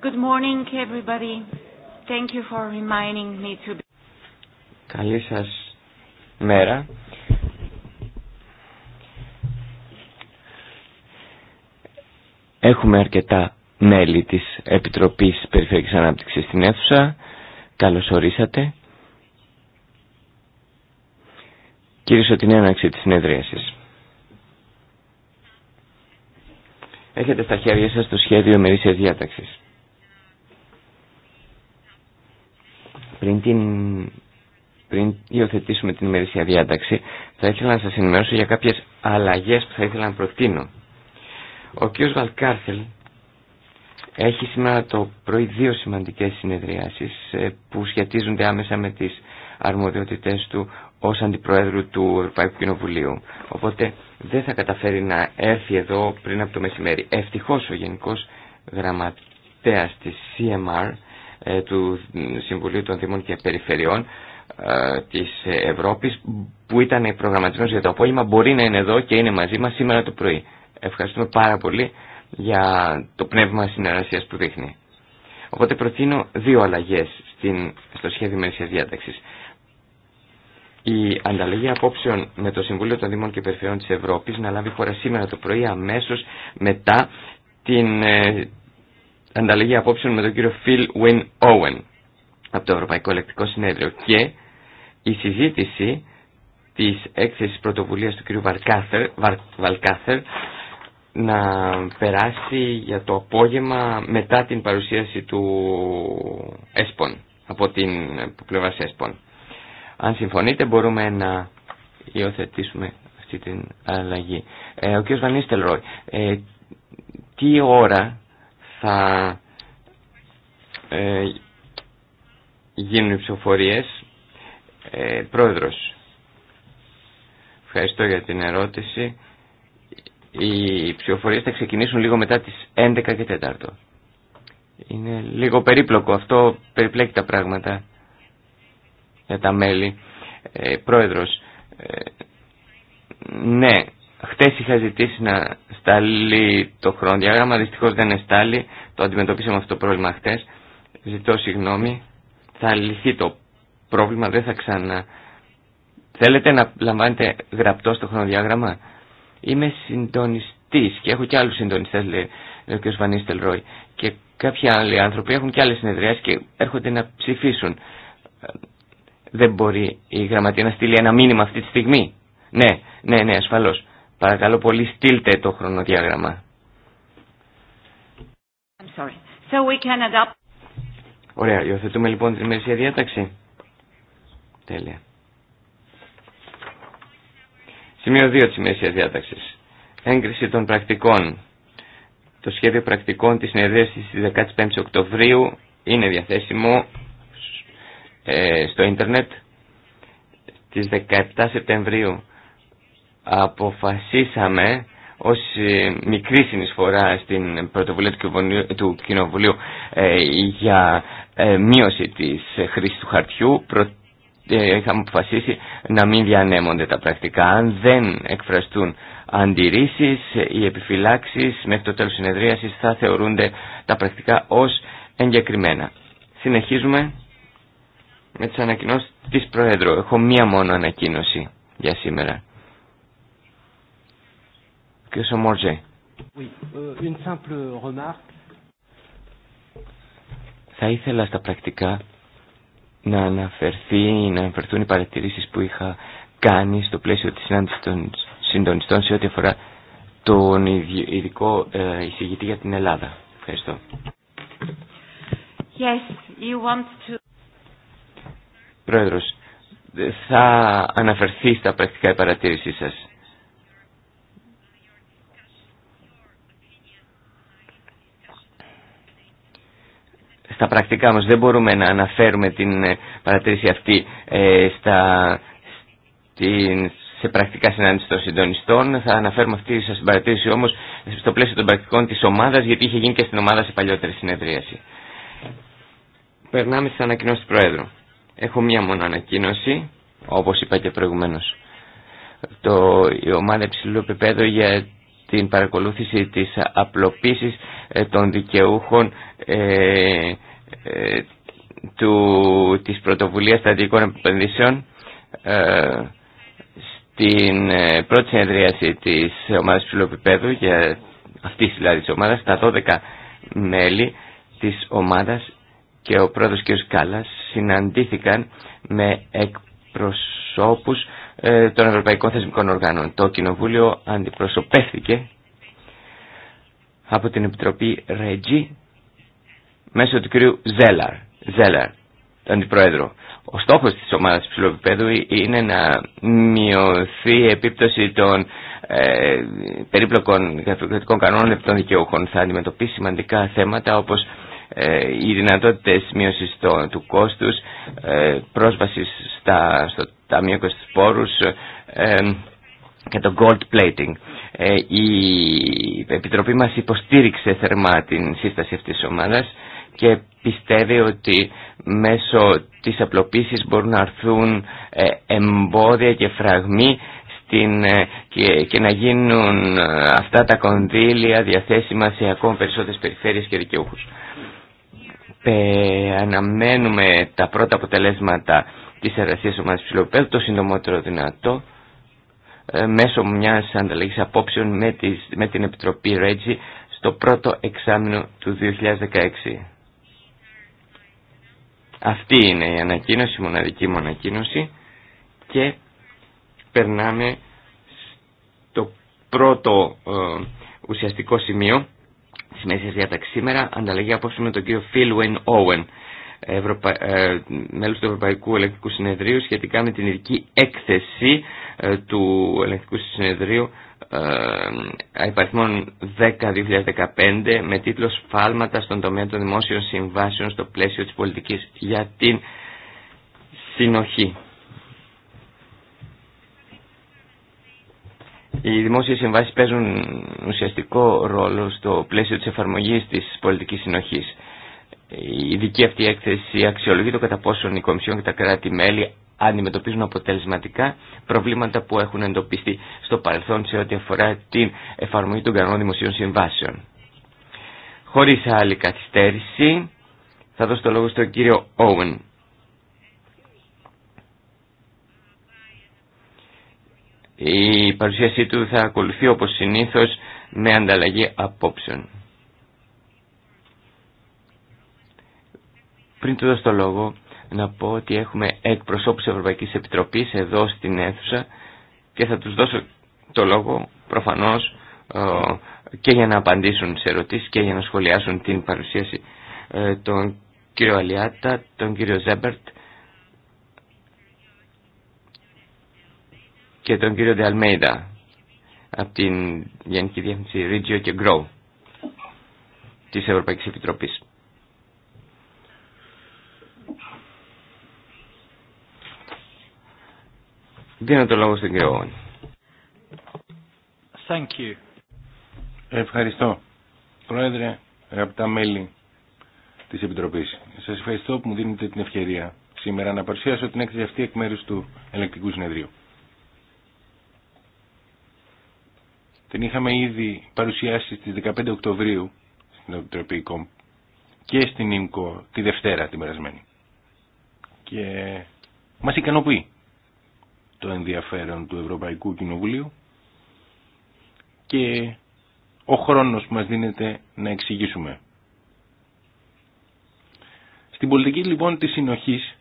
Good morning everybody. Thank you for reminding me to... Καλή σας μέρα. Έχουμε αρκετά μέλη της Επιτροπής Περιφερειακής Ανάπτυξης στην αίθουσα. Καλώς ορίσατε. να την τη της συνεδρίασης. Έχετε στα χέρια σας το σχέδιο ημερησία διάταξης. Πριν, την... πριν υιοθετήσουμε την ημερήσια διάταξη, θα ήθελα να σας ενημερώσω για κάποιες αλλαγές που θα ήθελα να προτείνω. Ο κ. Βαλκάρθελ έχει σήμερα το πρωί δύο σημαντικές συνεδριάσεις ε, που σχετίζονται άμεσα με τις αρμοδιότητές του ως Αντιπροέδρου του Ευρωπαϊκού Κοινοβουλίου. Οπότε δεν θα καταφέρει να έρθει εδώ πριν από το μεσημέρι. Ευτυχώς ο Γενικός Γραμματέας της CMR, ε, του Συμβουλίου των Δήμων και Περιφερειών ε, της Ευρώπης, που ήταν προγραμματισμένος για το απόγευμα, μπορεί να είναι εδώ και είναι μαζί μας σήμερα το πρωί. Ευχαριστούμε πάρα πολύ για το πνεύμα συνεργασίας που δείχνει. Οπότε προτείνω δύο αλλαγές στο σχέδιο μέσα διάταξης η ανταλλαγή απόψεων με το Συμβούλιο των Δήμων και Περιφερειών της Ευρώπης να λάβει χώρα σήμερα το πρωί αμέσως μετά την ε, ανταλλαγή απόψεων με τον κύριο Φιλ Βιν Owen από το Ευρωπαϊκό Ελεκτικό Συνέδριο και η συζήτηση της έκθεσης πρωτοβουλίας του κύριου Βαλκάθερ, Βαλκάθερ να περάσει για το απόγευμα μετά την παρουσίαση του ΕΣΠΟΝ από την πλευρά ΕΣΠΟΝ. Αν συμφωνείτε μπορούμε να υιοθετήσουμε αυτή την αλλαγή. Ε, ο κ. Βανίστελ Ρόι, ε, τι ώρα θα ε, γίνουν οι ψηφοφορίες ε, πρόεδρος. Ευχαριστώ για την ερώτηση. Οι ψηφοφορίες θα ξεκινήσουν λίγο μετά τις 11 και 4. Είναι λίγο περίπλοκο αυτό, περιπλέκει τα πράγματα για ε, τα μέλη. Ε, πρόεδρος, ε, ναι, χτες είχα ζητήσει να στάλει το χρονοδιάγραμμα, δυστυχώς δεν εστάλει, το αντιμετωπίσαμε αυτό το πρόβλημα χτες. Ζητώ συγγνώμη, θα λυθεί το πρόβλημα, δεν θα ξανά... Θέλετε να λαμβάνετε γραπτό στο χρονοδιάγραμμα. Είμαι συντονιστής και έχω και άλλους συντονιστές, λέει, λέει ο κ. Βανίστελ Ρόι. Και κάποιοι άλλοι άνθρωποι έχουν και άλλες συνεδριάσεις και έρχονται να ψηφίσουν. Δεν μπορεί η γραμματεία να στείλει ένα μήνυμα αυτή τη στιγμή. Ναι, ναι, ναι, ασφαλώς. Παρακαλώ πολύ στείλτε το χρονοδιάγραμμα. So we can Ωραία, υιοθετούμε λοιπόν την ημερησία διάταξη. Τέλεια. Σημείο 2 της ημερησίας διάταξης. Έγκριση των πρακτικών. Το σχέδιο πρακτικών της συνεδρίασης της 15 Οκτωβρίου είναι διαθέσιμο ε, στο ίντερνετ. Στις 17 Σεπτεμβρίου αποφασίσαμε ως ε, μικρή συνεισφορά στην πρωτοβουλία του Κοινοβουλίου ε, για μείωση της χρήσης του χαρτιού είχαμε αποφασίσει να μην διανέμονται τα πρακτικά. Αν δεν εκφραστούν αντιρρήσεις ή επιφυλάξεις μέχρι το τέλος συνεδρίασης θα θεωρούνται τα πρακτικά ως εγκεκριμένα. Συνεχίζουμε με τις ανακοινώσεις της Προέδρου. Έχω μία μόνο ανακοίνωση για σήμερα. Κύριε Μόρτζε. Euh, Θα ήθελα στα πρακτικά να αναφερθεί, να αναφερθούν οι παρατηρήσεις που είχα κάνει στο πλαίσιο της συνάντησης των συντονιστών σε ό,τι αφορά τον ειδικό ε, εισηγητή για την Ελλάδα. Ευχαριστώ. Yes, you want Πρόεδρος, θα αναφερθεί στα πρακτικά η παρατήρησή σας. Στα πρακτικά μας δεν μπορούμε να αναφέρουμε την ε, παρατήρηση αυτή ε, στα, σε πρακτικά συνάντηση των συντονιστών. Θα αναφέρουμε αυτή σας την παρατήρηση όμως στο πλαίσιο των πρακτικών της ομάδας γιατί είχε γίνει και στην ομάδα σε παλιότερη συνεδρίαση. Περνάμε στις ανακοινώσεις του Προέδρου. Έχω μία μόνο ανακοίνωση, όπως είπα και προηγουμένως. Το, η ομάδα υψηλού επίπεδου για την παρακολούθηση της απλοποίησης ε, των δικαιούχων ε, ε, του, της πρωτοβουλίας στρατηγικών επενδύσεων ε, στην πρώτη συνεδρίαση της ομάδας υψηλού επίπεδου για αυτής δηλαδή της ομάδας τα 12 μέλη της ομάδας και ο πρόεδρος κ. Κάλλας συναντήθηκαν με εκπροσώπους ε, των Ευρωπαϊκών Θεσμικών Οργάνων. Το Κοινοβούλιο αντιπροσωπεύθηκε από την Επιτροπή Ρέτζι μέσω του κ. Ζέλαρ, Ζέλαρ τον Αντιπρόεδρο. Ο στόχος της ομάδας υψηλού είναι να μειωθεί η επίπτωση των ε, περίπλοκων γραφειοκρατικών κανόνων επί των δικαιούχων. Θα αντιμετωπίσει σημαντικά θέματα όπως ε, οι δυνατότητες μείωσης του κόστους, ε, πρόσβαση στα, στο Ταμείο πόρους ε, και το gold plating. η Επιτροπή μας υποστήριξε θερμά την σύσταση αυτής της ομάδας και πιστεύει ότι μέσω της απλοποίησης μπορούν να αρθούν εμπόδια και φραγμοί στην, και, να γίνουν αυτά τα κονδύλια διαθέσιμα σε ακόμα περισσότερες περιφέρειες και δικαιούχους. Ε, αναμένουμε τα πρώτα αποτελέσματα της εργασίας ομάδας Ψιλοπέλ το συντομότερο δυνατό ε, μέσω μιας ανταλλαγής απόψεων με, τις, με την Επιτροπή Ρέτζι στο πρώτο εξάμεινο του 2016. Αυτή είναι η ανακοίνωση, η μοναδική μου ανακοίνωση και περνάμε στο πρώτο ε, ουσιαστικό σημείο της Μέσης Διάταξης σήμερα, ανταλλαγή απόψε με τον κύριο Phil Wayne Owen, ε, μέλος του Ευρωπαϊκού Ελεκτικού Συνεδρίου, σχετικά με την ειδική έκθεση ε, του Ελεκτικού Συνεδρίου ε, 10 10-2015 με τίτλο «Φάλματα στον τομέα των δημόσιων συμβάσεων στο πλαίσιο της πολιτικής για την συνοχή». Οι δημόσιες συμβάσεις παίζουν ουσιαστικό ρόλο στο πλαίσιο της εφαρμογής της πολιτικής συνοχής. Η ειδική αυτή έκθεση αξιολογεί το κατά πόσον οι Κομισιόν και τα κράτη-μέλη αντιμετωπίζουν αποτελεσματικά προβλήματα που έχουν εντοπιστεί στο παρελθόν σε ό,τι αφορά την εφαρμογή των κανόνων δημοσίων συμβάσεων. Χωρίς άλλη καθυστέρηση θα δώσω το λόγο στον κύριο Owen Η παρουσίασή του θα ακολουθεί όπως συνήθως με ανταλλαγή απόψεων. Πριν του δώσω το λόγο, να πω ότι έχουμε εκπροσώπους Ευρωπαϊκής Επιτροπής εδώ στην αίθουσα και θα τους δώσω το λόγο προφανώς και για να απαντήσουν σε ερωτήσεις και για να σχολιάσουν την παρουσίαση ε, τον κύριο Αλιάτα, τον κύριο Ζέμπερτ, και τον κύριο Ντεαλμέιδα από την Γενική Διεύθυνση Regio και Grow της Ευρωπαϊκής Επιτροπής. Δίνω το λόγο στον κύριο Ον. Ευχαριστώ. Πρόεδρε, αγαπητά μέλη της Επιτροπής, σας ευχαριστώ που μου δίνετε την ευκαιρία σήμερα να παρουσιάσω την έκθεση αυτή εκ μέρους του Ελεκτικού Συνεδρίου. Την είχαμε ήδη παρουσιάσει στις 15 Οκτωβρίου στην Επιτροπή και στην ΙΜΚΟ τη Δευτέρα την περασμένη. Και μας ικανοποιεί το ενδιαφέρον του Ευρωπαϊκού Κοινοβουλίου και ο χρόνος που μας δίνεται να εξηγήσουμε. Στην πολιτική λοιπόν της συνοχής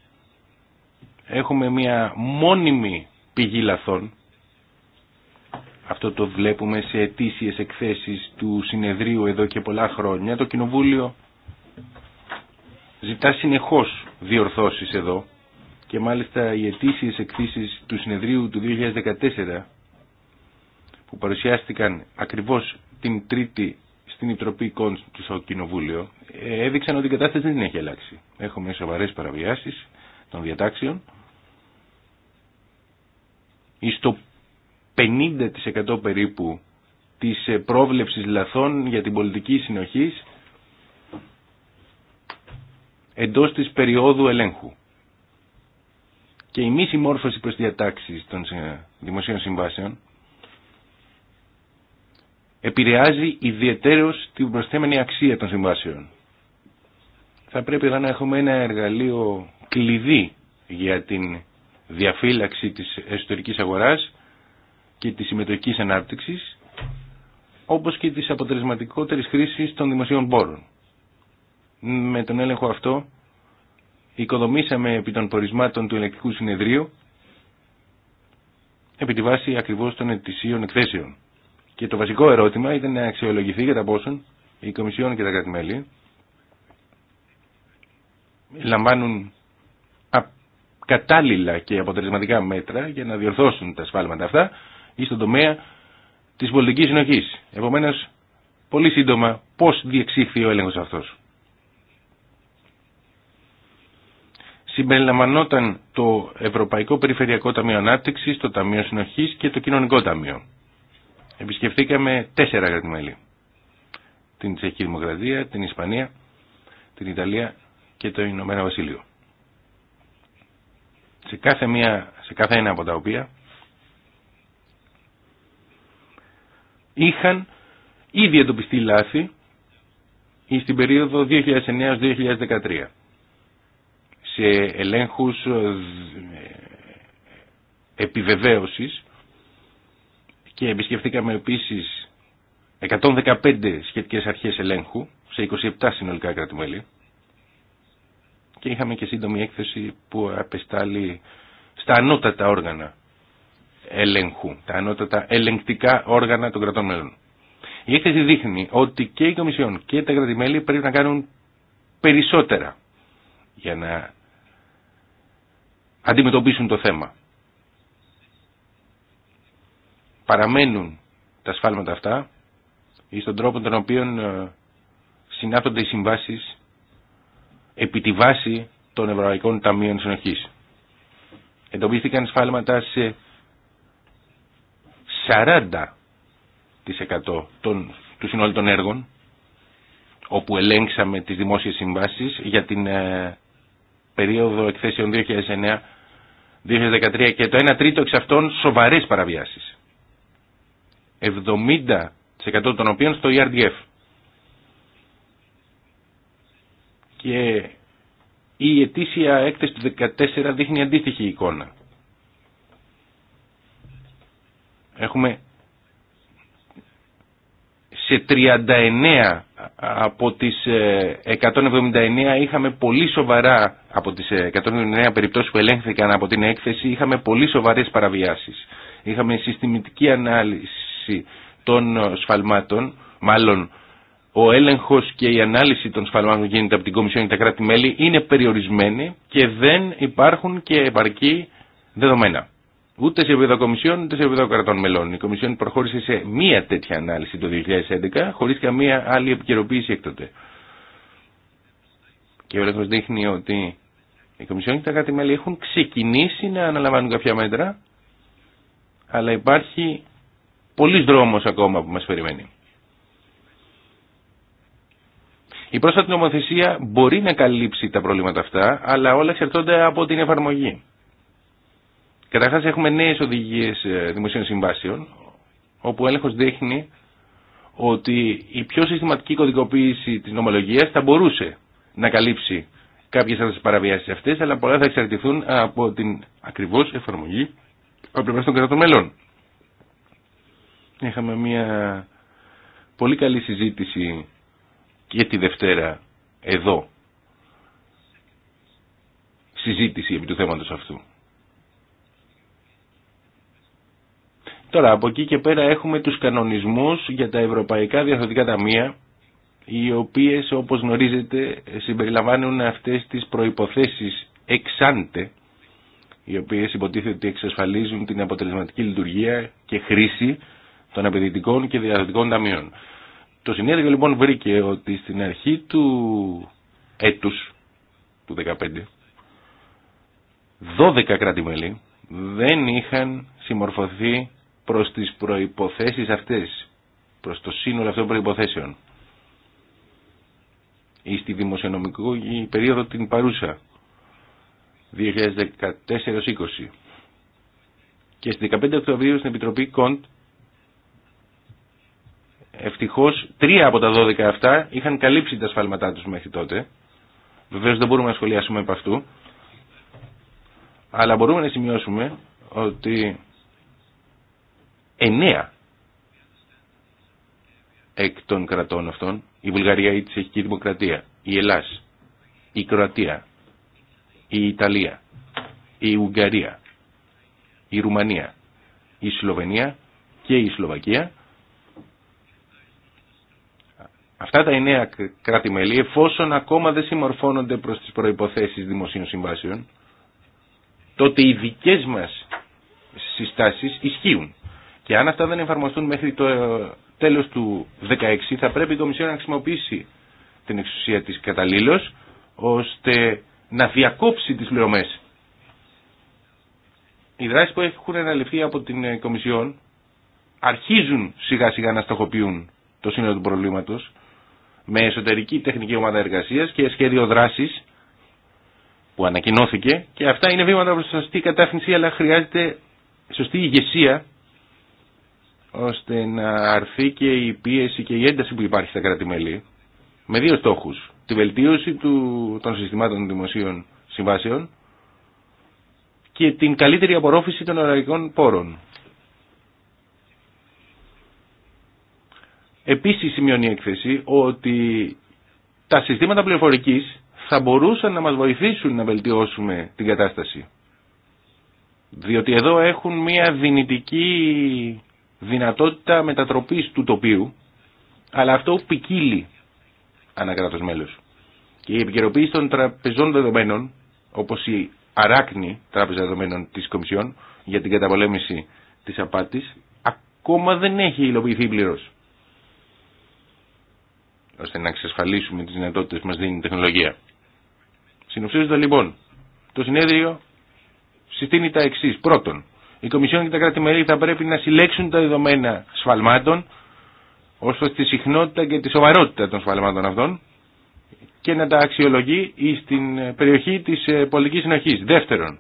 έχουμε μια μόνιμη πηγή λαθών αυτό το βλέπουμε σε αιτήσιες εκθέσεις του συνεδρίου εδώ και πολλά χρόνια. Το Κοινοβούλιο ζητά συνεχώς διορθώσεις εδώ και μάλιστα οι αιτήσιες εκθέσεις του συνεδρίου του 2014 που παρουσιάστηκαν ακριβώς την Τρίτη στην Επιτροπή Κόντ στο Κοινοβούλιο έδειξαν ότι η κατάσταση δεν έχει αλλάξει. Έχουμε σοβαρές παραβιάσεις των διατάξεων. Εις 50% περίπου της ε, πρόβλεψης λαθών για την πολιτική συνοχής εντός της περίοδου ελέγχου. Και η μη συμμόρφωση προς διατάξεις των ε, δημοσίων συμβάσεων επηρεάζει ιδιαίτερως την προσθέμενη αξία των συμβάσεων. Θα πρέπει να έχουμε ένα εργαλείο κλειδί για την διαφύλαξη της εσωτερικής αγοράς και της συμμετοχικής ανάπτυξης, όπως και της αποτελεσματικότερης χρήσης των δημοσίων πόρων. Με τον έλεγχο αυτό οικοδομήσαμε επί των πορισμάτων του ελεκτικού συνεδρίου επί τη βάση ακριβώς των ετησίων εκθέσεων. Και το βασικό ερώτημα ήταν να αξιολογηθεί κατά πόσον η Κομισιόν και τα κρατημέλη λαμβάνουν κατάλληλα και αποτελεσματικά μέτρα για να διορθώσουν τα σφάλματα αυτά ή στον τομέα της πολιτικής συνοχή. Επομένως, πολύ σύντομα, πώ διεξήχθη ο έλεγχος αυτός. Συμπεριλαμβανόταν το Ευρωπαϊκό Περιφερειακό Ταμείο Ανάπτυξη, το Ταμείο Συνοχή και το Κοινωνικό Ταμείο. Επισκεφθήκαμε τέσσερα κρατημέλη. Την Τσεχική Δημοκρατία, την Ισπανία, την Ιταλία και το Ηνωμένο Βασίλειο. Σε κάθε, μία, σε κάθε ένα από τα οποία είχαν ήδη εντοπιστεί λάθη στην περίοδο 2009-2013 σε ελέγχους ε, ε, επιβεβαίωσης και επισκεφτήκαμε επίσης 115 σχετικές αρχές ελέγχου σε 27 συνολικά κρατημέλη και είχαμε και σύντομη έκθεση που απεστάλλει στα ανώτατα όργανα ελέγχου, τα ανώτατα ελεγκτικά όργανα των κρατών μέλων. Η έκθεση δείχνει ότι και η Κομισιόν και τα κρατημέλη πρέπει να κάνουν περισσότερα για να αντιμετωπίσουν το θέμα. Παραμένουν τα σφάλματα αυτά ή στον τρόπο τον οποίο ε, συνάπτονται οι συμβάσεις επί τη βάση των Ευρωπαϊκών Ταμείων Συνοχής. Εντοπίστηκαν σφάλματα σε 40% του συνόλου των έργων όπου ελέγξαμε τις δημόσιες συμβάσεις για την ε, περίοδο εκθέσεων 2009 2013 και το 1 τρίτο εξ αυτών σοβαρές παραβιάσεις. 70% των οποίων στο ERDF. Και η ετήσια έκθεση του 2014 δείχνει αντίστοιχη εικόνα. Έχουμε σε 39 από τις 179 ε, είχαμε πολύ σοβαρά, από τις 179 ε, περιπτώσεις που ελέγχθηκαν από την έκθεση, είχαμε πολύ σοβαρές παραβιάσεις. Είχαμε συστημητική ανάλυση των σφαλμάτων, μάλλον ο έλεγχος και η ανάλυση των σφαλμάτων που γίνεται από την Κομισιόν και τα κράτη-μέλη είναι περιορισμένη και δεν υπάρχουν και επαρκή δεδομένα ούτε σε επίπεδο Κομισιόν ούτε σε επίπεδο κρατών μελών. Η Κομισιόν προχώρησε σε μία τέτοια ανάλυση το 2011 χωρίς καμία άλλη επικαιροποίηση έκτοτε. Και ο δείχνει ότι η Κομισιόν και τα κράτη μέλη έχουν ξεκινήσει να αναλαμβάνουν κάποια μέτρα αλλά υπάρχει πολλής δρόμος ακόμα που μας περιμένει. Η πρόσφατη νομοθεσία μπορεί να καλύψει τα προβλήματα αυτά, αλλά όλα εξαρτώνται από την εφαρμογή. Καταρχάς έχουμε νέες οδηγίες ε, δημοσίων συμβάσεων, όπου ο έλεγχος δείχνει ότι η πιο συστηματική κωδικοποίηση της νομολογίας θα μπορούσε να καλύψει κάποιες από τις παραβιάσεις αυτές, αλλά πολλά θα εξαρτηθούν από την ακριβώς εφαρμογή από πλευρά των κρατών μελών. Είχαμε μια πολύ καλή συζήτηση και τη Δευτέρα εδώ. Συζήτηση επί του θέματος αυτού. Τώρα από εκεί και πέρα έχουμε τους κανονισμούς για τα ευρωπαϊκά διαθωτικά ταμεία οι οποίες όπως γνωρίζετε συμπεριλαμβάνουν αυτές τις προϋποθέσεις εξάντε οι οποίες υποτίθεται ότι εξασφαλίζουν την αποτελεσματική λειτουργία και χρήση των απαιτητικών και διαδοτικών ταμείων. Το συνέδριο λοιπόν βρήκε ότι στην αρχή του έτους του 2015 12 κράτη-μέλη δεν είχαν συμμορφωθεί προς τις προϋποθέσεις αυτές, προς το σύνολο αυτών των προϋποθέσεων. Ή στη δημοσιονομική περίοδο την παρούσα, 2014-20. Και στις 15 Οκτωβρίου στην Επιτροπή Κοντ, ευτυχώς τρία από τα 12 αυτά είχαν καλύψει τα σφάλματά τους μέχρι τότε. Βεβαίως δεν μπορούμε να σχολιάσουμε από αυτού. Αλλά μπορούμε να σημειώσουμε ότι εννέα εκ των κρατών αυτών, η Βουλγαρία ή η Τσεχική Δημοκρατία, Ελλάς, η Κροατία, η Ιταλία, η Ουγγαρία, η Ρουμανία, η Σλοβενία και η Σλοβακία. Αυτά τα εννέα κράτη-μέλη, εφόσον ακόμα δεν συμμορφώνονται προς τις προϋποθέσεις δημοσίων συμβάσεων, τότε οι δικές μας συστάσεις ισχύουν. Και αν αυτά δεν εφαρμοστούν μέχρι το ε, τέλος του 2016 θα πρέπει η Κομισιόν να χρησιμοποιήσει την εξουσία της καταλήλως ώστε να διακόψει τις πληρωμές. Οι δράσεις που έχουν αναλυφθεί από την ε, Κομισιόν αρχίζουν σιγά σιγά να στοχοποιούν το σύνολο του προβλήματος με εσωτερική τεχνική ομάδα εργασίας και σχέδιο δράσης που ανακοινώθηκε και αυτά είναι βήματα προς σωστή κατάφυνση αλλά χρειάζεται σωστή ηγεσία ώστε να αρθεί και η πίεση και η ένταση που υπάρχει στα κράτη-μέλη με δύο στόχους. Τη βελτίωση του, των συστημάτων δημοσίων συμβάσεων και την καλύτερη απορρόφηση των αραγικών πόρων. Επίσης σημειώνει η έκθεση ότι τα συστήματα πληροφορικής θα μπορούσαν να μας βοηθήσουν να βελτιώσουμε την κατάσταση. Διότι εδώ έχουν μια δυνητική δυνατότητα μετατροπής του τοπίου, αλλά αυτό ποικίλει ανακράτος μέλος. Και η επικαιροποίηση των τραπεζών δεδομένων, όπως η αράκνη τράπεζα δεδομένων της Κομισιόν για την καταπολέμηση της απάτης, ακόμα δεν έχει υλοποιηθεί πλήρω. ώστε να εξασφαλίσουμε τις δυνατότητες που μας δίνει η τεχνολογία. Συνοψίζοντα λοιπόν, το συνέδριο συστήνει τα εξής Πρώτον, η Κομισιόν και τα κράτη-μέλη θα πρέπει να συλλέξουν τα δεδομένα σφαλμάτων ως στη τη συχνότητα και τη σοβαρότητα των σφαλμάτων αυτών και να τα αξιολογεί στην περιοχή της ε, πολιτικής συνοχής. Δεύτερον,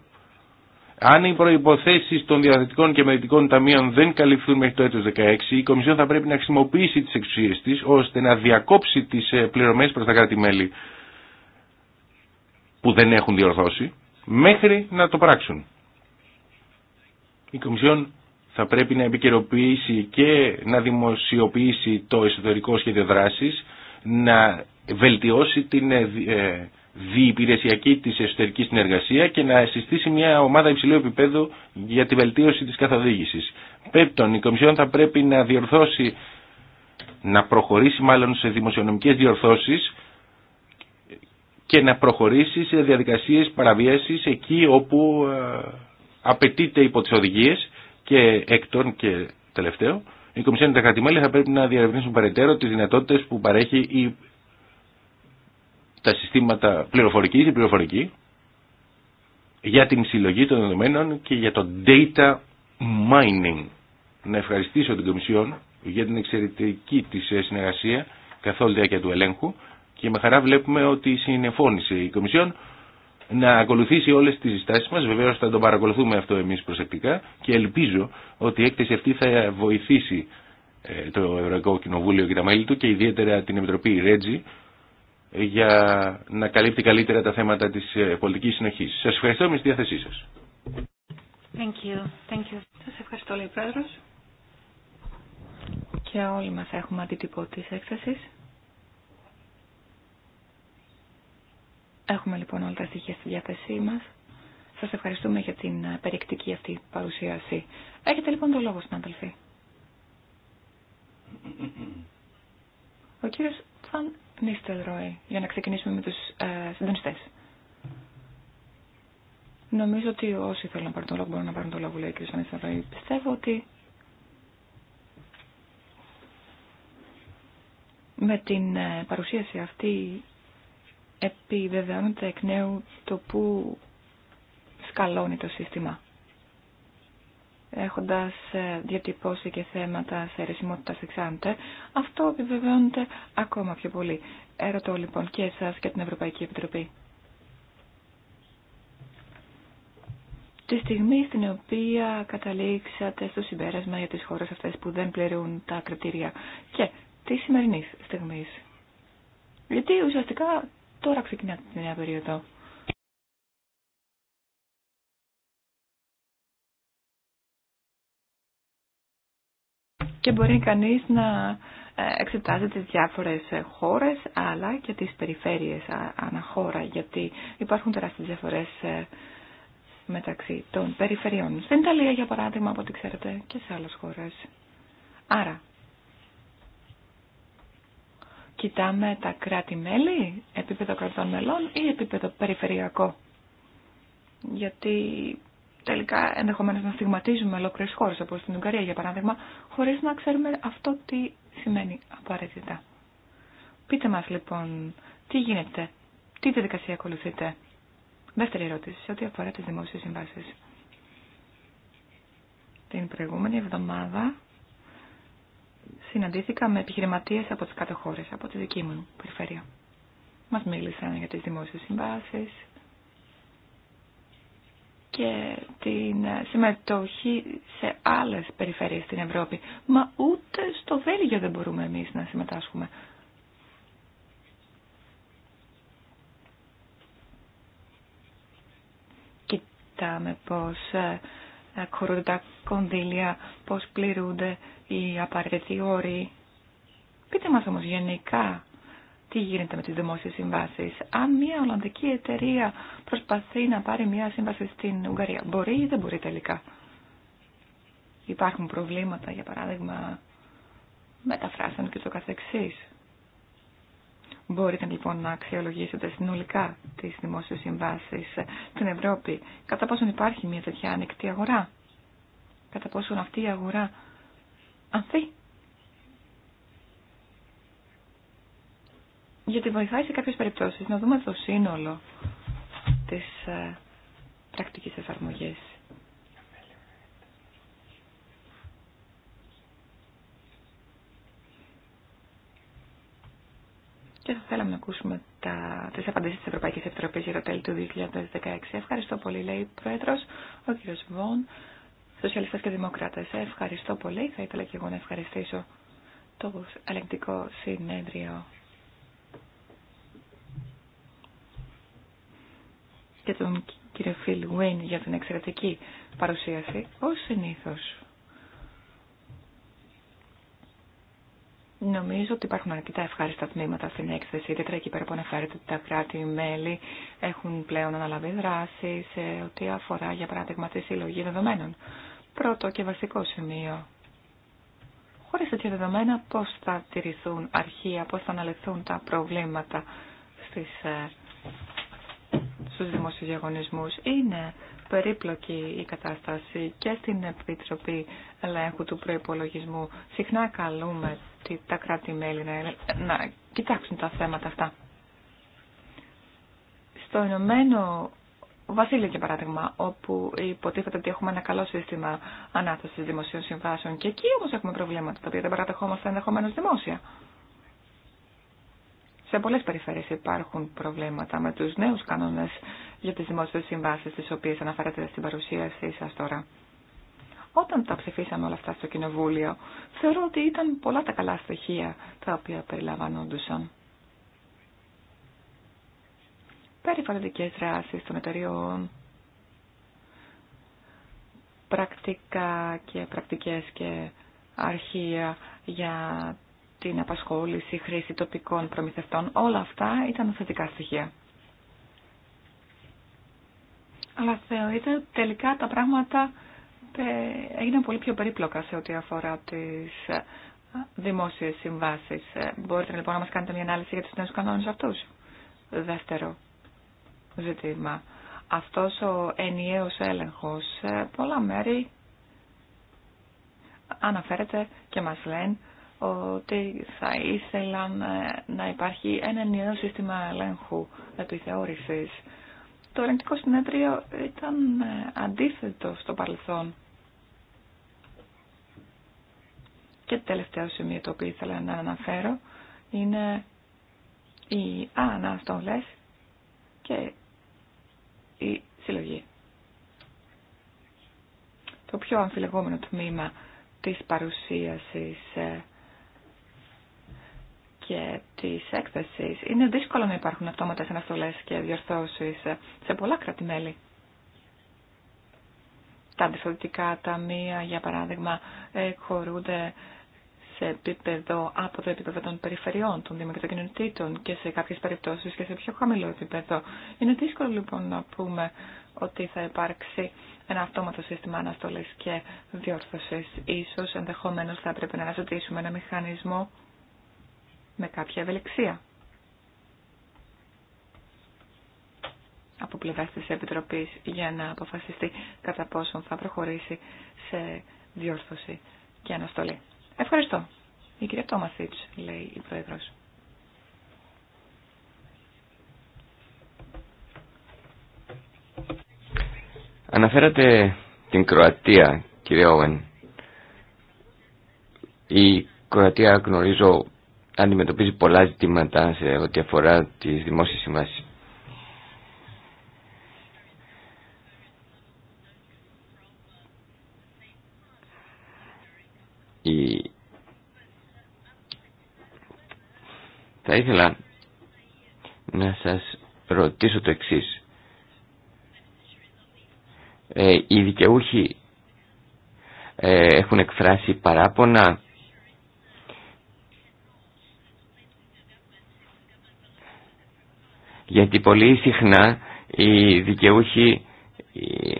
αν οι προϋποθέσεις των διαδικτικών και μεριτικών ταμείων δεν καλυφθούν μέχρι το έτος 16, η Κομισιόν θα πρέπει να χρησιμοποιήσει τις εξουσίες της ώστε να διακόψει τις ε, πληρωμές προς τα κράτη-μέλη που δεν έχουν διορθώσει μέχρι να το πράξουν η Κομισιόν θα πρέπει να επικαιροποιήσει και να δημοσιοποιήσει το εσωτερικό σχέδιο δράσης, να βελτιώσει την ε, ε, διυπηρεσιακή της εσωτερική συνεργασία και να συστήσει μια ομάδα υψηλού επίπεδου για τη βελτίωση της καθοδήγησης. Πέπτον, η Κομισιόν θα πρέπει να διορθώσει, να προχωρήσει μάλλον σε δημοσιονομικές διορθώσεις και να προχωρήσει σε διαδικασίες παραβίασης εκεί όπου ε, απαιτείται υπό τι οδηγίε και έκτον και τελευταίο, η Κομισιόν τα κρατημέλη θα πρέπει να διαρευνήσουν περαιτέρω τις δυνατότητες που παρέχει η... τα συστήματα πληροφορική ή πληροφορική για την συλλογή των δεδομένων και για το data mining. Να ευχαριστήσω την Κομισιόν για την εξαιρετική της συνεργασία καθ' όλη τη διάρκεια του ελέγχου και με χαρά βλέπουμε ότι συνεφώνησε η Κομισιόν να ακολουθήσει όλες τις συστάσεις μας. Βεβαίως θα το παρακολουθούμε αυτό εμείς προσεκτικά και ελπίζω ότι η έκθεση αυτή θα βοηθήσει ε, το Ευρωπαϊκό Κοινοβούλιο και τα μέλη του και ιδιαίτερα την Επιτροπή Ρέτζη για να καλύπτει καλύτερα τα θέματα της ε, πολιτικής συνοχής. Σας ευχαριστώ με στη διάθεσή σας. Thank you. Thank Σας ευχαριστώ, λέει Πρόεδρος. Και όλοι μας έχουμε αντίτυπο τη έκθεσης. Έχουμε λοιπόν όλα τα στοιχεία στη διάθεσή μας. Σας ευχαριστούμε για την ε, περιεκτική αυτή παρουσίαση. Έχετε λοιπόν το λόγο, συνάδελφοι. Ο κύριος Φαν Νίστελροϊ, για να ξεκινήσουμε με τους ε, Νομίζω ότι όσοι θέλουν να πάρουν το λόγο μπορούν να πάρουν το λόγο, λέει ο κύριος Φαν Νίστελροϊ. Πιστεύω ότι με την ε, παρουσίαση αυτή επιβεβαιώνεται εκ νέου το που σκαλώνει το σύστημα έχοντας ε, διατυπώσει και θέματα σε αιρεσιμότητα εξάντε, αυτό επιβεβαιώνεται ακόμα πιο πολύ. Ερωτώ λοιπόν και εσάς και την Ευρωπαϊκή Επιτροπή. Τη στιγμή στην οποία καταλήξατε στο συμπέρασμα για τις χώρες αυτές που δεν πληρούν τα κριτήρια και τη σημερινή στιγμή. Γιατί ουσιαστικά Τώρα ξεκινά την νέα περίοδο. Και μπορεί κανείς να ε, εξετάζει τις διάφορες χώρες αλλά και τις περιφέρειες αναχώρα γιατί υπάρχουν τεράστιες διαφορές ε, μεταξύ των περιφερειών. Στην Ιταλία για παράδειγμα από ό,τι ξέρετε και σε άλλες χώρες. Άρα Κοιτάμε τα κράτη-μέλη, επίπεδο κρατών μελών ή επίπεδο περιφερειακό. Γιατί τελικά ενδεχομένως να στιγματίζουμε ολόκληρες χώρες, όπως στην Ουγγαρία για παράδειγμα, χωρίς να ξέρουμε αυτό τι σημαίνει απαραίτητα. Πείτε μας λοιπόν τι γίνεται, τι διαδικασία ακολουθείτε. Δεύτερη ερώτηση σε ό,τι αφορά τις δημόσιες συμβάσεις. Την προηγούμενη εβδομάδα συναντήθηκα με επιχειρηματίε από τις κάτω από τη δική μου περιφέρεια. Μας μίλησαν για τις δημόσιες συμβάσεις και την συμμετοχή σε άλλε περιφέρειες στην Ευρώπη. Μα ούτε στο Βέλγιο δεν μπορούμε εμείς να συμμετάσχουμε. Κοιτάμε πως ε, τα τα κονδύλια, πώς πληρούνται οι απαραίτητοι όροι. Πείτε μας όμως γενικά τι γίνεται με τις δημόσιες συμβάσεις. Αν μια Ολλανδική εταιρεία προσπαθεί να πάρει μια σύμβαση στην Ουγγαρία, μπορεί ή δεν μπορεί τελικά. Υπάρχουν προβλήματα, για παράδειγμα, μεταφράσεων και το καθεξής. Μπορείτε λοιπόν να αξιολογήσετε συνολικά τις δημόσιες συμβάσεις στην Ευρώπη. Κατά πόσον υπάρχει μια τέτοια ανοιχτή αγορά. Κατά πόσον αυτή η αγορά ανθεί. Γιατί βοηθάει σε κάποιες περιπτώσεις να δούμε το σύνολο της ε, πρακτικής εφαρμογής. και θα θέλαμε να ακούσουμε τα, τις απαντήσεις της Ευρωπαϊκής Επιτροπής για το τέλη του 2016. Ευχαριστώ πολύ, λέει ο Πρόεδρος, ο κύριος Βον, Σοσιαλιστές και Δημοκράτες. Ευχαριστώ πολύ. Θα ήθελα και εγώ να ευχαριστήσω το ελεγκτικό συνέδριο και τον κύριο Φιλ Γουίν για την εξαιρετική παρουσίαση, ως συνήθως. Νομίζω ότι υπάρχουν αρκετά ευχάριστα τμήματα στην έκθεση, ιδιαίτερα εκεί πέρα που αναφέρεται ότι τα κράτη-μέλη έχουν πλέον αναλάβει δράση σε ό,τι αφορά, για παράδειγμα, τη συλλογή δεδομένων. Πρώτο και βασικό σημείο. Χωρί τέτοια δεδομένα, πώ θα τηρηθούν αρχεία, πώ θα αναλυθούν τα προβλήματα στι. Ε, στους δημοσιογεγονισμούς Είναι περίπλοκη η κατάσταση και στην Επιτροπή Ελέγχου του Προϋπολογισμού. Συχνά καλούμε τα κράτη-μέλη να, να κοιτάξουν τα θέματα αυτά. Στο Ηνωμένο Βασίλειο, για παράδειγμα, όπου υποτίθεται ότι έχουμε ένα καλό σύστημα ανάθεση δημοσίων συμβάσεων και εκεί όμως έχουμε προβλήματα, τα οποία δεν παραδεχόμαστε ενδεχομένω δημόσια. Σε πολλές περιφέρειες υπάρχουν προβλήματα με τους νέους κανόνες για τις δημόσιες συμβάσεις τις οποίες αναφέρατε στην παρουσίασή σας τώρα. Όταν τα ψηφίσαμε όλα αυτά στο Κοινοβούλιο, θεωρώ ότι ήταν πολλά τα καλά στοιχεία τα οποία περιλαμβανόντουσαν. Περιβαλλοντικές δράσεις των εταιριών, πρακτικά και πρακτικές και αρχεία για την απασχόληση, χρήση τοπικών προμηθευτών. Όλα αυτά ήταν θετικά στοιχεία. Αλλά ότι τελικά τα πράγματα ε, έγιναν πολύ πιο περίπλοκα σε ό,τι αφορά τις ε, δημόσιες συμβάσεις. Ε, μπορείτε λοιπόν να μας κάνετε μια ανάλυση για τους νέους κανόνες αυτούς. Δεύτερο ζήτημα. Αυτός ο ενιαίος έλεγχος σε πολλά μέρη αναφέρεται και μας λένε ότι θα ήθελα ε, να υπάρχει ένα ενιαίο σύστημα ελέγχου επιθεώρησης. Το ελεγκτικό συνέδριο ήταν ε, αντίθετο στο παρελθόν. Και το τελευταίο σημείο το οποίο ήθελα να αναφέρω είναι οι αναστολές και η συλλογή. Το πιο αμφιλεγόμενο τμήμα της παρουσίασης ε, και τη έκθεση, είναι δύσκολο να υπάρχουν αυτόματε αναστολέ και διορθώσει σε πολλά κράτη-μέλη. Τα αντιστατικά ταμεία, για παράδειγμα, ε, χωρούνται σε επίπεδο από το επίπεδο των περιφερειών, των δημοκρατικών και σε κάποιε περιπτώσει και σε πιο χαμηλό επίπεδο. Είναι δύσκολο λοιπόν να πούμε ότι θα υπάρξει ένα αυτόματο σύστημα αναστολή και διόρθωση. Ίσως ενδεχομένω θα έπρεπε να αναζητήσουμε ένα μηχανισμό με κάποια ευελιξία. από πλευρά τη Επιτροπή για να αποφασιστεί κατά πόσον θα προχωρήσει σε διόρθωση και αναστολή. Ευχαριστώ. Η κυρία Τόμαθιτς, λέει η Πρόεδρος. Αναφέρατε την Κροατία, κύριε Όεν. Η Κροατία γνωρίζω αντιμετωπίζει πολλά ζητήματα σε ό,τι αφορά τις δημόσιες συμβάσεις. Η... Θα ήθελα να σας ρωτήσω το εξής. Ε, οι δικαιούχοι ε, έχουν εκφράσει παράπονα γιατί πολύ συχνά οι δικαιούχοι ε,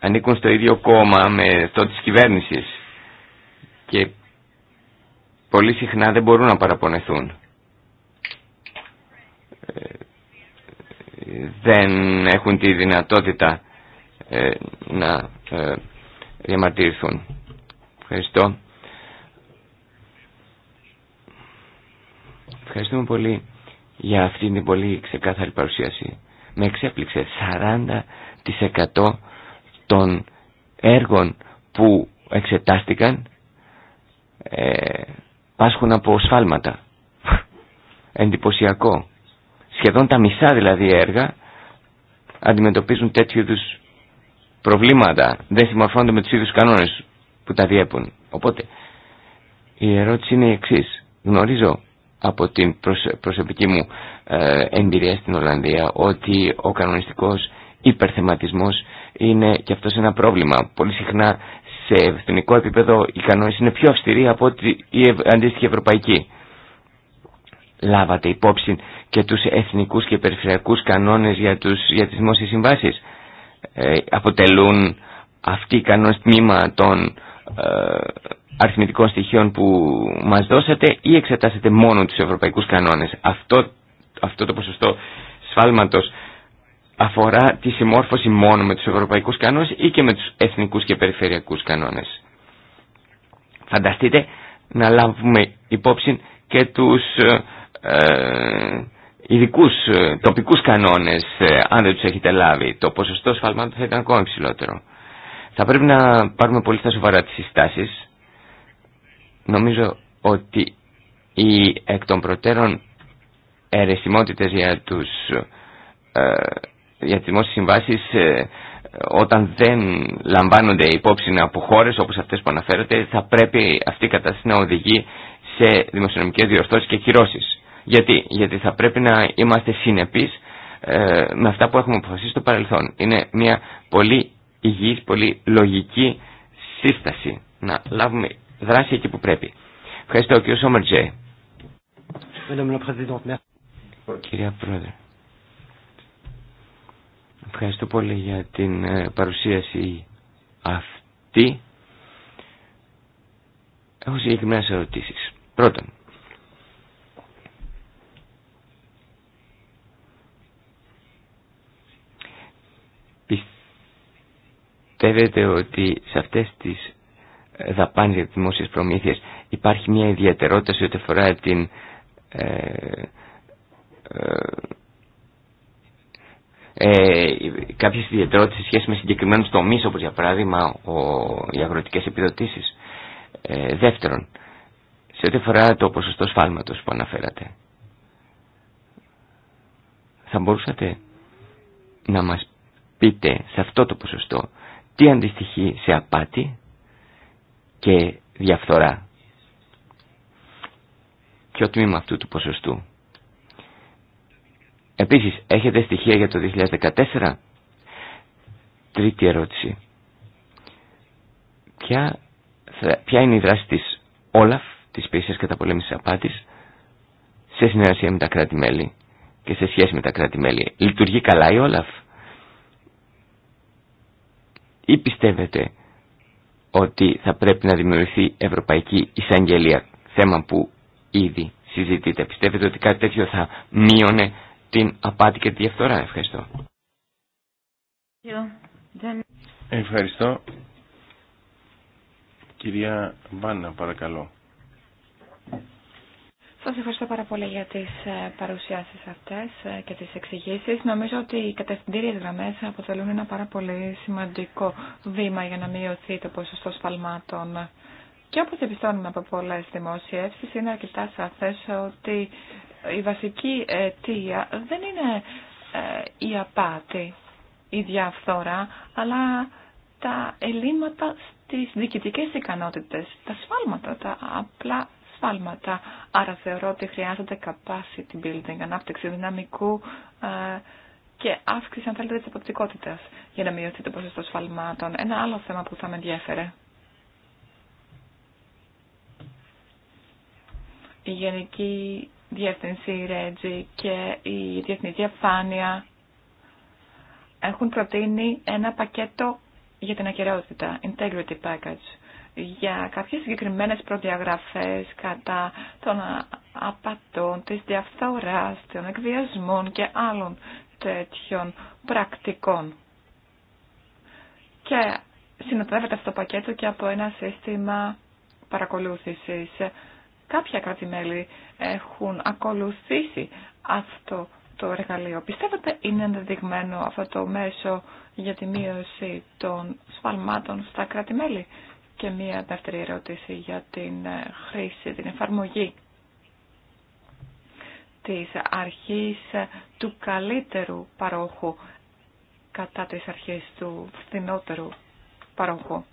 ανήκουν στο ίδιο κόμμα με αυτό της κυβέρνησης και πολύ συχνά δεν μπορούν να παραπονεθούν. Ε, δεν έχουν τη δυνατότητα ε, να διαμαρτυρθούν. Ευχαριστώ. Ευχαριστούμε πολύ για αυτήν την πολύ ξεκάθαρη παρουσίαση. Με εξέπληξε 40% των έργων που εξετάστηκαν ε, πάσχουν από σφάλματα. Εντυπωσιακό. Σχεδόν τα μισά δηλαδή έργα αντιμετωπίζουν τέτοιου είδου προβλήματα. Δεν συμμορφώνονται με τους ίδιους κανόνες που τα διέπουν. Οπότε η ερώτηση είναι η εξή. Γνωρίζω από την προσωπική μου ε, εμπειρία στην Ολλανδία ότι ο κανονιστικός υπερθεματισμός είναι και αυτός ένα πρόβλημα. Πολύ συχνά σε εθνικό επίπεδο οι κανόνες είναι πιο αυστηροί από ότι η αντίστοιχη ευρωπαϊκή. Λάβατε υπόψη και τους εθνικούς και περιφερειακούς κανόνες για, τους, για τις δημόσιες συμβάσεις. Ε, αποτελούν αυτοί οι κανόνες τμήμα των ε, αριθμητικών στοιχείων που μας δώσατε ή εξετάσετε μόνο τους ευρωπαϊκούς κανόνες. Αυτό, αυτό το ποσοστό σφάλματος αφορά τη συμμόρφωση μόνο με τους ευρωπαϊκούς κανόνες ή και με τους εθνικούς και περιφερειακούς κανόνες. Φανταστείτε να λάβουμε υπόψη και τους ε, ε ειδικού ε, τοπικούς κανόνες, αν δεν τους έχετε λάβει. Το ποσοστό σφάλματος θα ήταν ακόμα υψηλότερο. Θα πρέπει να πάρουμε πολύ στα σοβαρά τις συστάσεις. Νομίζω ότι οι εκ των προτέρων αιρεσιμότητες για, τους, ε, για τις δημόσιες συμβάσεις ε, όταν δεν λαμβάνονται υπόψη από χώρε όπως αυτές που αναφέρετε θα πρέπει αυτή η κατάσταση να οδηγεί σε δημοσιονομικές διορθώσεις και κυρώσεις. Γιατί, Γιατί θα πρέπει να είμαστε συνεπείς ε, με αυτά που έχουμε αποφασίσει στο παρελθόν. Είναι μια πολύ υγιής, πολύ λογική σύσταση. Να λάβουμε δράση εκεί που πρέπει. Ευχαριστώ κύριο Σόμερτζέ. Κυρία Πρόεδρε. Ευχαριστώ πολύ για την ε, παρουσίαση αυτή. Έχω συγκεκριμένες ερωτήσεις. Πρώτον, πιστεύετε ότι σε αυτές τις δαπάνες για τις δημόσιες προμήθειες υπάρχει μια ιδιαιτερότητα σε ό,τι αφορά την, ε, ε, ε κάποιες ιδιαιτερότητες σε σχέση με συγκεκριμένους τομείς όπως για παράδειγμα ο, οι αγροτικές επιδοτήσεις. Ε, δεύτερον, σε ό,τι αφορά το ποσοστό σφάλματος που αναφέρατε, θα μπορούσατε να μας πείτε σε αυτό το ποσοστό τι αντιστοιχεί σε απάτη και διαφθορά. Ποιο τμήμα αυτού του ποσοστού. Επίσης, έχετε στοιχεία για το 2014. Τρίτη ερώτηση. Ποια, είναι η δράση της Όλαφ, της Πίσης κατά πολέμησης απάτης, σε συνεργασία με τα κράτη-μέλη και σε σχέση με τα κράτη-μέλη. Λειτουργεί καλά η Όλαφ ή πιστεύετε ότι θα πρέπει να δημιουργηθεί Ευρωπαϊκή Εισαγγελία, θέμα που ήδη συζητείτε. Πιστεύετε ότι κάτι τέτοιο θα μείωνε την απάτη και τη διαφθορά. Ευχαριστώ. Ευχαριστώ. Κυρία Βάνα, παρακαλώ. Σας ευχαριστώ πάρα πολύ για τις ε, παρουσιάσεις αυτές ε, και τις εξηγήσει. Νομίζω ότι οι κατευθυντήριες γραμμές αποτελούν ένα πάρα πολύ σημαντικό βήμα για να μειωθεί το ποσοστό σφαλμάτων. Και όπως επιστώνουμε από πολλές δημοσιεύσει. είναι αρκετά σαφές ότι η βασική αιτία δεν είναι ε, η απάτη, η διαφθορά, αλλά τα ελλείμματα στις διοικητικές ικανότητες, τα σφάλματα, τα απλά σφάλματα. Άρα θεωρώ ότι χρειάζεται capacity building, ανάπτυξη δυναμικού ε, και αύξηση, αν θέλετε, της αποπτικότητας για να μειωθεί το ποσοστό σφαλμάτων. Ένα άλλο θέμα που θα με ενδιέφερε. Η Γενική Διεύθυνση Ρέτζη και η Διεθνή Διαφάνεια έχουν προτείνει ένα πακέτο για την ακαιρεότητα, integrity package για κάποιες συγκεκριμένες προδιαγραφές κατά των απατών, της διαφθοράς, των εκβιασμών και άλλων τέτοιων πρακτικών. Και συνοδεύεται αυτό το πακέτο και από ένα σύστημα παρακολούθησης. Κάποια έχουν ακολουθήσει αυτό το εργαλείο. Πιστεύετε είναι ενδεδειγμένο αυτό το μέσο για τη μείωση των σφαλμάτων στα κρατη και μία δεύτερη ερώτηση για την ε, χρήση, την εφαρμογή της αρχής ε, του καλύτερου παρόχου κατά τις αρχές του φθηνότερου παρόχου.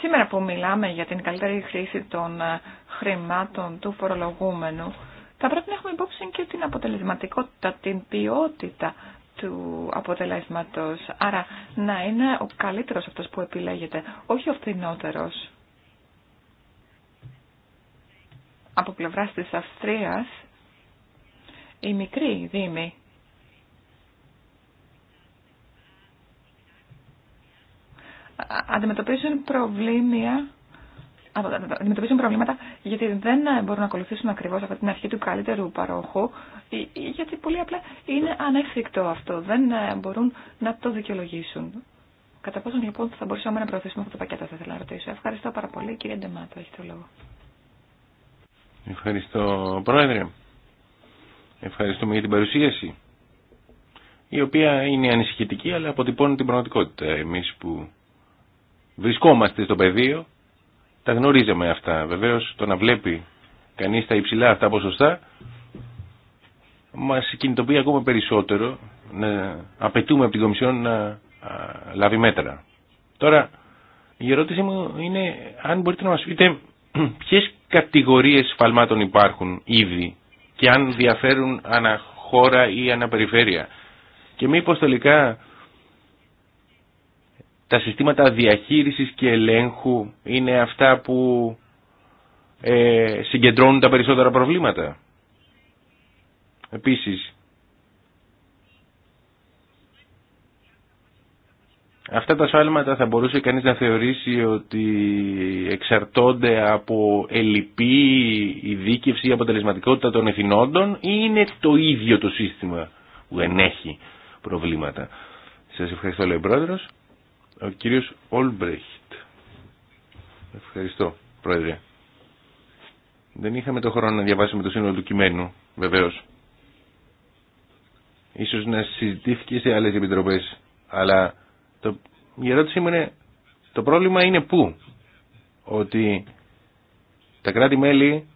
Σήμερα που μιλάμε για την καλύτερη χρήση των ε, χρημάτων του φορολογούμενου, θα πρέπει να έχουμε υπόψη και την αποτελεσματικότητα, την ποιότητα του αποτελέσματος. Άρα να είναι ο καλύτερος αυτός που επιλέγεται, όχι ο φθηνότερος. Από πλευράς της Αυστρίας, η μικρή δήμη αντιμετωπίζουν προβλήματα αντιμετωπίζουν προβλήματα γιατί δεν μπορούν να ακολουθήσουν ακριβώς αυτή την αρχή του καλύτερου παρόχου ε, ε, γιατί πολύ απλά είναι ανέφικτο αυτό, δεν ε, μπορούν να το δικαιολογήσουν. Κατά πόσο λοιπόν θα μπορούσαμε να προωθήσουμε αυτό το πακέτο θα ήθελα να ρωτήσω. Ευχαριστώ πάρα πολύ κύριε Ντεμάτο, έχετε το λόγο. Ευχαριστώ πρόεδρε. Ευχαριστούμε για την παρουσίαση η οποία είναι ανησυχητική αλλά αποτυπώνει την πραγματικότητα εμείς που βρισκόμαστε στο πεδίο τα γνωρίζαμε αυτά. Βεβαίως το να βλέπει κανείς τα υψηλά αυτά ποσοστά μας κινητοποιεί ακόμα περισσότερο να απαιτούμε από την Κομισιόν να λάβει μέτρα. Τώρα η ερώτηση μου είναι αν μπορείτε να μας πείτε ποιες κατηγορίες φαλμάτων υπάρχουν ήδη και αν διαφέρουν χώρα ή ανά περιφέρεια Και μήπως τελικά τα συστήματα διαχείρισης και ελέγχου είναι αυτά που ε, συγκεντρώνουν τα περισσότερα προβλήματα. Επίσης, αυτά τα σφάλματα θα μπορούσε κανείς να θεωρήσει ότι εξαρτώνται από ελλειπή ειδίκευση ή αποτελεσματικότητα των εθνόντων ή είναι το ίδιο το σύστημα που ενέχει προβλήματα. Σας ευχαριστώ λέει ο Πρόεδρος. Ο κύριος Ολμπρέχτ. Ευχαριστώ, Πρόεδρε. Δεν είχαμε το χρόνο να διαβάσουμε το σύνολο του κειμένου, βεβαίως. Ίσως να συζητήθηκε σε άλλες επιτροπές, αλλά το... η ερώτησή μου είναι το πρόβλημα είναι πού. Ότι τα κράτη-μέλη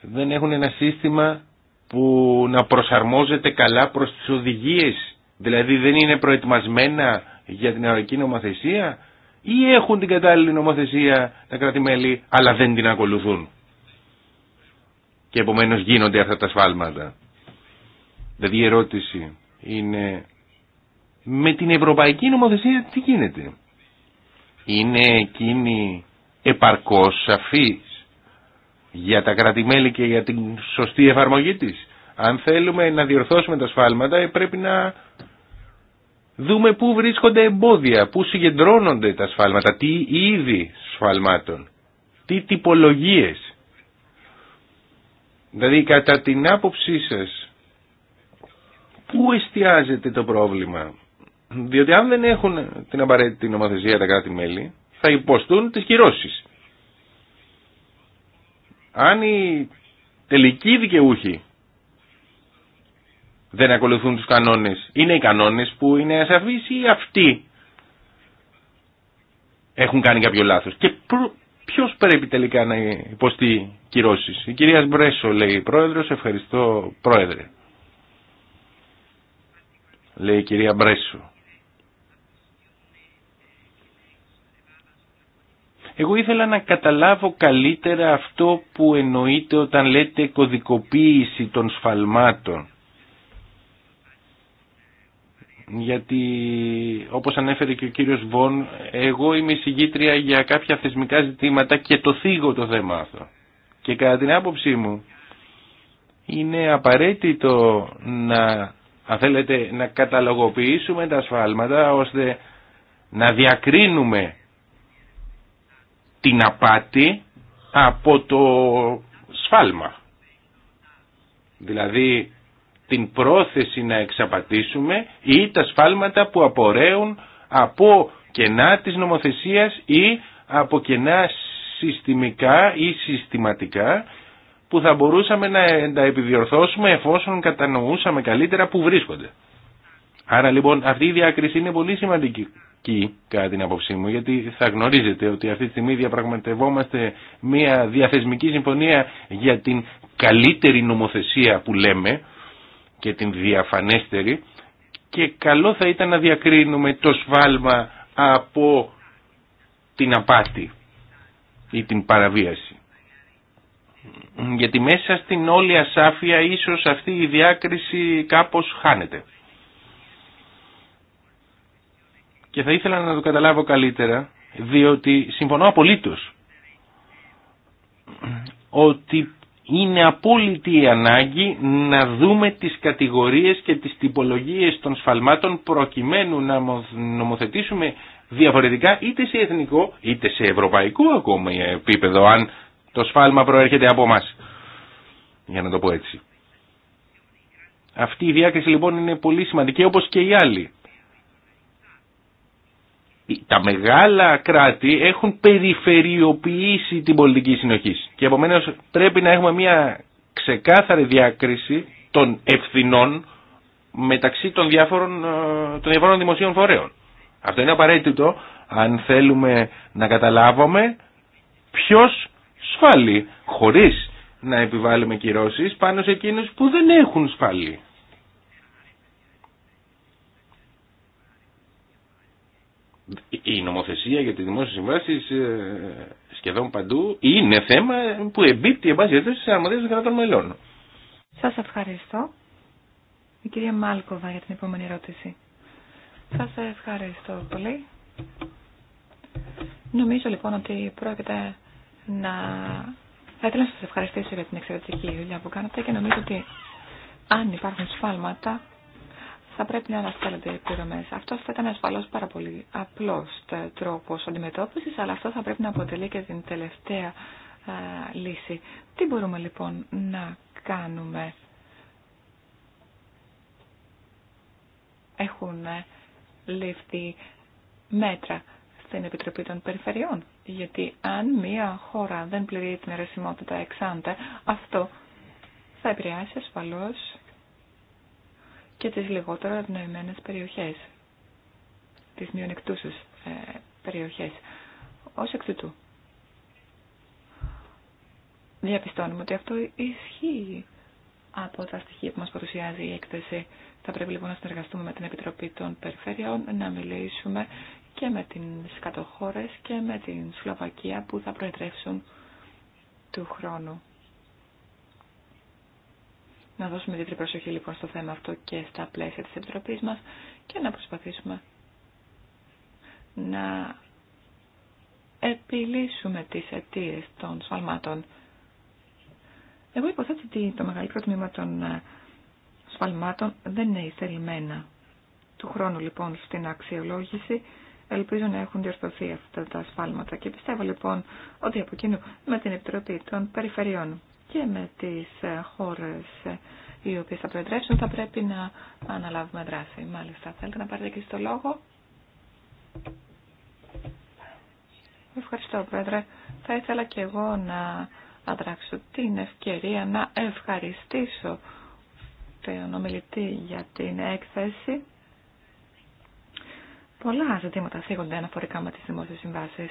δεν έχουν ένα σύστημα που να προσαρμόζεται καλά προς τις οδηγίες. Δηλαδή δεν είναι προετοιμασμένα για την ευρωπαϊκή νομοθεσία ή έχουν την κατάλληλη νομοθεσία τα κράτη-μέλη αλλά δεν την ακολουθούν. Και επομένως γίνονται αυτά τα σφάλματα. Δηλαδή η ερώτηση είναι με την ευρωπαϊκή νομοθεσία τι γίνεται. Είναι εκείνη επαρκώς σαφής για τα κρατημέλη και για την σωστή εφαρμογή της. Αν θέλουμε να διορθώσουμε τα σφάλματα ε, πρέπει να δούμε πού βρίσκονται εμπόδια, πού συγκεντρώνονται τα σφάλματα, τι είδη σφαλμάτων, τι τυπολογίες. Δηλαδή κατά την άποψή σας, πού εστιάζεται το πρόβλημα. Διότι αν δεν έχουν την απαραίτητη νομοθεσία τα κράτη-μέλη, θα υποστούν τις κυρώσεις. Αν οι τελικοί δικαιούχοι δεν ακολουθούν τους κανόνες. Είναι οι κανόνες που είναι ασαφείς ή αυτοί έχουν κάνει κάποιο λάθος. Και ποιος πρέπει τελικά να υποστεί κυρώσεις. Η κυρία Μπρέσο λέει πρόεδρος, ευχαριστώ πρόεδρε. Λέει η κυρία Μπρέσο. Εγώ ήθελα να καταλάβω καλύτερα αυτό που εννοείται όταν λέτε κωδικοποίηση των σφαλμάτων γιατί όπως ανέφερε και ο κύριος Βον, εγώ είμαι εισηγήτρια για κάποια θεσμικά ζητήματα και το θίγω το θέμα αυτό. Και κατά την άποψή μου είναι απαραίτητο να, αν θέλετε, να καταλογοποιήσουμε τα σφάλματα ώστε να διακρίνουμε την απάτη από το σφάλμα. Δηλαδή την πρόθεση να εξαπατήσουμε ή τα σφάλματα που απορρέουν από κενά της νομοθεσίας ή από κενά συστημικά ή συστηματικά που θα μπορούσαμε να τα επιδιορθώσουμε εφόσον κατανοούσαμε καλύτερα που βρίσκονται. Άρα λοιπόν αυτή η διάκριση είναι πολύ σημαντική κατά την άποψή μου γιατί θα γνωρίζετε ότι αυτή τη στιγμή διαπραγματευόμαστε μια διαθεσμική συμφωνία για την καλύτερη νομοθεσία που λέμε και την διαφανέστερη και καλό θα ήταν να διακρίνουμε το σβάλμα από την απάτη ή την παραβίαση. Γιατί μέσα στην όλη ασάφεια ίσως αυτή η διάκριση κάπως χάνεται. Και θα ήθελα να το καταλάβω καλύτερα, διότι συμφωνώ απολύτως ότι είναι απόλυτη η ανάγκη να δούμε τις κατηγορίες και τις τυπολογίες των σφαλμάτων προκειμένου να νομοθετήσουμε διαφορετικά είτε σε εθνικό είτε σε ευρωπαϊκό ακόμα επίπεδο αν το σφάλμα προέρχεται από μας για να το πω έτσι. Αυτή η διάκριση λοιπόν είναι πολύ σημαντική όπως και η άλλη τα μεγάλα κράτη έχουν περιφερειοποιήσει την πολιτική συνοχή. Και επομένω πρέπει να έχουμε μια ξεκάθαρη διάκριση των ευθυνών μεταξύ των διάφορων, ε, των διάφορων δημοσίων φορέων. Αυτό είναι απαραίτητο αν θέλουμε να καταλάβουμε ποιος σφάλει χωρίς να επιβάλλουμε κυρώσεις πάνω σε εκείνους που δεν έχουν σφάλει. η νομοθεσία για τη δημόσια συμβάσεις ε, σχεδόν παντού είναι θέμα που εμπίπτει εν πάση σε αρμοδίες των κρατών μελών. Σας ευχαριστώ. Η κυρία Μάλκοβα για την επόμενη ερώτηση. Σας ευχαριστώ πολύ. Νομίζω λοιπόν ότι πρόκειται να... Θα ήθελα να σας ευχαριστήσω για την εξαιρετική δουλειά που κάνατε και νομίζω ότι αν υπάρχουν σφάλματα θα πρέπει να αναφέρονται οι πληρωμέ. Αυτό θα ήταν ασφαλώ πάρα πολύ απλό τρόπο αντιμετώπιση, αλλά αυτό θα πρέπει να αποτελεί και την τελευταία λύση. Τι μπορούμε λοιπόν να κάνουμε. Έχουν ληφθεί μέτρα στην Επιτροπή των Περιφερειών. Γιατί αν μία χώρα δεν πληρεί την αιρεσιμότητα εξάντια, αυτό θα επηρεάσει ασφαλώς και τις λιγότερο ευνοημένες περιοχές, τις μειονεκτούσες ε, περιοχές. Ως εκ τούτου. Διαπιστώνουμε ότι αυτό ισχύει από τα στοιχεία που μας παρουσιάζει η έκθεση. Θα πρέπει λοιπόν να συνεργαστούμε με την Επιτροπή των Περιφέρειων, να μιλήσουμε και με τις κατοχώρες και με την Σλοβακία που θα προετρέψουν του χρόνου. Να δώσουμε ιδιαίτερη προσοχή λοιπόν στο θέμα αυτό και στα πλαίσια της Επιτροπής μας και να προσπαθήσουμε να επιλύσουμε τις αιτίε των σφαλμάτων. Εγώ υποθέτω ότι το μεγαλύτερο τμήμα των ε, σφαλμάτων δεν είναι ειστερημένα. Του χρόνου λοιπόν στην αξιολόγηση ελπίζω να έχουν διορθωθεί αυτά τα σφάλματα και πιστεύω λοιπόν ότι από κοινού με την Επιτροπή των Περιφερειών και με τις ε, χώρες ε, οι οποίες θα προεδρεύσουν θα πρέπει να αναλάβουμε δράση. Μάλιστα, θέλετε να πάρετε και στο λόγο. Ευχαριστώ, Πρόεδρε. Θα ήθελα και εγώ να αδράξω την ευκαιρία να ευχαριστήσω τον ομιλητή για την έκθεση. Πολλά ζητήματα θίγονται αναφορικά με τις δημόσιες συμβάσεις.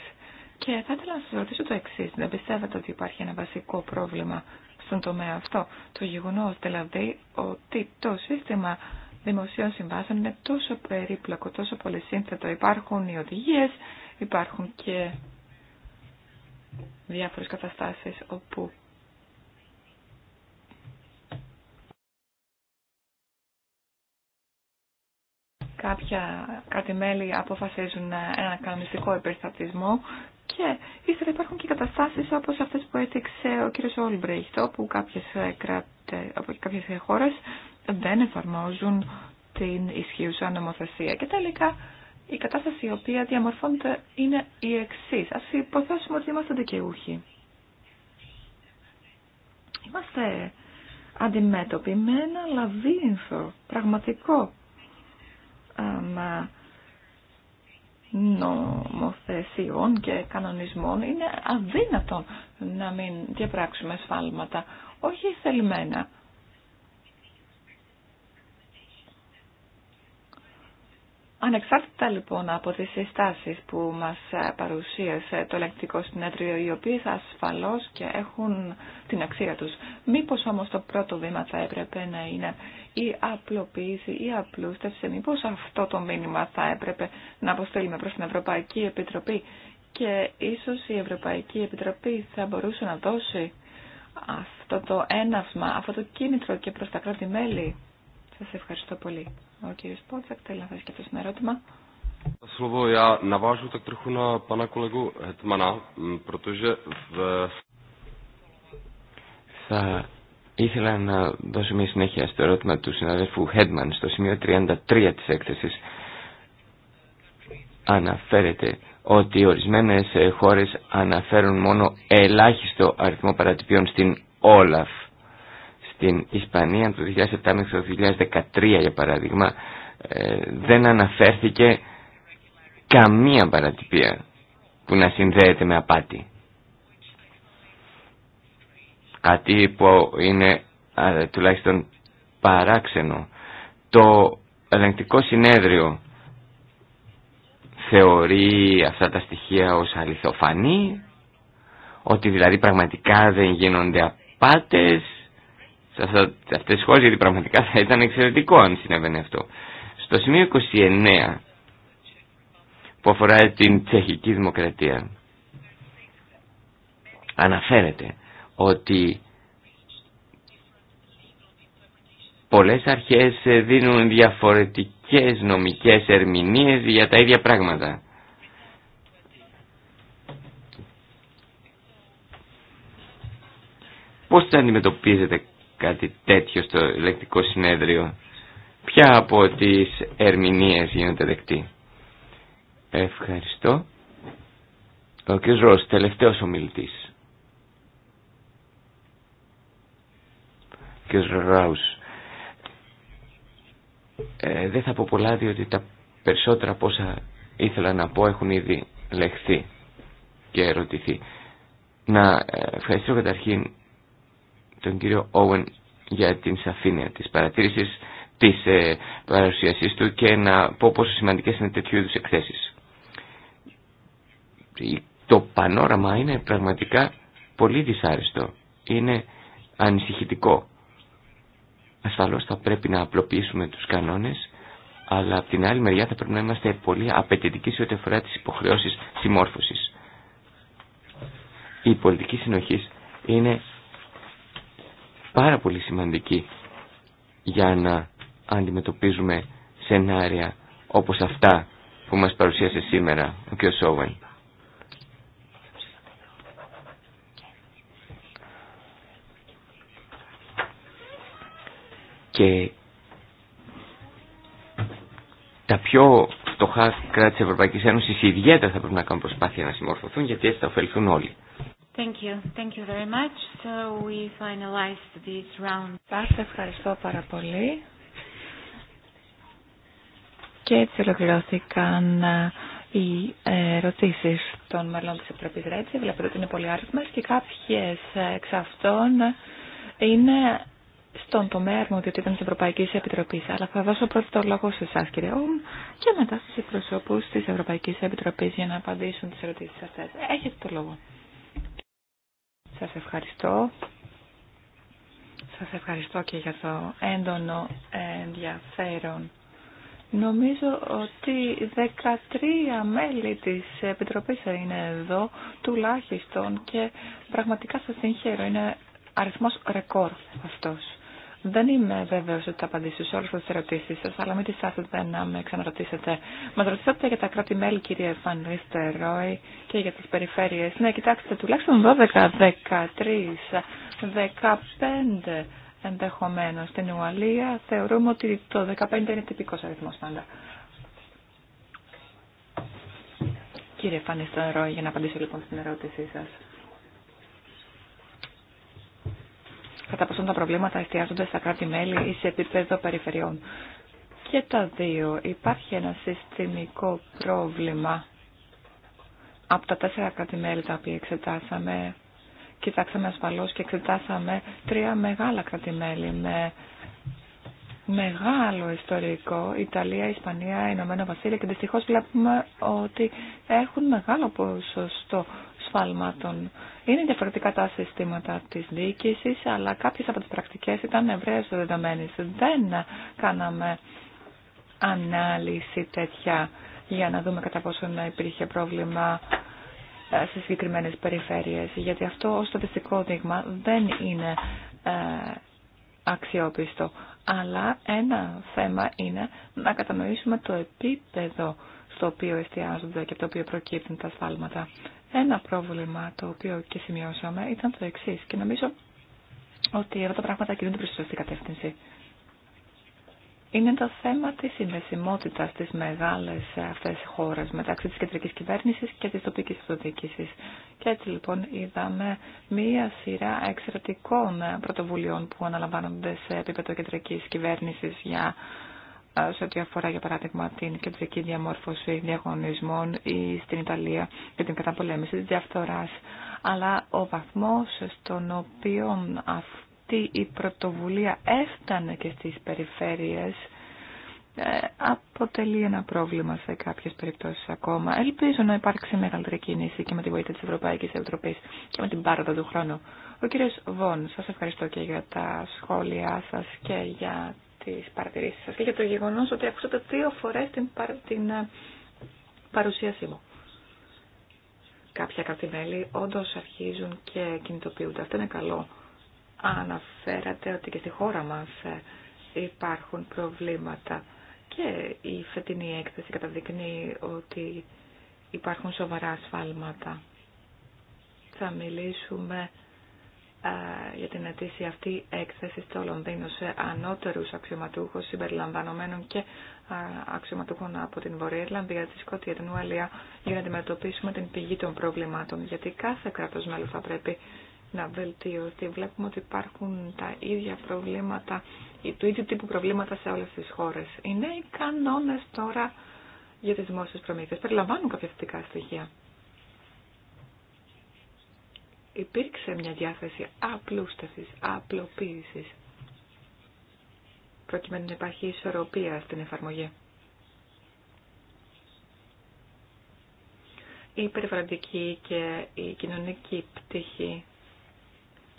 Και θα ήθελα να σα ρωτήσω το εξή. Δεν πιστεύετε ότι υπάρχει ένα βασικό πρόβλημα στον τομέα αυτό. Το γεγονό δηλαδή ότι το σύστημα δημοσίων συμβάσεων είναι τόσο περίπλοκο, τόσο πολυσύνθετο. Υπάρχουν οι οδηγίε, υπάρχουν και διάφορε καταστάσει όπου κάποια κάτι μέλη αποφασίζουν ένα κανονιστικό υπερστατισμό και ύστερα υπάρχουν και καταστάσεις όπως αυτές που έδειξε ο κύριος Όλμπρεχτ, όπου κάποιες, ε, κράτε, από κάποιες ε, χώρες δεν εφαρμόζουν την ισχύουσα νομοθεσία. Και τελικά η κατάσταση η οποία διαμορφώνεται είναι η εξή. Α υποθέσουμε ότι είμαστε δικαιούχοι. Είμαστε αντιμέτωποι με ένα λαβύρινθο πραγματικό ε, νομοθεσιών και κανονισμών είναι αδύνατο να μην διαπράξουμε σφάλματα, όχι θελημένα. Ανεξάρτητα λοιπόν από τις συστάσεις που μας παρουσίασε το ελεκτικό συνέδριο, οι οποίες ασφαλώς και έχουν την αξία τους. Μήπως όμως το πρώτο βήμα θα έπρεπε να είναι η απλοποίηση, η απλούστευση, μήπως αυτό το μήνυμα θα έπρεπε να αποστείλουμε προς την Ευρωπαϊκή Επιτροπή και ίσως η Ευρωπαϊκή Επιτροπή θα μπορούσε να δώσει αυτό το έναυσμα, αυτό το κίνητρο και προς τα κράτη-μέλη Σα ευχαριστώ πολύ. Ο κύριο Πότσακ θέλει να θέσει και αυτό ένα ερώτημα. Mm, Θα ήθελα να δώσω μια συνέχεια στο ερώτημα του συναδέλφου Χέντμαν στο σημείο 33 της έκθεσης. Αναφέρεται ότι ορισμένες ε, χώρες αναφέρουν μόνο ελάχιστο αριθμό παρατυπιών στην Όλαφ στην Ισπανία από το 2007 μέχρι το 2013 για παράδειγμα ε, δεν αναφέρθηκε καμία παρατυπία που να συνδέεται με απάτη. Κάτι που είναι τουλάχιστον παράξενο. Το ελεγκτικό συνέδριο θεωρεί αυτά τα στοιχεία ως αληθοφανή, ότι δηλαδή πραγματικά δεν γίνονται απάτες, σε αυτές τις χώρες γιατί πραγματικά θα ήταν εξαιρετικό αν συνέβαινε αυτό. Στο σημείο 29 που αφορά την τσεχική δημοκρατία αναφέρεται ότι πολλές αρχές δίνουν διαφορετικές νομικές ερμηνείες για τα ίδια πράγματα. Πώς θα αντιμετωπίζετε κάτι τέτοιο στο ηλεκτρικό συνέδριο. Ποια από τις ερμηνείες γίνεται δεκτή. Ευχαριστώ. Ο κ. Ρος, τελευταίος ομιλητής. Κ. Ράους. Ε, δεν θα πω πολλά διότι τα περισσότερα πόσα ήθελα να πω έχουν ήδη λεχθεί και ερωτηθεί. Να ε, ευχαριστήσω καταρχήν τον κύριο Όουεν για την σαφήνεια της παρατήρησης της ε, παρουσίασής του και να πω πόσο σημαντικές είναι τέτοιου είδους εκθέσεις. Το πανόραμα είναι πραγματικά πολύ δυσάρεστο. Είναι ανησυχητικό. Ασφαλώς θα πρέπει να απλοποιήσουμε τους κανόνες, αλλά από την άλλη μεριά θα πρέπει να είμαστε πολύ απαιτητικοί σε ό,τι αφορά τις υποχρεώσεις συμμόρφωσης. Η πολιτική συνοχής είναι πάρα πολύ σημαντική για να αντιμετωπίζουμε σενάρια όπως αυτά που μας παρουσίασε σήμερα ο κ. Σόβεν. Και τα πιο φτωχά κράτη της Ευρωπαϊκής Ένωσης ιδιαίτερα θα πρέπει να κάνουν προσπάθεια να συμμορφωθούν γιατί έτσι θα ωφεληθούν όλοι. Thank you. Thank you very much. So we finalized this round. Σας ευχαριστώ πάρα πολύ. Και έτσι ολοκληρώθηκαν ε, οι ερωτήσει των μελών της Επιτροπής Ρέτζη. Βλέπετε ότι είναι πολύ άριθμες και κάποιες εξ αυτών είναι στον τομέα αρμοδιοτήτων της Ευρωπαϊκής Επιτροπής. Αλλά θα δώσω πρώτα το λόγο σε εσά, κύριε Ουμ, και μετά στους εκπροσώπους της Ευρωπαϊκής Επιτροπής για να απαντήσουν τις ερωτήσεις αυτές. Έχετε το λόγο. Σας ευχαριστώ. Σας ευχαριστώ και για το έντονο ενδιαφέρον. Νομίζω ότι 13 μέλη της Επιτροπής είναι εδώ, τουλάχιστον, και πραγματικά σας συγχαίρω. Είναι αριθμός ρεκόρ αυτός. Δεν είμαι βέβαιο ότι θα απαντήσω σε όλε τι ερωτήσει σα, αλλά μην στάσετε να με ξαναρωτήσετε. Μα ρωτήσατε για τα κράτη-μέλη, κύριε Φανίστε Ρόι, και για τι περιφέρειε. Ναι, κοιτάξτε, τουλάχιστον 12, 13, 15 ενδεχομένω στην Ουαλία. Θεωρούμε ότι το 15 είναι τυπικό αριθμό πάντα. Κύριε Φανίστε Ρόι, για να απαντήσω λοιπόν στην ερώτησή σα. κατά πόσο τα προβλήματα εστιάζονται στα κράτη-μέλη ή σε επίπεδο περιφερειών. Και τα δύο. Υπάρχει ένα συστημικό πρόβλημα από τα τέσσερα κράτη-μέλη τα οποία εξετάσαμε. Κοιτάξαμε ασφαλώς και εξετάσαμε τρία μεγάλα κράτη-μέλη με μεγάλο ιστορικό, Ιταλία, Ισπανία, Ηνωμένο Βασίλειο και δυστυχώς βλέπουμε ότι έχουν μεγάλο ποσοστό σφάλματων. Είναι διαφορετικά τα συστήματα της διοίκηση, αλλά κάποιε από τι πρακτικέ ήταν ευρέω δεδομένε. Δεν κάναμε ανάλυση τέτοια για να δούμε κατά πόσο να υπήρχε πρόβλημα ε, σε συγκεκριμένε περιφερειέ. γιατί αυτό ως στατιστικό δείγμα δεν είναι ε, αξιόπιστο. Αλλά ένα θέμα είναι να κατανοήσουμε το επίπεδο στο οποίο εστιάζονται και από το οποίο προκύπτουν τα σφάλματα. Ένα πρόβλημα το οποίο και σημειώσαμε ήταν το εξή και νομίζω ότι αυτά τα πράγματα κινούνται προ τη σωστή κατεύθυνση. Είναι το θέμα τη συνδεσιμότητα τη μεγάλες αυτέ χώρες μεταξύ τη κεντρική κυβέρνηση και τη τοπική αυτοδιοίκηση. Και έτσι λοιπόν είδαμε μία σειρά εξαιρετικών πρωτοβουλειών που αναλαμβάνονται σε επίπεδο κεντρική κυβέρνηση για σε ό,τι αφορά για παράδειγμα την κεντρική διαμόρφωση διαγωνισμών ή στην Ιταλία για την καταπολέμηση της διαφθοράς. Αλλά ο βαθμός στον οποίο αυτή η πρωτοβουλία έφτανε και στις περιφέρειες ε, αποτελεί ένα πρόβλημα σε κάποιες περιπτώσεις ακόμα. Ελπίζω να υπάρξει μεγαλύτερη κίνηση και με τη βοήθεια της Ευρωπαϊκής Επιτροπής και με την πάροδο του χρόνου. Ο κύριος Βον, σας ευχαριστώ και για τα σχόλιά σας και για τις παρατηρήσεις και για το γεγονός ότι ακούσατε δύο φορέ την, την ε, παρουσίασή μου. Κάποια καθημερι όντως αρχίζουν και κινητοποιούνται. Αυτό είναι καλό. Αναφέρατε ότι και στη χώρα μας ε, υπάρχουν προβλήματα και η φετινή έκθεση καταδεικνύει ότι υπάρχουν σοβαρά ασφάλματα. Θα μιλήσουμε για την αιτήσια αυτή έκθεση στο Λονδίνο σε ανώτερους αξιωματούχους συμπεριλαμβανομένων και αξιωματούχων από την Βορεια Ιρλανδία, τη Σκοτία, την Ουαλία για να αντιμετωπίσουμε την πηγή των προβλημάτων γιατί κάθε κράτος μέλος θα πρέπει να βελτιωθεί. Βλέπουμε ότι υπάρχουν τα ίδια προβλήματα ή του ίδιου τύπου προβλήματα σε όλες τις χώρες. Είναι οι κανόνες τώρα για τις δημόσιες προμήθειες. Περιλαμβάνουν κάποια θετικά στοιχεία υπήρξε μια διάθεση απλούστασης, απλοποίησης, προκειμένου να υπάρχει ισορροπία στην εφαρμογή. Η περιβαλλοντική και η κοινωνική πτυχή.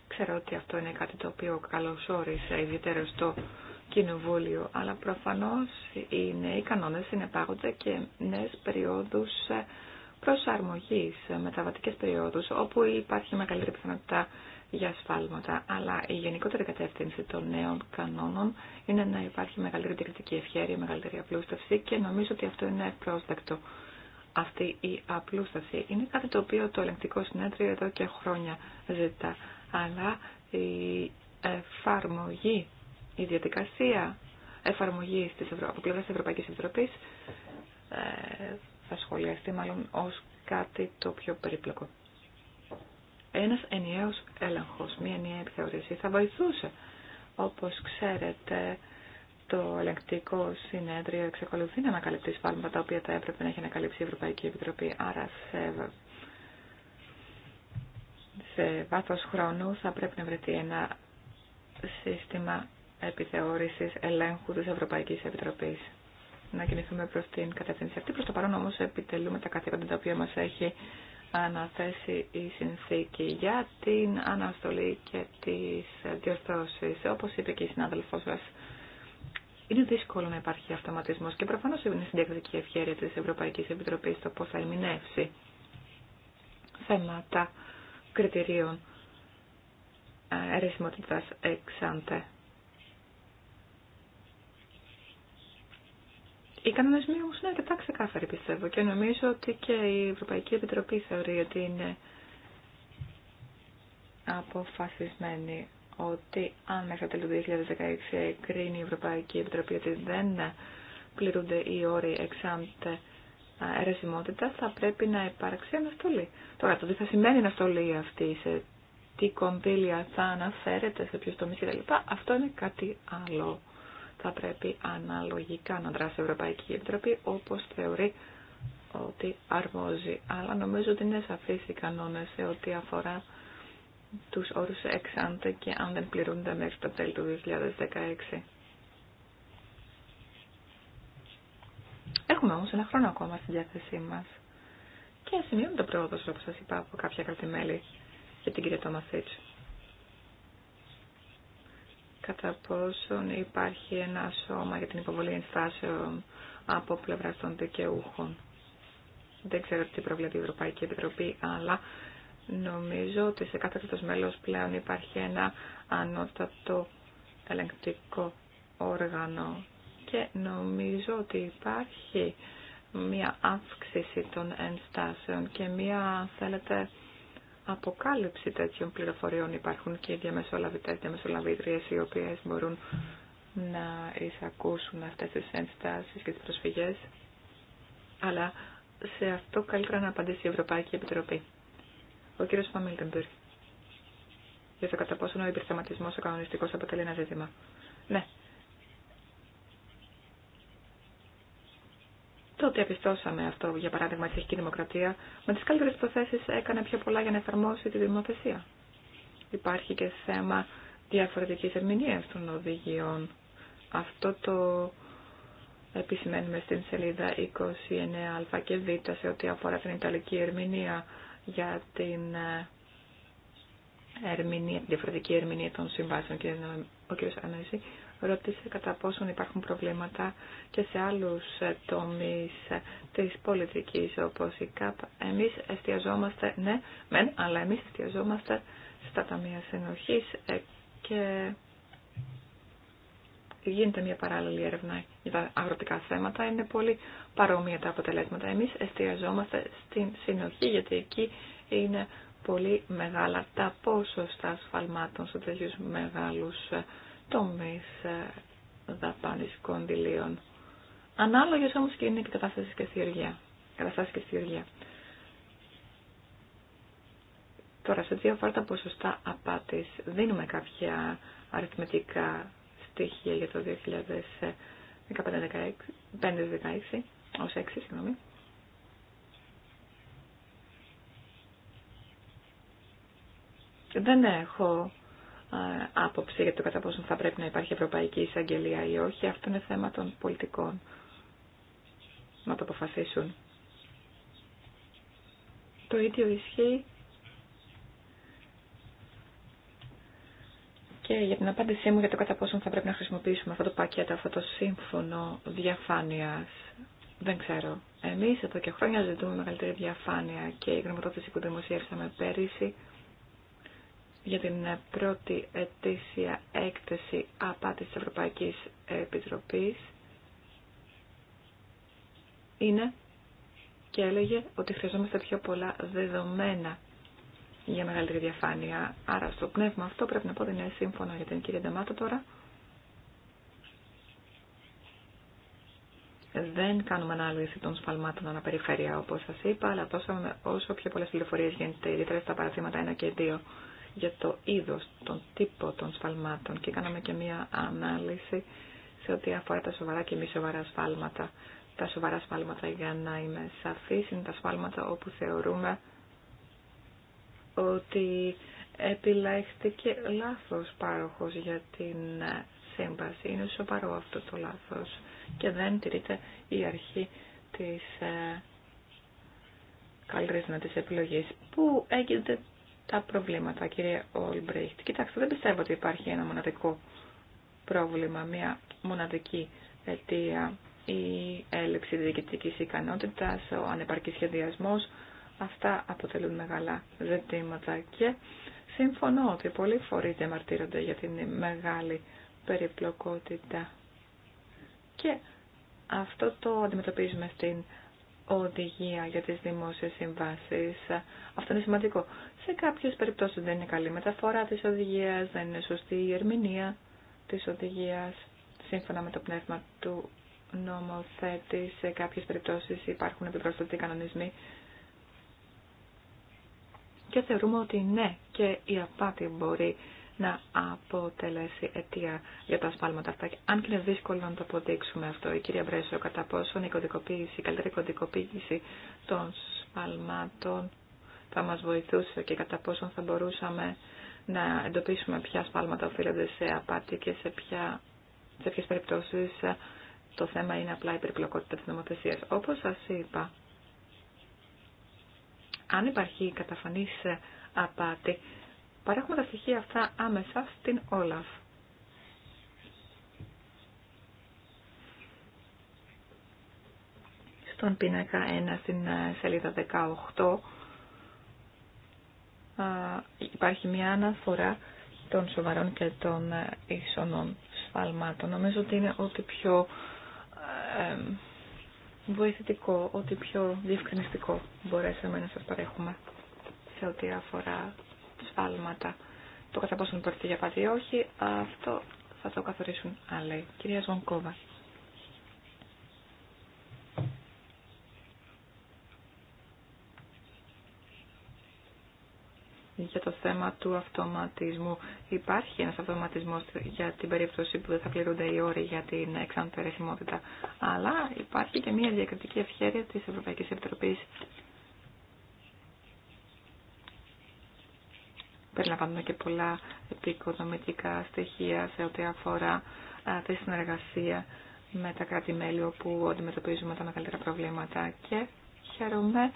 Ξέρω ότι αυτό είναι κάτι το οποίο καλώς όρισε ιδιαίτερα στο Κοινοβούλιο, αλλά προφανώς οι νέοι κανόνες συνεπάγονται και νέες περιόδους ε, προσαρμογή σε μεταβατικές περιόδους όπου υπάρχει μεγαλύτερη πιθανότητα για ασφάλματα. αλλά η γενικότερη κατεύθυνση των νέων κανόνων είναι να υπάρχει μεγαλύτερη διακριτική ευχέρεια, μεγαλύτερη απλούστευση και νομίζω ότι αυτό είναι πρόσδεκτο. Αυτή η απλούσταση είναι κάτι το οποίο το ελεγκτικό συνέδριο εδώ και χρόνια ζητά, αλλά η εφαρμογή, η διαδικασία εφαρμογής από πλευράς της Ευρωπαϊκής Επιτροπής ε, θα σχολιαστεί μάλλον ως κάτι το πιο περίπλοκο. Ένας ενιαίος έλεγχος, μία ενιαία επιθεωρήση θα βοηθούσε. Όπως ξέρετε, το ελεγκτικό συνέδριο εξακολουθεί να ανακαλύπτει σφάλματα τα οποία θα έπρεπε να έχει ανακαλύψει η Ευρωπαϊκή Επιτροπή. Άρα σε, σε βάθος χρόνου θα πρέπει να βρεθεί ένα σύστημα επιθεώρησης ελέγχου της Ευρωπαϊκής Επιτροπής να κινηθούμε προ την κατεύθυνση αυτή. Προς το παρόν όμως επιτελούμε τα καθήκοντα τα οποία μα έχει αναθέσει η συνθήκη για την αναστολή και τι διορθώσει. όπω είπε και η συνάδελφό σα, είναι δύσκολο να υπάρχει αυτοματισμό και προφανώ είναι συντεκτική ευχαίρεια τη Ευρωπαϊκή Επιτροπή, το πώ θα ερμηνεύσει θέματα κριτηρίων ερεσιμότητα εξάντε. Οι κανονισμοί όμω είναι αρκετά ξεκάθαροι πιστεύω και νομίζω ότι και η Ευρωπαϊκή Επιτροπή θεωρεί ότι είναι αποφασισμένη ότι αν μέχρι το 2016 κρίνει η Ευρωπαϊκή Επιτροπή ότι δεν πληρούνται οι όροι εξάμπτε αιρεσιμότητα, θα πρέπει να υπάρξει αναστολή. Τώρα, το τι θα σημαίνει αναστολή αυτή, σε τι κονδύλια θα αναφέρεται, σε ποιου τομεί κλπ. αυτό είναι κάτι άλλο θα πρέπει αναλογικά να δράσει η Ευρωπαϊκή Επιτροπή όπως θεωρεί ότι αρμόζει. Αλλά νομίζω ότι είναι σαφείς οι κανόνες σε ό,τι αφορά τους όρους εξάντε και αν δεν πληρούνται μέχρι το τέλη του 2016. Έχουμε όμως ένα χρόνο ακόμα στη διάθεσή μας. Και σημειώνουμε το πρόοδος, όπως σας είπα, από κάποια κρατημέλη για την κυρία Τόμας κατά πόσον υπάρχει ένα σώμα για την υποβολή ενστάσεων από πλευρά των δικαιούχων. Δεν ξέρω τι προβλέπει η Ευρωπαϊκή Επιτροπή, αλλά νομίζω ότι σε κάθε κράτο μέλος πλέον υπάρχει ένα ανώτατο ελεγκτικό όργανο και νομίζω ότι υπάρχει μία αύξηση των ενστάσεων και μία, θέλετε, αποκάλυψη τέτοιων πληροφοριών υπάρχουν και οι διαμεσολαβητές, διαμεσολαβήτριες οι οποίες μπορούν να εισακούσουν αυτές τις ενστάσεις και τις προσφυγές. Αλλά σε αυτό καλύτερα να απαντήσει η Ευρωπαϊκή Επιτροπή. Ο κ. Φαμίλτεμπερ. Για το κατά πόσο ο υπερθεματισμός ο κανονιστικός αποτελεί ένα ζήτημα. Ναι, Το απιστώσαμε αυτό, για παράδειγμα, η Τσεχική Δημοκρατία με τι καλύτερε προθέσει έκανε πιο πολλά για να εφαρμόσει τη δημοθεσία. Υπάρχει και θέμα διαφορετική ερμηνεία των οδηγιών. Αυτό το επισημαίνουμε στην σελίδα 29α και β σε ό,τι αφορά την Ιταλική ερμηνεία για την ε, ερμηνεία, διαφορετική ερμηνεία των συμβάσεων και ο κ. Ανέση ρώτησε κατά πόσον υπάρχουν προβλήματα και σε άλλους ε, τομείς ε, της πολιτικής όπως η ΚΑΠ. Εμείς εστιαζόμαστε, ναι, μεν, αλλά εμείς εστιαζόμαστε στα ταμεία συνοχής ε, και γίνεται μια παράλληλη έρευνα για τα αγροτικά θέματα. Είναι πολύ παρόμοια τα αποτελέσματα. Εμείς εστιαζόμαστε στην συνοχή γιατί εκεί είναι πολύ μεγάλα τα ποσοστά ασφαλμάτων σε τέτοιου μεγάλους τομείς ε, δαπάνης κοντιλίων. Ανάλογες όμως και είναι και κατάσταση και στη και στη Γεωργία. Τώρα, σε δύο φάρτα ποσοστά απάτης, δίνουμε κάποια αριθμητικά στοιχεία για το 2015-2016, ως 6, συγγνώμη. Δεν έχω άποψη για το κατά πόσο θα πρέπει να υπάρχει Ευρωπαϊκή Εισαγγελία ή όχι. Αυτό είναι θέμα των πολιτικών να το αποφασίσουν. Το ίδιο ισχύει και για την απάντησή μου για το κατά πόσο θα πρέπει να χρησιμοποιήσουμε αυτό το πακέτο, αυτό το σύμφωνο διαφάνειας. Δεν ξέρω. Εμείς εδώ και χρόνια ζητούμε μεγαλύτερη διαφάνεια και η γνωμοδότηση που δημοσίευσαμε πέρυσι για την ε, πρώτη ετήσια έκθεση απάτης της Ευρωπαϊκής Επιτροπής είναι και έλεγε ότι χρειαζόμαστε πιο πολλά δεδομένα για μεγαλύτερη διαφάνεια. Άρα στο πνεύμα αυτό πρέπει να πω ότι είναι σύμφωνο για την κυρία Νταμάτα τώρα. Δεν κάνουμε ανάλυση των σφαλμάτων αναπεριφέρεια όπως σας είπα, αλλά δώσαμε όσο πιο πολλές πληροφορίες γίνεται, ιδιαίτερα στα παραθύματα 1 και 2 για το είδος, τον τύπο των σφαλμάτων και κάναμε και μία ανάλυση σε ό,τι αφορά τα σοβαρά και μη σοβαρά σφάλματα. Τα σοβαρά σφάλματα, για να είμαι σαφής, είναι τα σφάλματα όπου θεωρούμε ότι επιλέχθηκε λάθος πάροχος για την σύμβαση. Είναι σοβαρό αυτό το λάθος και δεν τηρείται η αρχή της ε, καλύτερης της επιλογής που έγινε τα προβλήματα, κύριε Ολμπρέχτ. Κοιτάξτε, δεν πιστεύω ότι υπάρχει ένα μοναδικό πρόβλημα, μια μοναδική αιτία. Η έλλειψη διοικητικής ικανότητας, ο ανεπαρκής σχεδιασμός, αυτά αποτελούν μεγάλα ζητήματα και συμφωνώ ότι πολλοί φορεί διαμαρτύρονται για την μεγάλη περιπλοκότητα. Και αυτό το αντιμετωπίζουμε στην οδηγία για τις δημόσιες συμβάσεις. Αυτό είναι σημαντικό. Σε κάποιες περιπτώσεις δεν είναι καλή μεταφορά της οδηγίας, δεν είναι σωστή η ερμηνεία της οδηγίας σύμφωνα με το πνεύμα του νομοθέτη. Σε κάποιες περιπτώσεις υπάρχουν επιπροσθετοί κανονισμοί. Και θεωρούμε ότι ναι, και η απάτη μπορεί να αποτελέσει αιτία για τα σπάλματα αυτά. Αν και είναι δύσκολο να το αποδείξουμε αυτό, η κυρία Μπρέσο, κατά πόσον η κωδικοποίηση, η καλύτερη κωδικοποίηση των σπάλματων θα μας βοηθούσε και κατά πόσον θα μπορούσαμε να εντοπίσουμε ποια σπάλματα οφείλονται σε απάτη και σε, ποια, σε ποιες περιπτώσεις το θέμα είναι απλά η περιπλοκότητα της νομοθεσίας. Όπως σας είπα, αν υπάρχει καταφανής απάτη, παρέχουμε τα στοιχεία αυτά άμεσα στην Όλαφ. Στον πίνακα 1 στην ε, σελίδα 18 υπάρχει μια αναφορά των σοβαρών και των ε, ίσονων σφαλμάτων. Νομίζω ότι είναι ό,τι πιο ε, βοηθητικό, ό,τι πιο διευκρινιστικό μπορέσαμε να σας παρέχουμε σε ό,τι αφορά σφάλματα. Το κατά πόσο για πάτη ή όχι, αυτό θα το καθορίσουν άλλοι. Κυρία Ζωνκόβα. για το θέμα του αυτοματισμού. Υπάρχει ένας αυτοματισμός για την περίπτωση που δεν θα πληρούνται οι όροι για την εξάντερεσιμότητα, αλλά υπάρχει και μια διακριτική ευχαίρεια της Ευρωπαϊκής Επιτροπής περιλαμβάνουν και πολλά επικοδομητικά στοιχεία σε ό,τι αφορά τη συνεργασία με τα κράτη-μέλη όπου αντιμετωπίζουμε τα μεγαλύτερα προβλήματα και χαίρομαι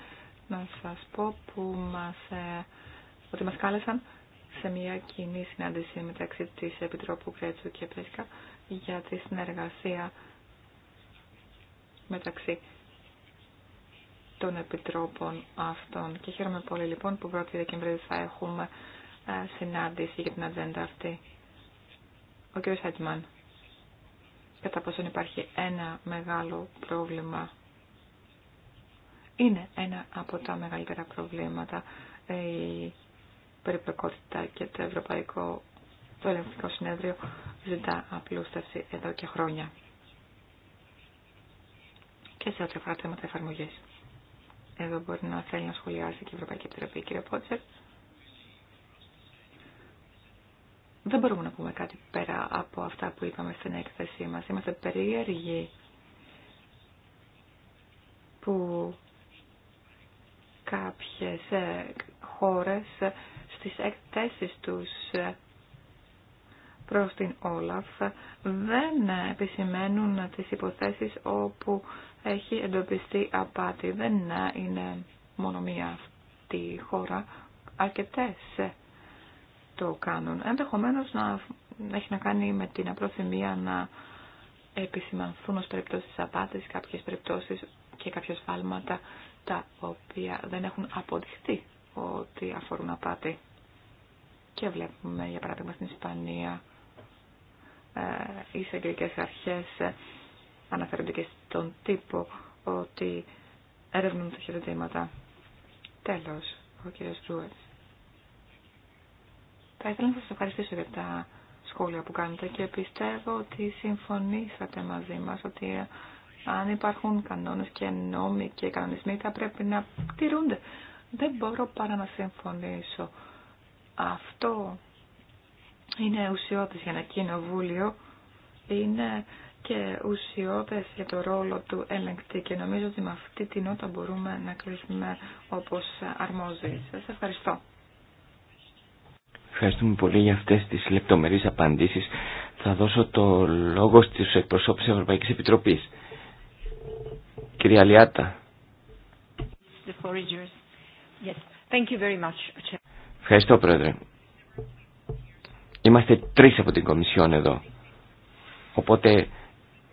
να σας πω που μας, ε, ότι μας κάλεσαν σε μια κοινή συνάντηση μεταξύ της Επιτρόπου Κρέτσου και Πέσκα για τη συνεργασία μεταξύ των επιτρόπων αυτών. Και χαίρομαι πολύ λοιπόν που 1η Δεκεμβρίου θα έχουμε συνάντηση για την ατζέντα αυτή. Ο κ. Χέτμαν, κατά πόσον υπάρχει ένα μεγάλο πρόβλημα. Είναι ένα από τα μεγαλύτερα προβλήματα ε, η περιπλοκότητα και το Ευρωπαϊκό το Ελευθερικό Συνέδριο ζητά απλούστευση εδώ και χρόνια. Και σε ό,τι αφορά θέματα εφαρμογή. Εδώ μπορεί να θέλει να σχολιάσει και η Ευρωπαϊκή Επιτροπή, κύριε Πότσερ. δεν μπορούμε να πούμε κάτι πέρα από αυτά που είπαμε στην έκθεσή μας. Είμαστε περίεργοι που κάποιες ε, χώρες στις εκθέσεις τους ε, προς την Όλαφ δεν επισημαίνουν τις υποθέσεις όπου έχει εντοπιστεί απάτη. Δεν είναι μόνο μία αυτή χώρα, αρκετές το κάνουν. Ενδεχομένω να έχει να κάνει με την απροθυμία να επισημανθούν ω περιπτώσει απάτης, κάποιες περιπτώσει και κάποια φάλματα τα οποία δεν έχουν αποδειχθεί ότι αφορούν απάτη. Και βλέπουμε για παράδειγμα στην Ισπανία ε, οι εισαγγελικές αρχές ε, αναφέρονται και στον τύπο ότι έρευνουν τα χειροτήματα. Τέλος, ο κύριος Ρούες. Θα ήθελα να σας ευχαριστήσω για τα σχόλια που κάνετε και πιστεύω ότι συμφωνήσατε μαζί μας ότι ε, αν υπάρχουν κανόνες και νόμοι και κανονισμοί θα πρέπει να τηρούνται. Δεν μπορώ παρά να συμφωνήσω. Αυτό είναι ουσιώδες για ένα κοινοβούλιο, είναι και ουσιώδες για το ρόλο του ελεγκτή και νομίζω ότι με αυτή την νότα μπορούμε να κλείσουμε όπως αρμόζει. Σας ευχαριστώ. Ευχαριστούμε πολύ για αυτές τις λεπτομερείς απαντήσεις. Θα δώσω το λόγο στους εκπροσώπους της Ευρωπαϊκής Επιτροπής. Κυρία Λιάτα. Ευχαριστώ, Πρόεδρε. Είμαστε τρεις από την Κομισιόν εδώ. Οπότε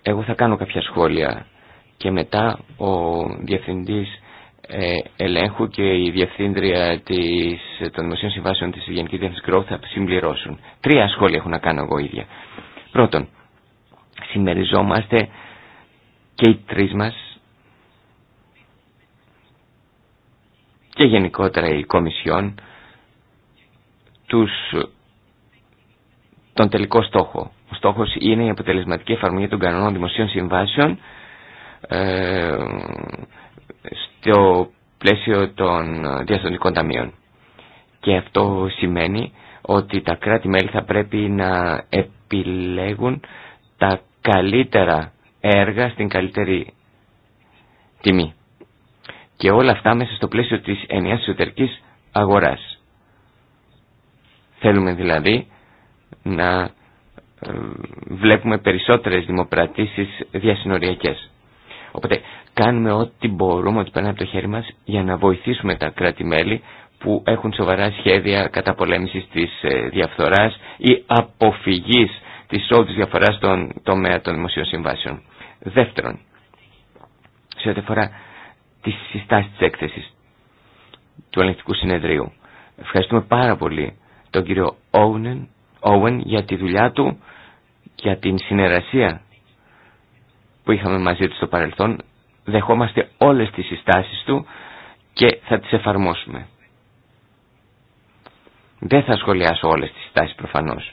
εγώ θα κάνω κάποια σχόλια και μετά ο Διευθυντής ε, ελέγχου και η Διευθύντρια της, των Δημοσίων Συμβάσεων της Γενικής Διεύθυνσης Growth θα συμπληρώσουν. Τρία σχόλια έχω να κάνω εγώ ίδια. Πρώτον, συμμεριζόμαστε και οι τρεις μας και γενικότερα η Κομισιόν τους, τον τελικό στόχο. Ο στόχος είναι η αποτελεσματική εφαρμογή των κανονών δημοσίων συμβάσεων ε, στο πλαίσιο των διαστολικών ταμείων. Και αυτό σημαίνει ότι τα κράτη-μέλη θα πρέπει να επιλέγουν τα καλύτερα έργα στην καλύτερη τιμή. Και όλα αυτά μέσα στο πλαίσιο της ενιαίας εσωτερικής αγοράς. Θέλουμε δηλαδή να ε, βλέπουμε περισσότερες δημοπρατήσεις διασυνοριακές. Οπότε κάνουμε ό,τι μπορούμε, ό,τι περνάει από το χέρι μας για να βοηθήσουμε τα κράτη-μέλη που έχουν σοβαρά σχέδια καταπολέμησης της ε, διαφθοράς ή αποφυγής της όλης διαφοράς στον τομέα των δημοσίων συμβάσεων. Δεύτερον, σε ό,τι αφορά τις συστάσεις της έκθεσης του Ελεγκτικού Συνεδρίου. Ευχαριστούμε πάρα πολύ τον κύριο Owen για τη δουλειά του, για την συνεργασία που είχαμε μαζί του στο παρελθόν δεχόμαστε όλες τις συστάσεις του και θα τις εφαρμόσουμε. Δεν θα σχολιάσω όλες τις συστάσεις προφανώς.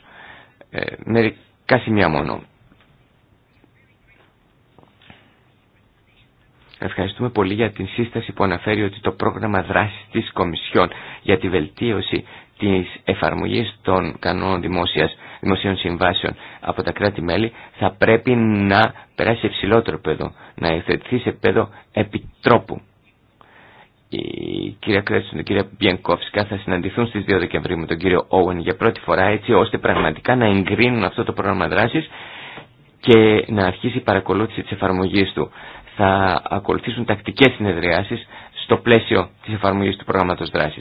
Ε, μερικά σημεία μόνο. Ευχαριστούμε πολύ για την σύσταση που αναφέρει ότι το πρόγραμμα δράσης της Κομισιόν για τη βελτίωση της εφαρμογής των κανόνων δημόσιας δημοσίων συμβάσεων από τα κράτη-μέλη θα πρέπει να περάσει σε υψηλότερο πέδο, να υιοθετηθεί σε πέδο επιτρόπου. Η κυρία Κρέτσου και η κυρία Μπιενκόφσκα θα συναντηθούν στις 2 Δεκεμβρίου με τον κύριο Όουεν για πρώτη φορά έτσι ώστε πραγματικά να εγκρίνουν αυτό το πρόγραμμα δράσης και να αρχίσει η παρακολούθηση της εφαρμογής του. Θα ακολουθήσουν τακτικές συνεδριάσεις στο πλαίσιο της εφαρμογή του προγραμματό δράση.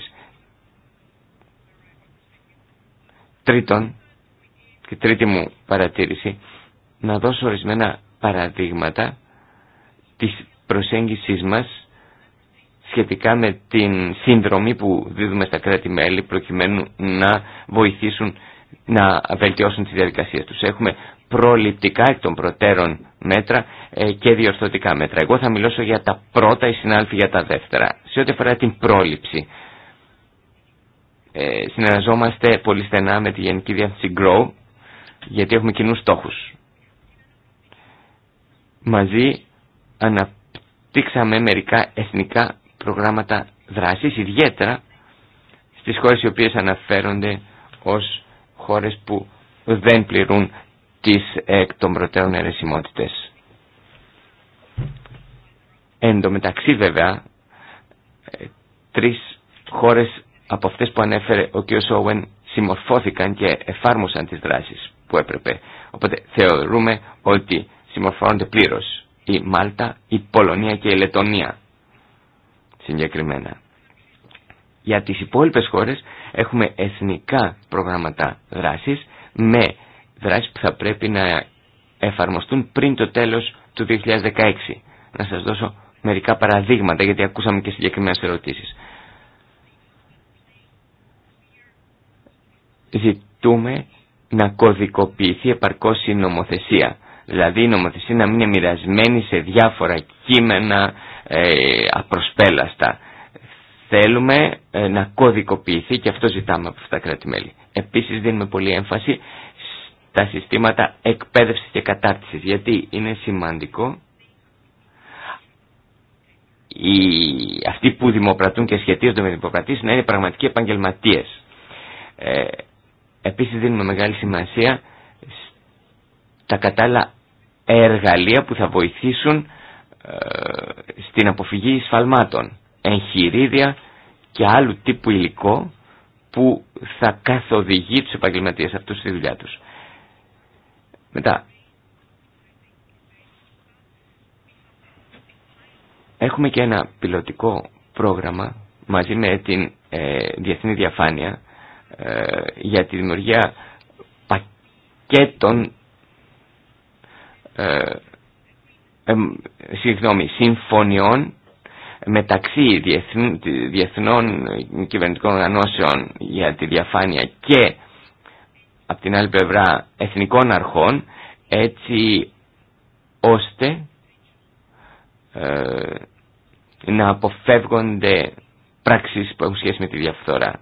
Τρίτον, η τρίτη μου παρατήρηση, να δώσω ορισμένα παραδείγματα της προσέγγισης μας σχετικά με την σύνδρομη που δίδουμε στα κράτη-μέλη προκειμένου να βοηθήσουν να βελτιώσουν τις διαδικασίες τους. Έχουμε προληπτικά εκ των προτέρων μέτρα ε, και διορθωτικά μέτρα. Εγώ θα μιλώσω για τα πρώτα, οι συνάλφοι για τα δεύτερα. Σε ό,τι αφορά την πρόληψη, ε, συνεργαζόμαστε πολύ στενά με τη Γενική διάθεση GROW γιατί έχουμε κοινούς στόχους. Μαζί αναπτύξαμε μερικά εθνικά προγράμματα δράσης, ιδιαίτερα στις χώρες οι οποίες αναφέρονται ως χώρες που δεν πληρούν τις εκ των προτέρων αιρεσιμότητες. Εν τω μεταξύ βέβαια, ε, τρεις χώρες από αυτές που ανέφερε ο κ. Σόουεν συμμορφώθηκαν και εφάρμοσαν τις δράσεις που έπρεπε. Οπότε θεωρούμε ότι συμμορφώνονται πλήρω η Μάλτα, η Πολωνία και η Λετωνία συγκεκριμένα. Για τις υπόλοιπες χώρες έχουμε εθνικά προγράμματα δράσης με δράσεις που θα πρέπει να εφαρμοστούν πριν το τέλος του 2016. Να σας δώσω μερικά παραδείγματα γιατί ακούσαμε και συγκεκριμένε ερωτήσεις. Ζητούμε να κωδικοποιηθεί επαρκώς η νομοθεσία. Δηλαδή η νομοθεσία να μην είναι μοιρασμένη σε διάφορα κείμενα ε, απροσπέλαστα. Θέλουμε ε, να κωδικοποιηθεί και αυτό ζητάμε από αυτά τα κράτη-μέλη. Επίσης δίνουμε πολύ έμφαση στα συστήματα εκπαίδευσης και κατάρτισης γιατί είναι σημαντικό οι, αυτοί που δημοπρατούν και σχετίζονται με δημοπρατήσεις να είναι πραγματικοί επαγγελματίες. Ε, Επίσης δίνουμε μεγάλη σημασία τα κατάλληλα εργαλεία που θα βοηθήσουν ε, στην αποφυγή εισφαλμάτων, εγχειρίδια και άλλου τύπου υλικό που θα καθοδηγεί τους επαγγελματίες αυτούς στη δουλειά τους. Μετά, έχουμε και ένα πιλωτικό πρόγραμμα μαζί με την ε, Διεθνή Διαφάνεια ε, για τη δημιουργία πακέτων ε, ε, συμφωνιών μεταξύ διεθνών κυβερνητικών οργανώσεων για τη διαφάνεια και από την άλλη πλευρά εθνικών αρχών έτσι ώστε ε, να αποφεύγονται πράξεις που έχουν σχέση με τη διαφθορά.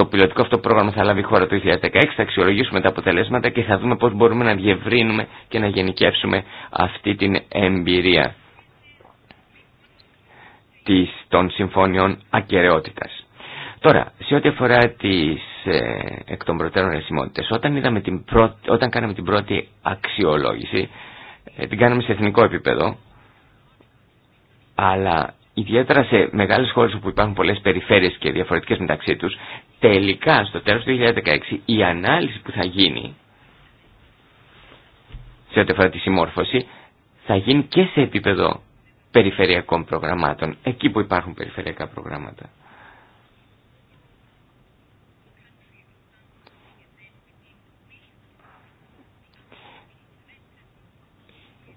Το πιλωτικό αυτό πρόγραμμα θα λάβει η χώρα το 2016, θα αξιολογήσουμε τα αποτελέσματα και θα δούμε πώς μπορούμε να διευρύνουμε και να γενικεύσουμε αυτή την εμπειρία της, των συμφώνιων ακαιρεότητας. Τώρα, σε ό,τι αφορά τις ε, εκ των προτέρων ρεσιμότητες, όταν, την πρώτη, όταν κάναμε την πρώτη αξιολόγηση, ε, την κάναμε σε εθνικό επίπεδο, αλλά ιδιαίτερα σε μεγάλες χώρες όπου υπάρχουν πολλές περιφέρειες και διαφορετικές μεταξύ τους, τελικά στο τέλος του 2016 η ανάλυση που θα γίνει σε ό,τι αφορά τη συμμόρφωση θα γίνει και σε επίπεδο περιφερειακών προγραμμάτων, εκεί που υπάρχουν περιφερειακά προγράμματα.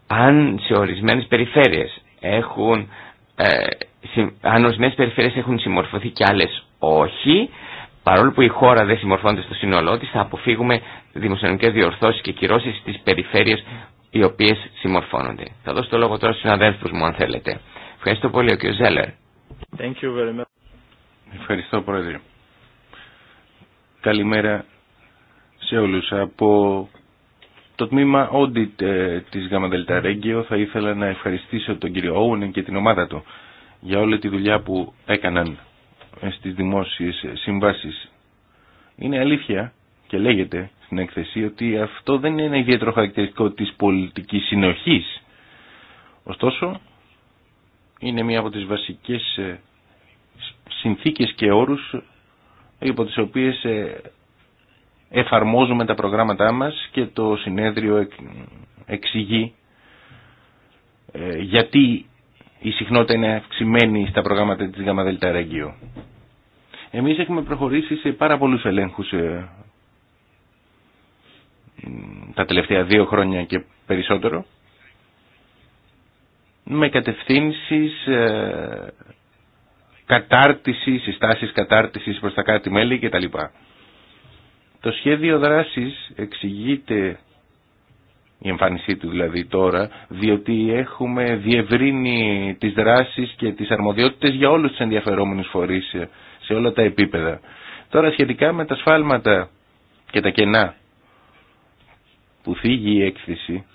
Αν σε ορισμένες περιφέρειες έχουν, ε, αν ορισμένες περιφέρειες έχουν συμμορφωθεί και άλλες όχι, παρόλο που η χώρα δεν συμμορφώνεται στο σύνολό της, θα αποφύγουμε δημοσιονομικές διορθώσεις και κυρώσεις στις περιφέρειες οι οποίες συμμορφώνονται. Θα δώσω το λόγο τώρα στους συναδέλφους μου αν θέλετε. Ευχαριστώ πολύ ο κ. Ζέλερ. Ευχαριστώ Πρόεδρε. Καλημέρα σε όλους. Από το τμήμα Audit ε, της ΓΑΜΑΔΕΛΤΑ ΡΕΓΚΙΟ. θα ήθελα να ευχαριστήσω τον κύριο Όουνεν και την ομάδα του για όλη τη δουλειά που έκαναν ε, στις δημόσιες συμβάσεις. Είναι αλήθεια και λέγεται στην έκθεση ότι αυτό δεν είναι ιδιαίτερο χαρακτηριστικό της πολιτικής συνοχής. Ωστόσο, είναι μία από τις βασικές ε, συνθήκες και όρους υπό τις οποίες ε, εφαρμόζουμε τα προγράμματά μας και το συνέδριο εξηγεί γιατί η συχνότητα είναι αυξημένη στα προγράμματα της ΓΔ Εμείς έχουμε προχωρήσει σε πάρα πολλούς ελέγχους ε, τα τελευταία δύο χρόνια και περισσότερο με κατευθύνσεις ε, κατάρτιση, συστάσεις κατάρτισης προς τα κάτι μέλη κτλ. Το σχέδιο δράσης εξηγείται η εμφάνισή του δηλαδή τώρα, διότι έχουμε διευρύνει τις δράσεις και τις αρμοδιότητες για όλους τους ενδιαφερόμενους φορείς σε όλα τα επίπεδα. Τώρα σχετικά με τα σφάλματα και τα κενά που θίγει η έκθεση,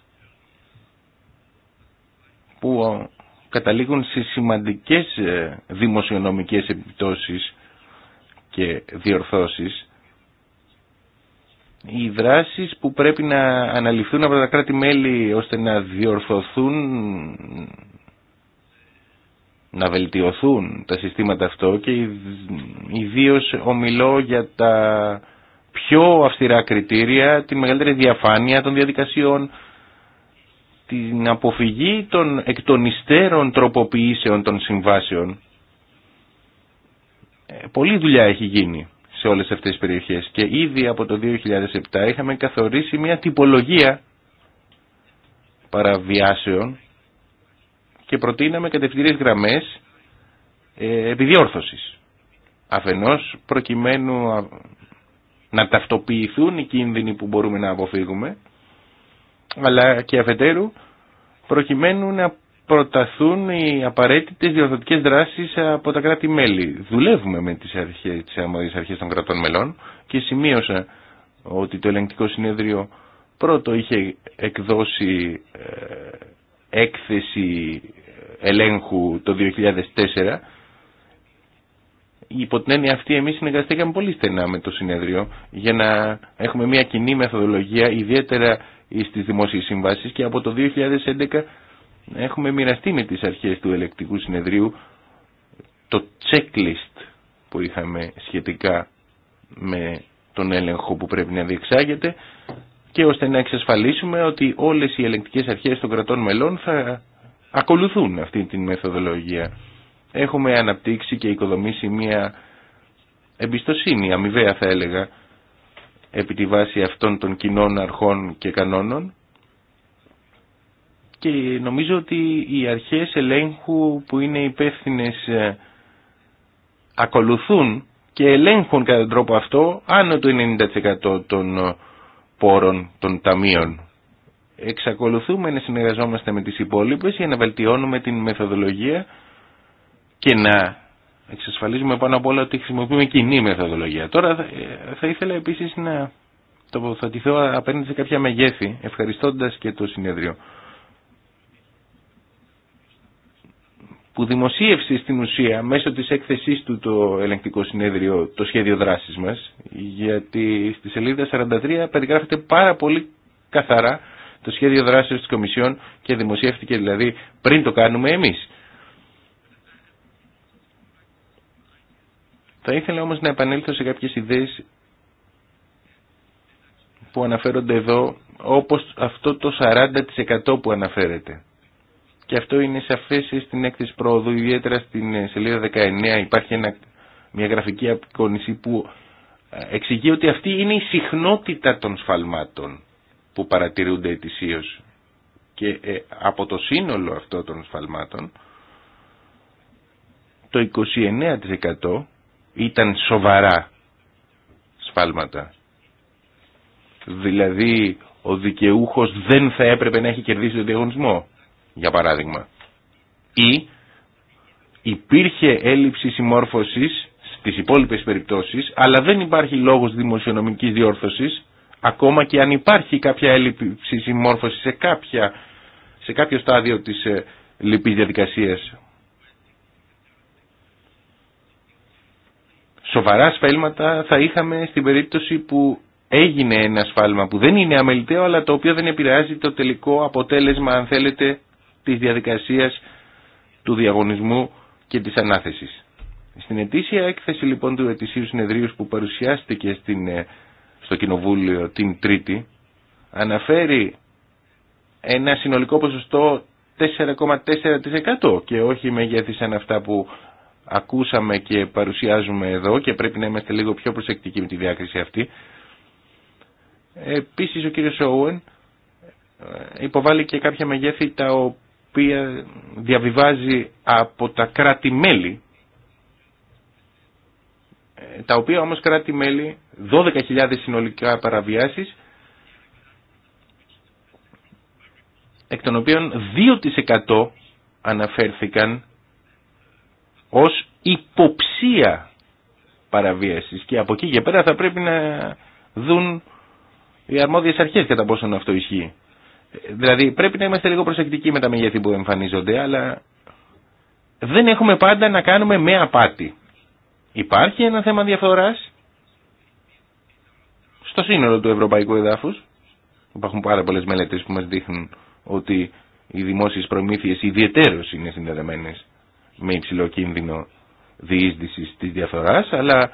που καταλήγουν σε σημαντικές ε, δημοσιονομικές επιπτώσεις και διορθώσεις, οι δράσεις που πρέπει να αναλυθούν από τα κράτη-μέλη ώστε να διορθωθούν, να βελτιωθούν τα συστήματα αυτό και ιδίω ομιλώ για τα πιο αυστηρά κριτήρια, τη μεγαλύτερη διαφάνεια των διαδικασιών, την αποφυγή των εκτονιστέρων τροποποιήσεων των συμβάσεων. Ε, πολλή δουλειά έχει γίνει σε όλες αυτές τις περιοχές. Και ήδη από το 2007 είχαμε καθορίσει μια τυπολογία παραβιάσεων και προτείναμε κατευθυντήριες γραμμές ε, επιδιόρθωσης. Αφενός προκειμένου να ταυτοποιηθούν οι κίνδυνοι που μπορούμε να αποφύγουμε αλλά και αφετέρου προκειμένου να προταθούν οι απαραίτητες διορθωτικές δράσεις από τα κράτη-μέλη. Δουλεύουμε με τις αρχές, τις αρχές των κρατών μελών και σημείωσα ότι το ελεγκτικό συνέδριο πρώτο είχε εκδώσει ε, έκθεση ε, ελέγχου το 2004 υπό την έννοια αυτή εμείς συνεργαστήκαμε πολύ στενά με το συνέδριο για να έχουμε μια κοινή μεθοδολογία ιδιαίτερα στις δημόσιες συμβάσεις και από το 2011 έχουμε μοιραστεί με τις αρχές του ελεκτικού συνεδρίου το checklist που είχαμε σχετικά με τον έλεγχο που πρέπει να διεξάγεται και ώστε να εξασφαλίσουμε ότι όλες οι ελεκτικές αρχές των κρατών μελών θα ακολουθούν αυτή την μεθοδολογία. Έχουμε αναπτύξει και οικοδομήσει μια εμπιστοσύνη αμοιβαία θα έλεγα επί τη βάση αυτών των κοινών αρχών και κανόνων και νομίζω ότι οι αρχές ελέγχου που είναι υπεύθυνε ε, ακολουθούν και ελέγχουν κατά τον τρόπο αυτό άνω του 90% των ε, πόρων των ταμείων. Εξακολουθούμε να συνεργαζόμαστε με τις υπόλοιπες για να βελτιώνουμε την μεθοδολογία και να εξασφαλίζουμε πάνω απ' όλα ότι χρησιμοποιούμε κοινή μεθοδολογία. Τώρα θα ε, ήθελα επίσης να τοποθετηθώ απέναντι σε κάποια μεγέθη, ευχαριστώντας και το συνέδριο. που δημοσίευσε στην ουσία μέσω της έκθεσής του το ελεγκτικό συνέδριο το σχέδιο δράσης μας γιατί στη σελίδα 43 περιγράφεται πάρα πολύ καθαρά το σχέδιο δράσης της Κομισιόν και δημοσιεύτηκε δηλαδή πριν το κάνουμε εμείς. Θα ήθελα όμως να επανέλθω σε κάποιες ιδέες που αναφέρονται εδώ όπως αυτό το 40% που αναφέρεται και αυτό είναι σαφές στην έκθεση πρόοδου, ιδιαίτερα στην ε, σελίδα 19 υπάρχει μια γραφική απεικονισή που ε, εξηγεί ότι αυτή είναι η συχνότητα των σφαλμάτων που παρατηρούνται ετησίως και ε, από το σύνολο αυτό των σφαλμάτων το 29% ήταν σοβαρά σφάλματα. Δηλαδή ο δικαιούχος δεν θα έπρεπε να έχει κερδίσει τον διαγωνισμό για παράδειγμα. Ή υπήρχε έλλειψη συμμόρφωσης στις υπόλοιπες περιπτώσεις, αλλά δεν υπάρχει λόγος δημοσιονομικής διόρθωσης, ακόμα και αν υπάρχει κάποια έλλειψη συμμόρφωσης σε, κάποια, σε κάποιο στάδιο της ε, λυπής διαδικασίας. Σοβαρά σφέλματα θα είχαμε στην περίπτωση που έγινε ένα σφάλμα που δεν είναι αμεληταίο αλλά το οποίο δεν επηρεάζει το τελικό αποτέλεσμα αν θέλετε της διαδικασίας του διαγωνισμού και της ανάθεσης. Στην ετήσια έκθεση λοιπόν του ετησίου συνεδρίου που παρουσιάστηκε στην, ε, στο Κοινοβούλιο την Τρίτη αναφέρει ένα συνολικό ποσοστό 4,4% και όχι σαν αυτά που ακούσαμε και παρουσιάζουμε εδώ και πρέπει να είμαστε λίγο πιο προσεκτικοί με τη διάκριση αυτή. Επίσης ο κύριος Σόουεν ε, υποβάλλει και κάποια μεγέθη τα οποία διαβιβάζει από τα κράτη-μέλη, ε, τα οποία όμως κράτη-μέλη, 12.000 συνολικά παραβιάσεις, εκ των οποίων 2% αναφέρθηκαν ως υποψία παραβίασης και από εκεί και πέρα θα πρέπει να δουν οι αρμόδιες αρχές κατά πόσο αυτό ισχύει. Δηλαδή πρέπει να είμαστε λίγο προσεκτικοί με τα μεγέθη που εμφανίζονται, αλλά δεν έχουμε πάντα να κάνουμε με απάτη. Υπάρχει ένα θέμα διαφθοράς στο σύνολο του ευρωπαϊκού εδάφους. Υπάρχουν πάρα πολλές μελέτες που μας δείχνουν ότι οι δημόσιες προμήθειες ιδιαιτέρως είναι συνδεδεμένες με υψηλό κίνδυνο διείσδυσης της διαφθοράς, αλλά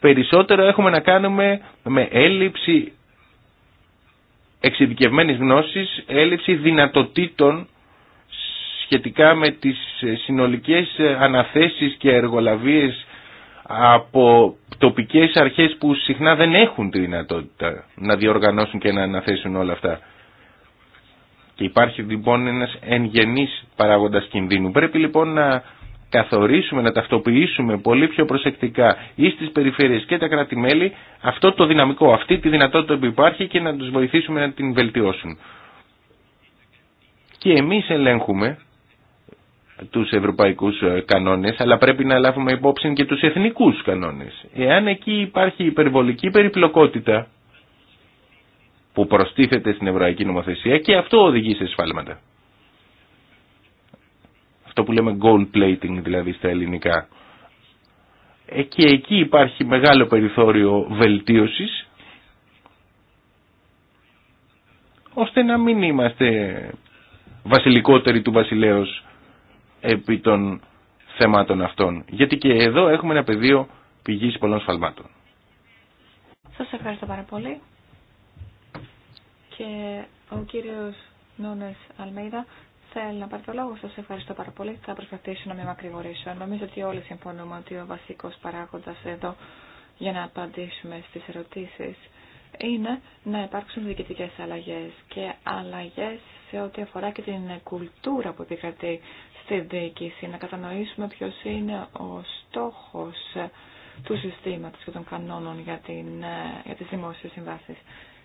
περισσότερο έχουμε να κάνουμε με έλλειψη εξειδικευμένης γνώσης, έλευση δυνατοτήτων σχετικά με τις ε, συνολικές ε, αναθέσεις και εργολαβίες από τοπικές αρχές που συχνά δεν έχουν τη δυνατότητα να διοργανώσουν και να αναθέσουν όλα αυτά. Και υπάρχει λοιπόν ένας ενγενής παράγοντας κινδύνου. Πρέπει λοιπόν να καθορίσουμε, να ταυτοποιήσουμε πολύ πιο προσεκτικά ή στις περιφέρειες και τα κράτη-μέλη αυτό το δυναμικό, αυτή τη δυνατότητα που υπάρχει και να τους βοηθήσουμε να την βελτιώσουν. Και εμείς ελέγχουμε τους ευρωπαϊκούς ε, κανόνες, αλλά πρέπει να λάβουμε υπόψη και τους εθνικούς κανόνες. Εάν εκεί υπάρχει υπερβολική περιπλοκότητα που προστίθεται στην ευρωπαϊκή νομοθεσία και αυτό οδηγεί σε σφάλματα αυτό που λέμε gold plating δηλαδή στα ελληνικά. Ε, και εκεί υπάρχει μεγάλο περιθώριο βελτίωσης ώστε να μην είμαστε βασιλικότεροι του βασιλέως επί των θεμάτων αυτών. Γιατί και εδώ έχουμε ένα πεδίο πηγής πολλών σφαλμάτων. Σας ευχαριστώ πάρα πολύ. Και ο κύριος Νόνες Αλμέιδα Θέλω να πάρω το λόγο σας. Ευχαριστώ πάρα πολύ. Θα προσπαθήσω να μην μακρηγορήσω. Νομίζω ότι όλοι συμφωνούμε ότι ο βασικός παράγοντας εδώ για να απαντήσουμε στις ερωτήσεις είναι να υπάρξουν διοικητικές αλλαγές και αλλαγές σε ό,τι αφορά και την κουλτούρα που επικρατεί στη διοίκηση, να κατανοήσουμε ποιο είναι ο στόχος του συστήματος και των κανόνων για, την, ε, για τις δημόσιες συμβάσεις.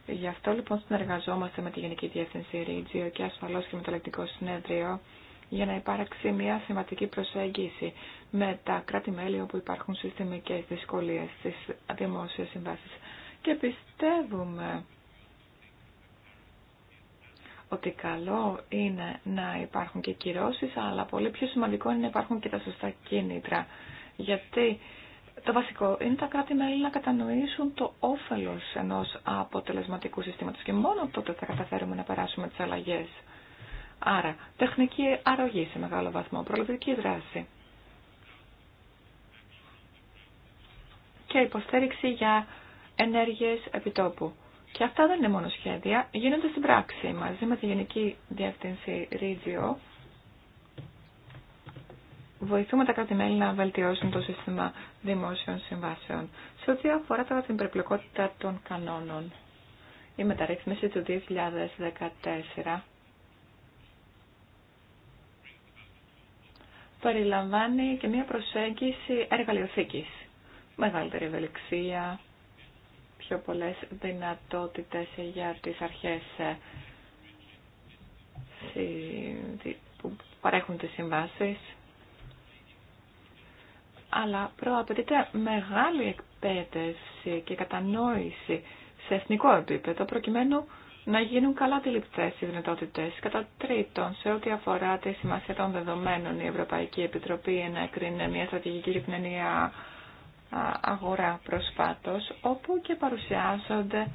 Γι' αυτό λοιπόν συνεργαζόμαστε με τη Γενική Διεύθυνση Ρίτζιο και ασφαλώς και με το Ελεκτικό Συνέδριο για να υπάρξει μια θεματική προσέγγιση με τα κράτη-μέλη όπου υπάρχουν συστημικές δυσκολίες στις δημόσιες συμβάσεις. Και πιστεύουμε ότι καλό είναι να υπάρχουν και κυρώσεις, αλλά πολύ πιο σημαντικό είναι να υπάρχουν και τα σωστά κίνητρα. Γιατί το βασικό είναι τα κράτη-μέλη να κατανοήσουν το όφελος ενός αποτελεσματικού συστήματος και μόνο τότε θα καταφέρουμε να περάσουμε τις αλλαγές. Άρα, τεχνική αρρωγή σε μεγάλο βαθμό, προληπτική δράση. Και υποστήριξη για ενέργειες επιτόπου. Και αυτά δεν είναι μόνο σχέδια, γίνονται στην πράξη μαζί με τη Γενική Διεύθυνση Ρίτζιο βοηθούμε τα κράτη-μέλη να βελτιώσουν το σύστημα δημόσιων συμβάσεων. Σε ό,τι αφορά τώρα την περιπλοκότητα των κανόνων, η μεταρρύθμιση του 2014 περιλαμβάνει και μια προσέγγιση εργαλειοθήκης. Μεγαλύτερη ευελιξία, πιο πολλές δυνατότητες για τις αρχές ε, που παρέχουν τις συμβάσεις αλλά προαπαιτείται μεγάλη εκπαίδευση και κατανόηση σε εθνικό επίπεδο προκειμένου να γίνουν καλά αντιληπτέ οι δυνατότητε. Κατά τρίτον, σε ό,τι αφορά τη σημασία των δεδομένων, η Ευρωπαϊκή Επιτροπή ενέκρινε μια στρατηγική λιπνενία αγορά προσφάτω, όπου και παρουσιάζονται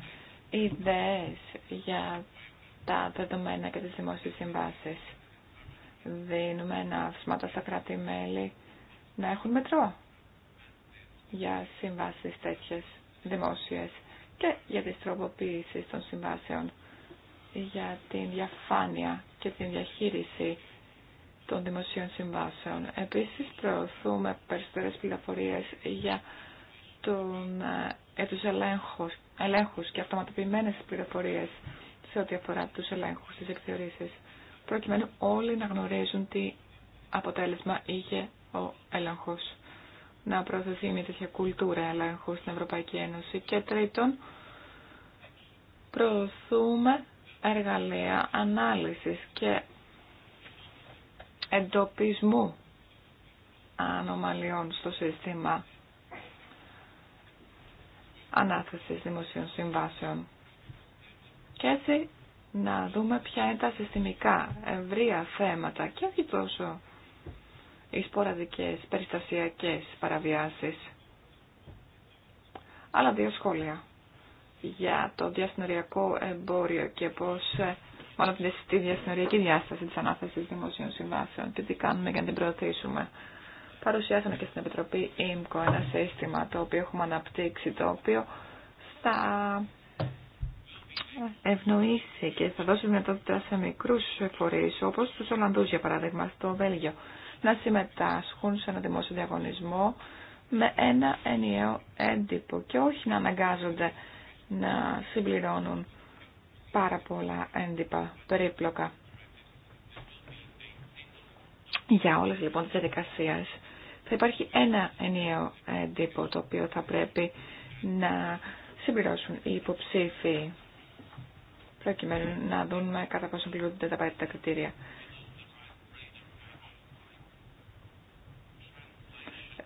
ιδέες για τα δεδομένα και τι δημόσιε συμβάσει. Δίνουμε ένα αύσματα στα κράτη-μέλη να έχουν μετρό για συμβάσεις τέτοιες δημόσιες και για τις τροποποίησεις των συμβάσεων για την διαφάνεια και την διαχείριση των δημοσίων συμβάσεων. Επίσης προωθούμε περισσότερες πληροφορίες για, τον, ε, για τους ελέγχους, ελέγχους και αυτοματοποιημένες πληροφορίες σε ό,τι αφορά τους ελέγχους, τις εκθεωρήσεις, προκειμένου όλοι να γνωρίζουν τι αποτέλεσμα είχε ο έλεγχο Να προωθηθεί μια τέτοια κουλτούρα έλεγχου στην Ευρωπαϊκή Ένωση. Και τρίτον, προωθούμε εργαλεία ανάλυσης και εντοπισμού ανομαλιών στο σύστημα ανάθεσης δημοσίων συμβάσεων. Και έτσι να δούμε ποια είναι τα συστημικά ευρεία θέματα και όχι τόσο ή σποραδικές, περιστασιακές παραβιάσεις. Άλλα δύο σχόλια για το διασυνοριακό εμπόριο και πώς, μάλλον τη διασυνοριακή διάσταση της ανάθεσης δημοσίων συμβάσεων και τι κάνουμε για να την προωθήσουμε. Παρουσιάσαμε και στην Επιτροπή ΙΜΚΟ ένα σύστημα το οποίο έχουμε αναπτύξει, το οποίο θα ευνοήσει και θα δώσει δυνατότητα σε μικρούς φορείς, όπως τους Ολλανδούς για παράδειγμα στο Βέλγιο, να συμμετάσχουν σε ένα δημόσιο διαγωνισμό με ένα ενιαίο έντυπο και όχι να αναγκάζονται να συμπληρώνουν πάρα πολλά έντυπα περίπλοκα. Για όλες λοιπόν τις διαδικασίες θα υπάρχει ένα ενιαίο έντυπο το οποίο θα πρέπει να συμπληρώσουν οι υποψήφοι προκειμένου να δούμε κατά πόσο πληρούνται τα απαραίτητα κριτήρια.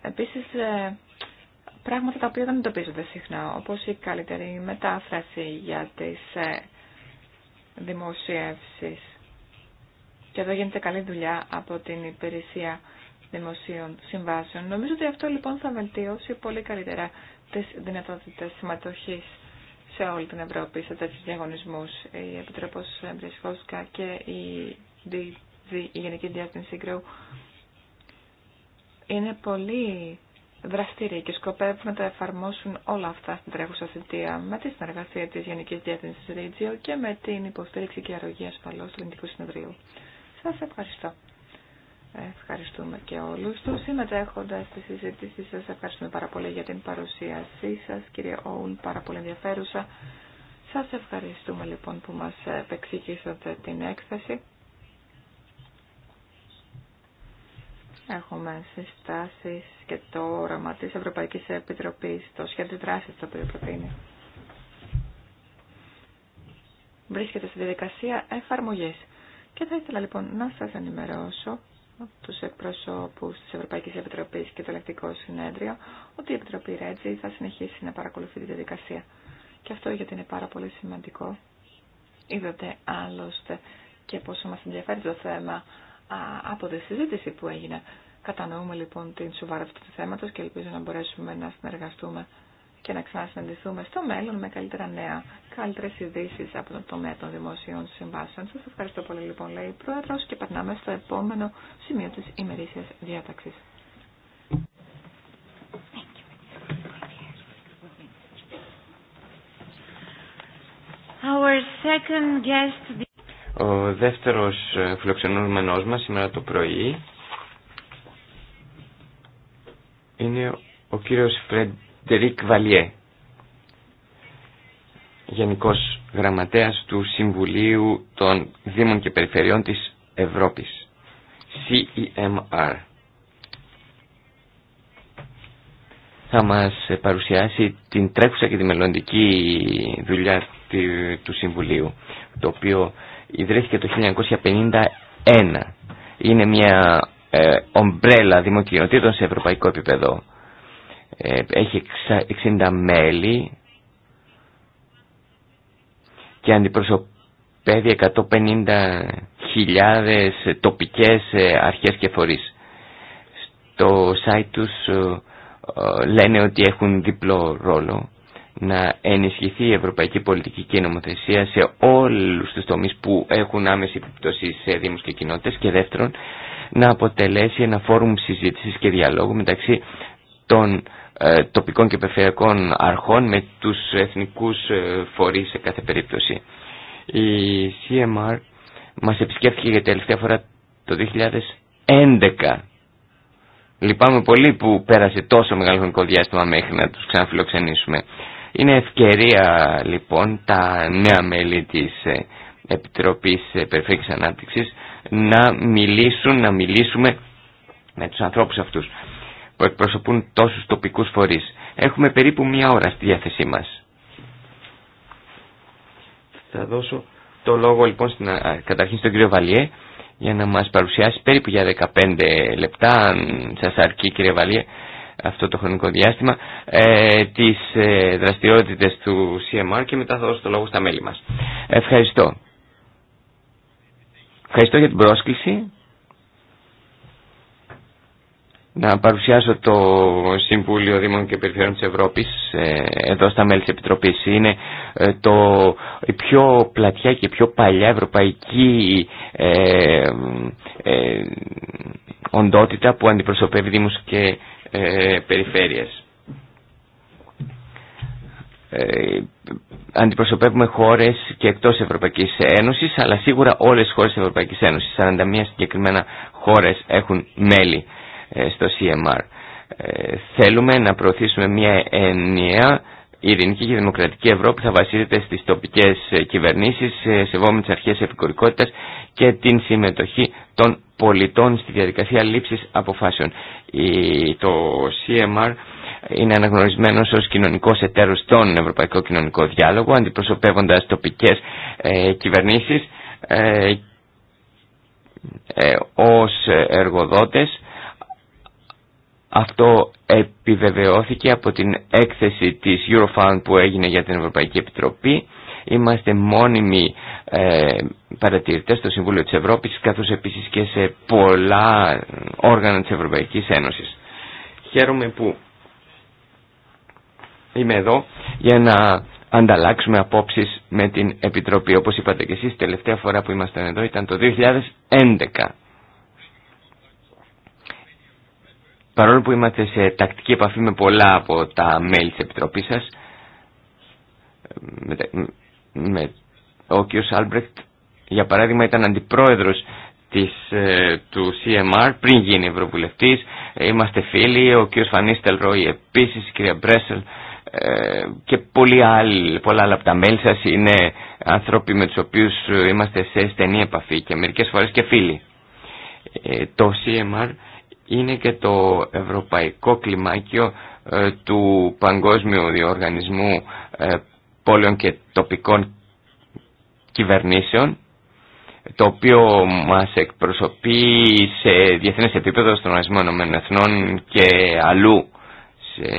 Επίσης, ε, πράγματα τα οποία δεν εντοπίζονται συχνά, όπως η καλύτερη μετάφραση για τις ε, δημοσιεύσεις. Και εδώ γίνεται καλή δουλειά από την υπηρεσία δημοσίων συμβάσεων. Νομίζω ότι αυτό λοιπόν θα βελτιώσει πολύ καλύτερα τις δυνατότητες συμμετοχής σε όλη την Ευρώπη, σε τέτοιους διαγωνισμούς. Η Επιτροπός Μπρισχόσκα και η, η Γενική Διεύθυνση Γκρου είναι πολύ δραστήρια και σκοπεύουν να τα εφαρμόσουν όλα αυτά στην τρέχουσα θητεία με τη συνεργασία της Γενικής Διεύθυνσης Ρίτζιο και με την υποστήριξη και αρρωγή ασφαλώς του Ελληνικού Συνεδρίου. Σας ευχαριστώ. Ευχαριστούμε και όλους τους συμμετέχοντας στη συζήτηση. Σας ευχαριστούμε πάρα πολύ για την παρουσίασή σας, κύριε Όουν, πάρα πολύ ενδιαφέρουσα. Σας ευχαριστούμε λοιπόν που μας επεξηγήσατε την έκθεση. Έχουμε συστάσει και το όραμα τη Ευρωπαϊκή Επιτροπή, το σχέδιο δράση το οποίο προτείνει. Βρίσκεται στη διαδικασία εφαρμογή. Και θα ήθελα λοιπόν να σας ενημερώσω τους εκπροσώπους της Ευρωπαϊκής Επιτροπής και το Ελεκτικό Συνέδριο ότι η Επιτροπή Ρέτζη θα συνεχίσει να παρακολουθεί τη διαδικασία. Και αυτό γιατί είναι πάρα πολύ σημαντικό. Είδατε άλλωστε και πόσο μας ενδιαφέρει το θέμα από τη συζήτηση που έγινε. Κατανοούμε λοιπόν την σοβαρότητα του θέματος και ελπίζω να μπορέσουμε να συνεργαστούμε και να ξανασυναντηθούμε στο μέλλον με καλύτερα νέα, καλύτερε ειδήσει από τον τομέα των δημοσίων συμβάσεων. Σα ευχαριστώ πολύ, λοιπόν, λέει η Πρόεδρο, και περνάμε στο επόμενο σημείο τη ημερήσια διάταξη. Ο δεύτερος ε, φιλοξενούμενός μας σήμερα το πρωί είναι ο κύριος Φρεντερίκ Βαλιέ, Γενικός Γραμματέας του Συμβουλίου των Δήμων και Περιφερειών της Ευρώπης, CEMR. Θα μας παρουσιάσει την τρέχουσα και τη μελλοντική δουλειά του Συμβουλίου, το οποίο ιδρύθηκε το 1951. Είναι μια ε, ομπρέλα δημοκοινοτήτων σε ευρωπαϊκό επίπεδο. Ε, έχει 60 μέλη και αντιπροσωπεύει 150.000 τοπικές ε, αρχές και φορείς. Στο site τους ε, λένε ότι έχουν διπλό ρόλο να ενισχυθεί η ευρωπαϊκή πολιτική και η νομοθεσία σε όλους τους τομείς που έχουν άμεση επιπτώση σε δήμους και κοινότητες και δεύτερον να αποτελέσει ένα φόρουμ συζήτησης και διαλόγου μεταξύ των ε, τοπικών και περιφερειακών αρχών με τους εθνικούς ε, φορείς σε κάθε περίπτωση. Η CMR μας επισκέφθηκε για τελευταία φορά το 2011 Λυπάμαι πολύ που πέρασε τόσο μεγάλο χρονικό διάστημα μέχρι να τους ξαναφιλοξενήσουμε. Είναι ευκαιρία λοιπόν τα νέα μέλη της ε, Επιτροπής ε, Περιφέρειας Ανάπτυξης να μιλήσουν, να μιλήσουμε με τους ανθρώπους αυτούς που εκπροσωπούν τόσους τοπικούς φορείς. Έχουμε περίπου μία ώρα στη διάθεσή μας. Θα δώσω το λόγο λοιπόν στην, καταρχήν στον κύριο Βαλιέ για να μας παρουσιάσει περίπου για 15 λεπτά, αν σας αρκεί κύριε Βαλιέ, αυτό το χρονικό διάστημα ε, τις ε, δραστηριότητες του CMR και μετά θα δώσω το λόγο στα μέλη μας. Ευχαριστώ. Ευχαριστώ για την πρόσκληση. Να παρουσιάσω το Συμβούλιο Δήμων και Περιφερειών της Ευρώπης ε, εδώ στα μέλη της Επιτροπής. Είναι ε, το, η πιο πλατιά και η πιο παλιά ευρωπαϊκή οντότητα που αντιπροσωπεύει δήμους και ε, περιφέρειες. Ε, αντιπροσωπεύουμε χώρες και εκτός Ευρωπαϊκής Ένωσης, αλλά σίγουρα όλες οι χώρες της Ευρωπαϊκής Ένωσης. 41 συγκεκριμένα χώρες έχουν μέλη ε, στο CMR. Ε, θέλουμε να προωθήσουμε μια ενιαία ειρηνική και δημοκρατική Ευρώπη θα βασίζεται στις τοπικές κυβερνήσεις, σεβόμενες αρχές επικορικότητας και την συμμετοχή των πολιτών στη διαδικασία λήψης αποφάσεων. Το CMR είναι αναγνωρισμένος ως κοινωνικός εταίρος στον Ευρωπαϊκό Κοινωνικό Διάλογο, αντιπροσωπεύοντας τοπικές ε, κυβερνήσεις ε, ε, ως εργοδότες. Αυτό επιβεβαιώθηκε από την έκθεση της Eurofound που έγινε για την Ευρωπαϊκή Επιτροπή Είμαστε μόνιμοι ε, παρατηρητές στο Συμβούλιο της Ευρώπης καθώς επίσης και σε πολλά όργανα της Ευρωπαϊκής Ένωσης. Χαίρομαι που είμαι εδώ για να ανταλλάξουμε απόψεις με την Επιτροπή. Όπως είπατε και εσείς, τελευταία φορά που ήμασταν εδώ ήταν το 2011. Παρόλο που είμαστε σε τακτική επαφή με πολλά από τα μέλη της Επιτροπής σας, ε, με, ο κ. Σάλμπρεκτ για παράδειγμα, ήταν αντιπρόεδρος της, ε, του CMR πριν γίνει ευρωβουλευτής. Ε, είμαστε φίλοι, ο κ. Φανίστελ Ρόι επίσης, η κ. Μπρέσελ ε, και πολλοί άλλοι, πολλά άλλα από τα μέλη σας είναι άνθρωποι με τους οποίους είμαστε σε στενή επαφή και μερικές φορές και φίλοι. το CMR είναι και το ευρωπαϊκό κλιμάκιο του Παγκόσμιου Διοργανισμού πόλεων και τοπικών κυβερνήσεων το οποίο μας εκπροσωπεί σε διεθνές επίπεδο στον Οργανισμό Εθνών και αλλού. Σε,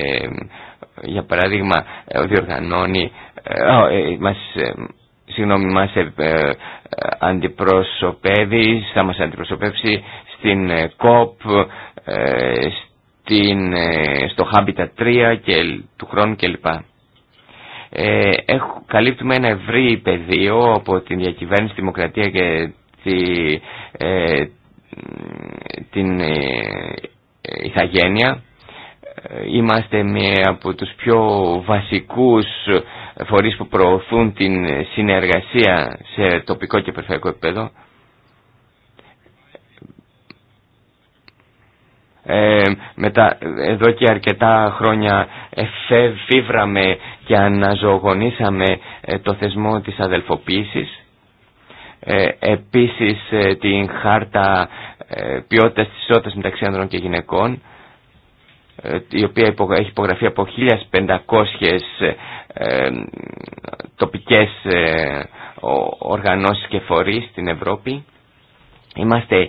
για παράδειγμα, ε, διοργανώνει, ε, ε, μας, συγγνώμη, μας αντιπροσωπεύει, θα μας αντιπροσωπεύσει στην ΚΟΠ, στην, στο Habitat 3 και του χρόνου κλπ ε, καλύπτουμε ένα ευρύ πεδίο από την διακυβέρνηση, τη δημοκρατία και ε, την ε, ηθαγένεια. Ε, είμαστε μία από τους πιο βασικούς φορείς που προωθούν την συνεργασία σε τοπικό και περιφερειακό επίπεδο. Ε, μετά, εδώ και αρκετά χρόνια εφεύραμε και αναζωογονήσαμε ε, το θεσμό της αδελφοποίησης. Ε, επίσης ε, την χάρτα ε, ποιότητας της ισότητας μεταξύ ανδρών και γυναικών ε, η οποία έχει υπογραφεί από 1500 ε, τοπικές οργανώσεις και φορείς στην Ευρώπη. Είμαστε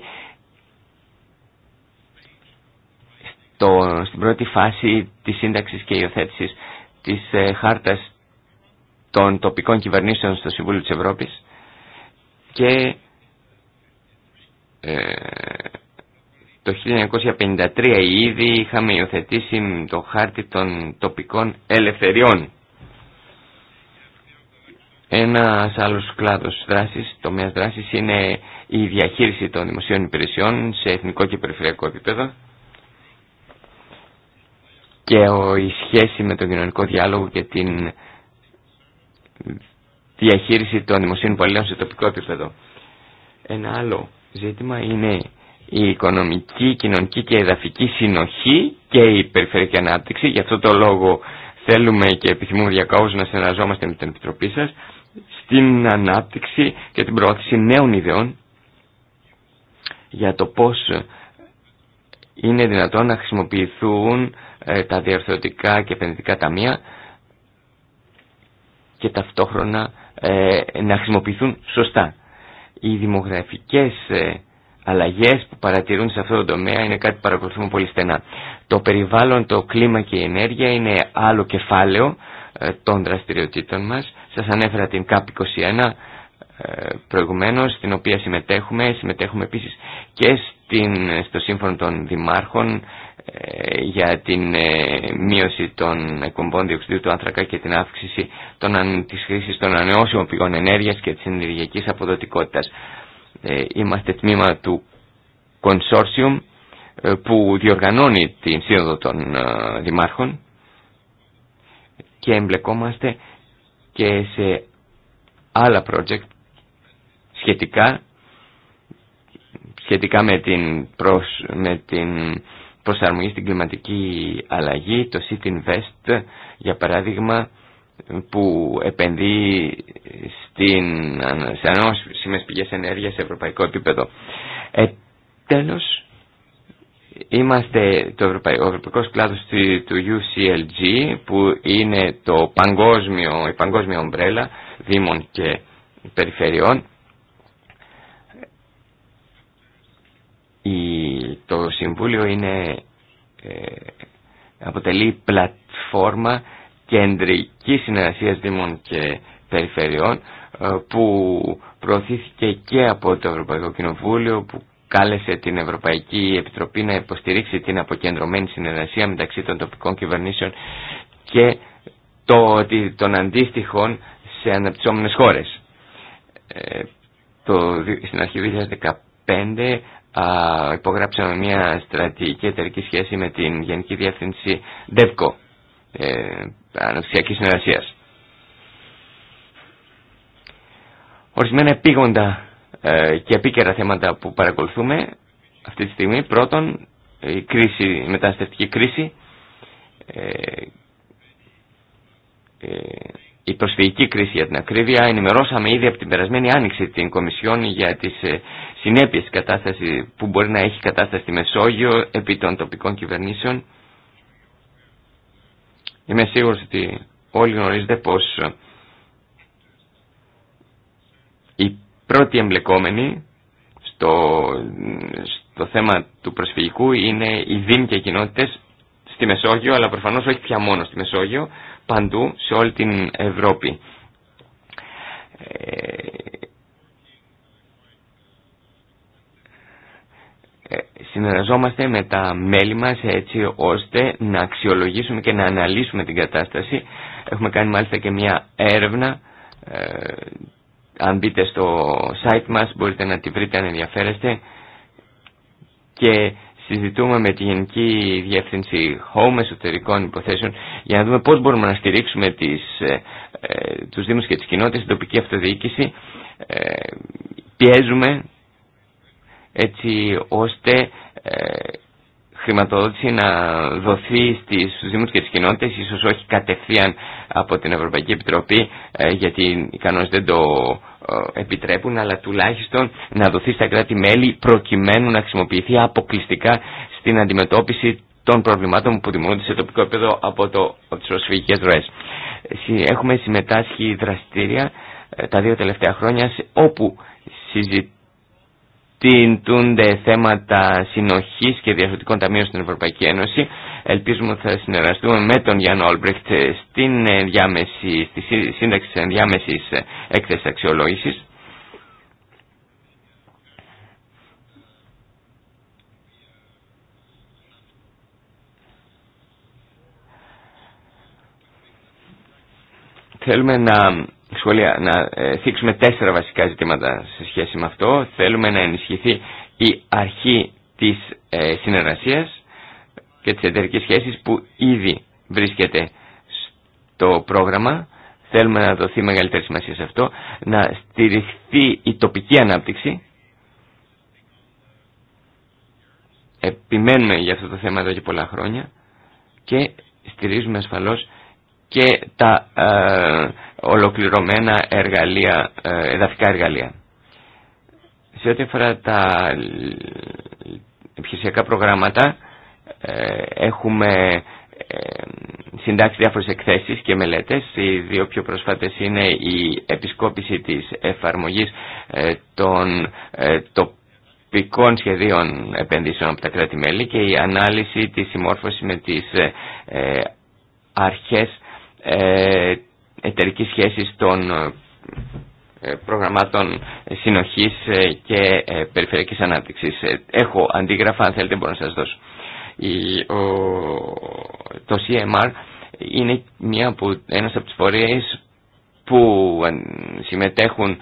το, στην πρώτη φάση της σύνταξης και υιοθέτησης της ε, χάρτας των τοπικών κυβερνήσεων στο Συμβούλιο της Ευρώπης και ε, το 1953 ήδη είχαμε υιοθετήσει το χάρτη των τοπικών ελευθεριών. Ένα άλλο κλάδο δράση, τομέα δράση, είναι η διαχείριση των δημοσίων υπηρεσιών σε εθνικό και περιφερειακό επίπεδο και η σχέση με τον κοινωνικό διάλογο και την διαχείριση των δημοσίων πολίων σε τοπικό επίπεδο. Ένα άλλο ζήτημα είναι η οικονομική, κοινωνική και εδαφική συνοχή και η περιφερειακή ανάπτυξη. Γι' αυτό το λόγο θέλουμε και επιθυμούμε διακόπω να συνεργαζόμαστε με την Επιτροπή σας στην ανάπτυξη και την προώθηση νέων ιδεών για το πώς είναι δυνατόν να χρησιμοποιηθούν ε, τα διαρθρωτικά και επενδυτικά ταμεία και ταυτόχρονα ε, να χρησιμοποιηθούν σωστά. Οι δημογραφικές ε, αλλαγές που παρατηρούν σε αυτό το τομέα είναι κάτι που παρακολουθούμε πολύ στενά. Το περιβάλλον, το κλίμα και η ενέργεια είναι άλλο κεφάλαιο των δραστηριοτήτων μας. Σας ανέφερα την ΚΑΠ 21 προηγουμένως, στην οποία συμμετέχουμε. Συμμετέχουμε επίσης και στην, στο Σύμφωνο των Δημάρχων ε, για την ε, μείωση των εκπομπών διοξιδίου του άνθρακα και την αύξηση των, της χρήσης των ανεώσιμων πηγών ενέργειας και της ενεργειακής αποδοτικότητας. Ε, είμαστε τμήμα του Consortium που διοργανώνει την σύνοδο των δημάρχων και εμπλεκόμαστε και σε άλλα project σχετικά σχετικά με την, προς, με την προσαρμογή στην κλιματική αλλαγή, το City Invest για παράδειγμα που επενδύει στην, σε ανώσιμες πηγές ενέργειας σε ευρωπαϊκό επίπεδο. Ε, τέλος, είμαστε το ευρωπαϊκό, ο ευρωπαϊκός κλάδος του, UCLG που είναι το παγκόσμιο, η παγκόσμια ομπρέλα δήμων και περιφερειών το Συμβούλιο είναι, ε, αποτελεί πλατφόρμα κεντρική συνεργασία Δήμων και Περιφερειών ε, που προωθήθηκε και από το Ευρωπαϊκό Κοινοβούλιο που κάλεσε την Ευρωπαϊκή Επιτροπή να υποστηρίξει την αποκεντρωμένη συνεργασία μεταξύ των τοπικών κυβερνήσεων και το, των αντίστοιχων σε αναπτυσσόμενες χώρες. Ε, το, στην αρχή 2015 α, υπογράψαμε μια στρατηγική εταιρική σχέση με την Γενική Διεύθυνση ΔΕΒΚΟ, ε, Αναπτυξιακής Συνεργασίας. Ορισμένα επίγοντα ε, και επίκαιρα θέματα που παρακολουθούμε αυτή τη στιγμή. Πρώτον, η, κρίση, η μεταναστευτική κρίση, ε, ε, η προσφυγική κρίση για την ακρίβεια. Ενημερώσαμε ήδη από την περασμένη άνοιξη την Κομισιόν για τις ε, συνέπειες κατάσταση που μπορεί να έχει κατάσταση στη Μεσόγειο επί των τοπικών κυβερνήσεων. Είμαι σίγουρος ότι όλοι γνωρίζετε πως οι πρώτοι εμπλεκόμενοι στο, στο θέμα του προσφυγικού είναι οι δήμοι και οι κοινότητες στη Μεσόγειο, αλλά προφανώς όχι πια μόνο στη Μεσόγειο, παντού σε όλη την Ευρώπη. Ε, Ε, συνεργαζόμαστε με τα μέλη μας έτσι ώστε να αξιολογήσουμε και να αναλύσουμε την κατάσταση. Έχουμε κάνει μάλιστα και μια έρευνα. Ε, αν μπείτε στο site μας μπορείτε να τη βρείτε αν ενδιαφέρεστε. Και συζητούμε με τη Γενική Διεύθυνση Home Εσωτερικών Υποθέσεων για να δούμε πώς μπορούμε να στηρίξουμε τις, ε, ε, τους Δήμους και τις κοινότητες, την τοπική αυτοδιοίκηση. Ε, πιέζουμε έτσι ώστε ε, χρηματοδότηση να δοθεί στους Δήμους και τις κοινότητες, ίσως όχι κατευθείαν από την Ευρωπαϊκή Επιτροπή, ε, γιατί οι κανόνες δεν το ε, επιτρέπουν, αλλά τουλάχιστον να δοθεί στα κράτη-μέλη προκειμένου να χρησιμοποιηθεί αποκλειστικά στην αντιμετώπιση των προβλημάτων που δημιουργούνται σε τοπικό επίπεδο από, το, από τις ροές. Έχουμε συμμετάσχει δραστήρια τα δύο τελευταία χρόνια όπου συζητούμε τιντούνται θέματα συνοχής και διαφορετικών ταμείων στην Ευρωπαϊκή Ένωση. Ελπίζουμε ότι θα συνεργαστούμε με τον Γιάννο Όλμπρεχτ στην διάμεση, στη σύνταξη της ενδιάμεσης έκθεσης αξιολόγησης. Θέλουμε να να ε, θίξουμε τέσσερα βασικά ζητήματα σε σχέση με αυτό. Θέλουμε να ενισχυθεί η αρχή της ε, συνεργασίας και της εταιρικής σχέσης που ήδη βρίσκεται στο πρόγραμμα. Θέλουμε να δοθεί μεγαλύτερη σημασία σε αυτό. Να στηριχθεί η τοπική ανάπτυξη. Επιμένουμε για αυτό το θέμα εδώ και πολλά χρόνια και στηρίζουμε ασφαλώς και τα ε, ολοκληρωμένα εργαλεία, ε, εδαφικά εργαλεία. Σε ό,τι αφορά τα επιχειρησιακά προγράμματα ε, έχουμε ε, συντάξει διάφορες εκθέσεις και μελέτες. Οι δύο πιο πρόσφατες είναι η επισκόπηση της εφαρμογής των τοπικών σχεδίων επενδύσεων από τα κράτη-μέλη και η ανάλυση της συμμόρφωσης με τις αρχές ε, εταιρική σχέση των ε, προγραμμάτων συνοχής ε, και ε, περιφερειακής ανάπτυξης. Έχω αντίγραφα, αν θέλετε μπορώ να σας δώσω. το CMR είναι μια από, ένας από τις φορείες που συμμετέχουν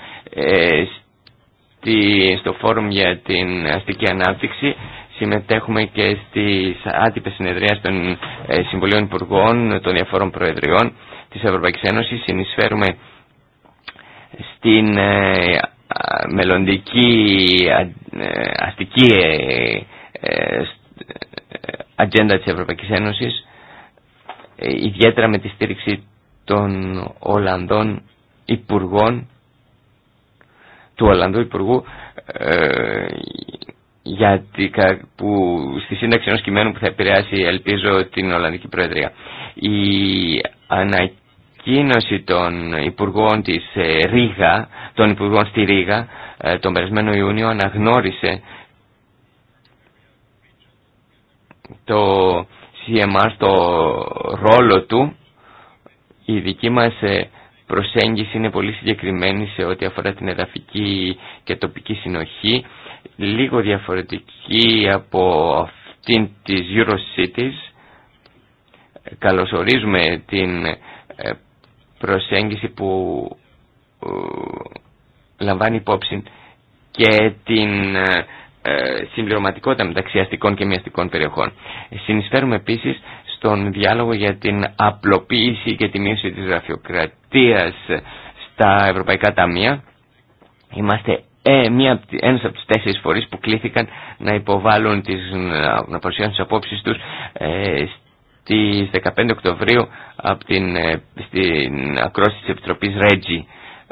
στο φόρουμ για την αστική ανάπτυξη συμμετέχουμε και στις άτυπες συνεδρίες των ε, Συμβουλίων Υπουργών, των διαφόρων Προεδριών της Ευρωπαϊκής Ένωσης. Συνεισφέρουμε στην ε, μελλοντική ε, αστική ατζέντα της Ευρωπαϊκής Ένωσης, ιδιαίτερα με τη στήριξη των Ολλανδών Υπουργών, του Ολλανδού Υπουργού, γιατί, που, στη σύνταξη ενός κειμένου που θα επηρεάσει ελπίζω την Ολλανδική Προεδρία. Η ανακοίνωση των Υπουργών της ε, Ρίγα, των Υπουργών στη Ρήγα ε, τον περασμένο Ιούνιο αναγνώρισε το CMR στο ρόλο του η δική μας ε, προσέγγιση είναι πολύ συγκεκριμένη σε ό,τι αφορά την εδαφική και τοπική συνοχή λίγο διαφορετική από αυτήν της Eurocities. Καλωσορίζουμε την ε, προσέγγιση που ε, λαμβάνει υπόψη και την ε, συμπληρωματικότητα μεταξύ αστικών και μυαστικών περιοχών. Συνεισφέρουμε επίσης στον διάλογο για την απλοποίηση και τη μείωση της γραφειοκρατίας στα ευρωπαϊκά ταμεία. Είμαστε ε, μία, ένας από τις τέσσερις φορείς που κλήθηκαν να υποβάλουν τις, να παρουσιάσουν τις απόψεις τους ε, στις 15 Οκτωβρίου από την, ε, στην ακρόαση της Επιτροπής Ρέτζι.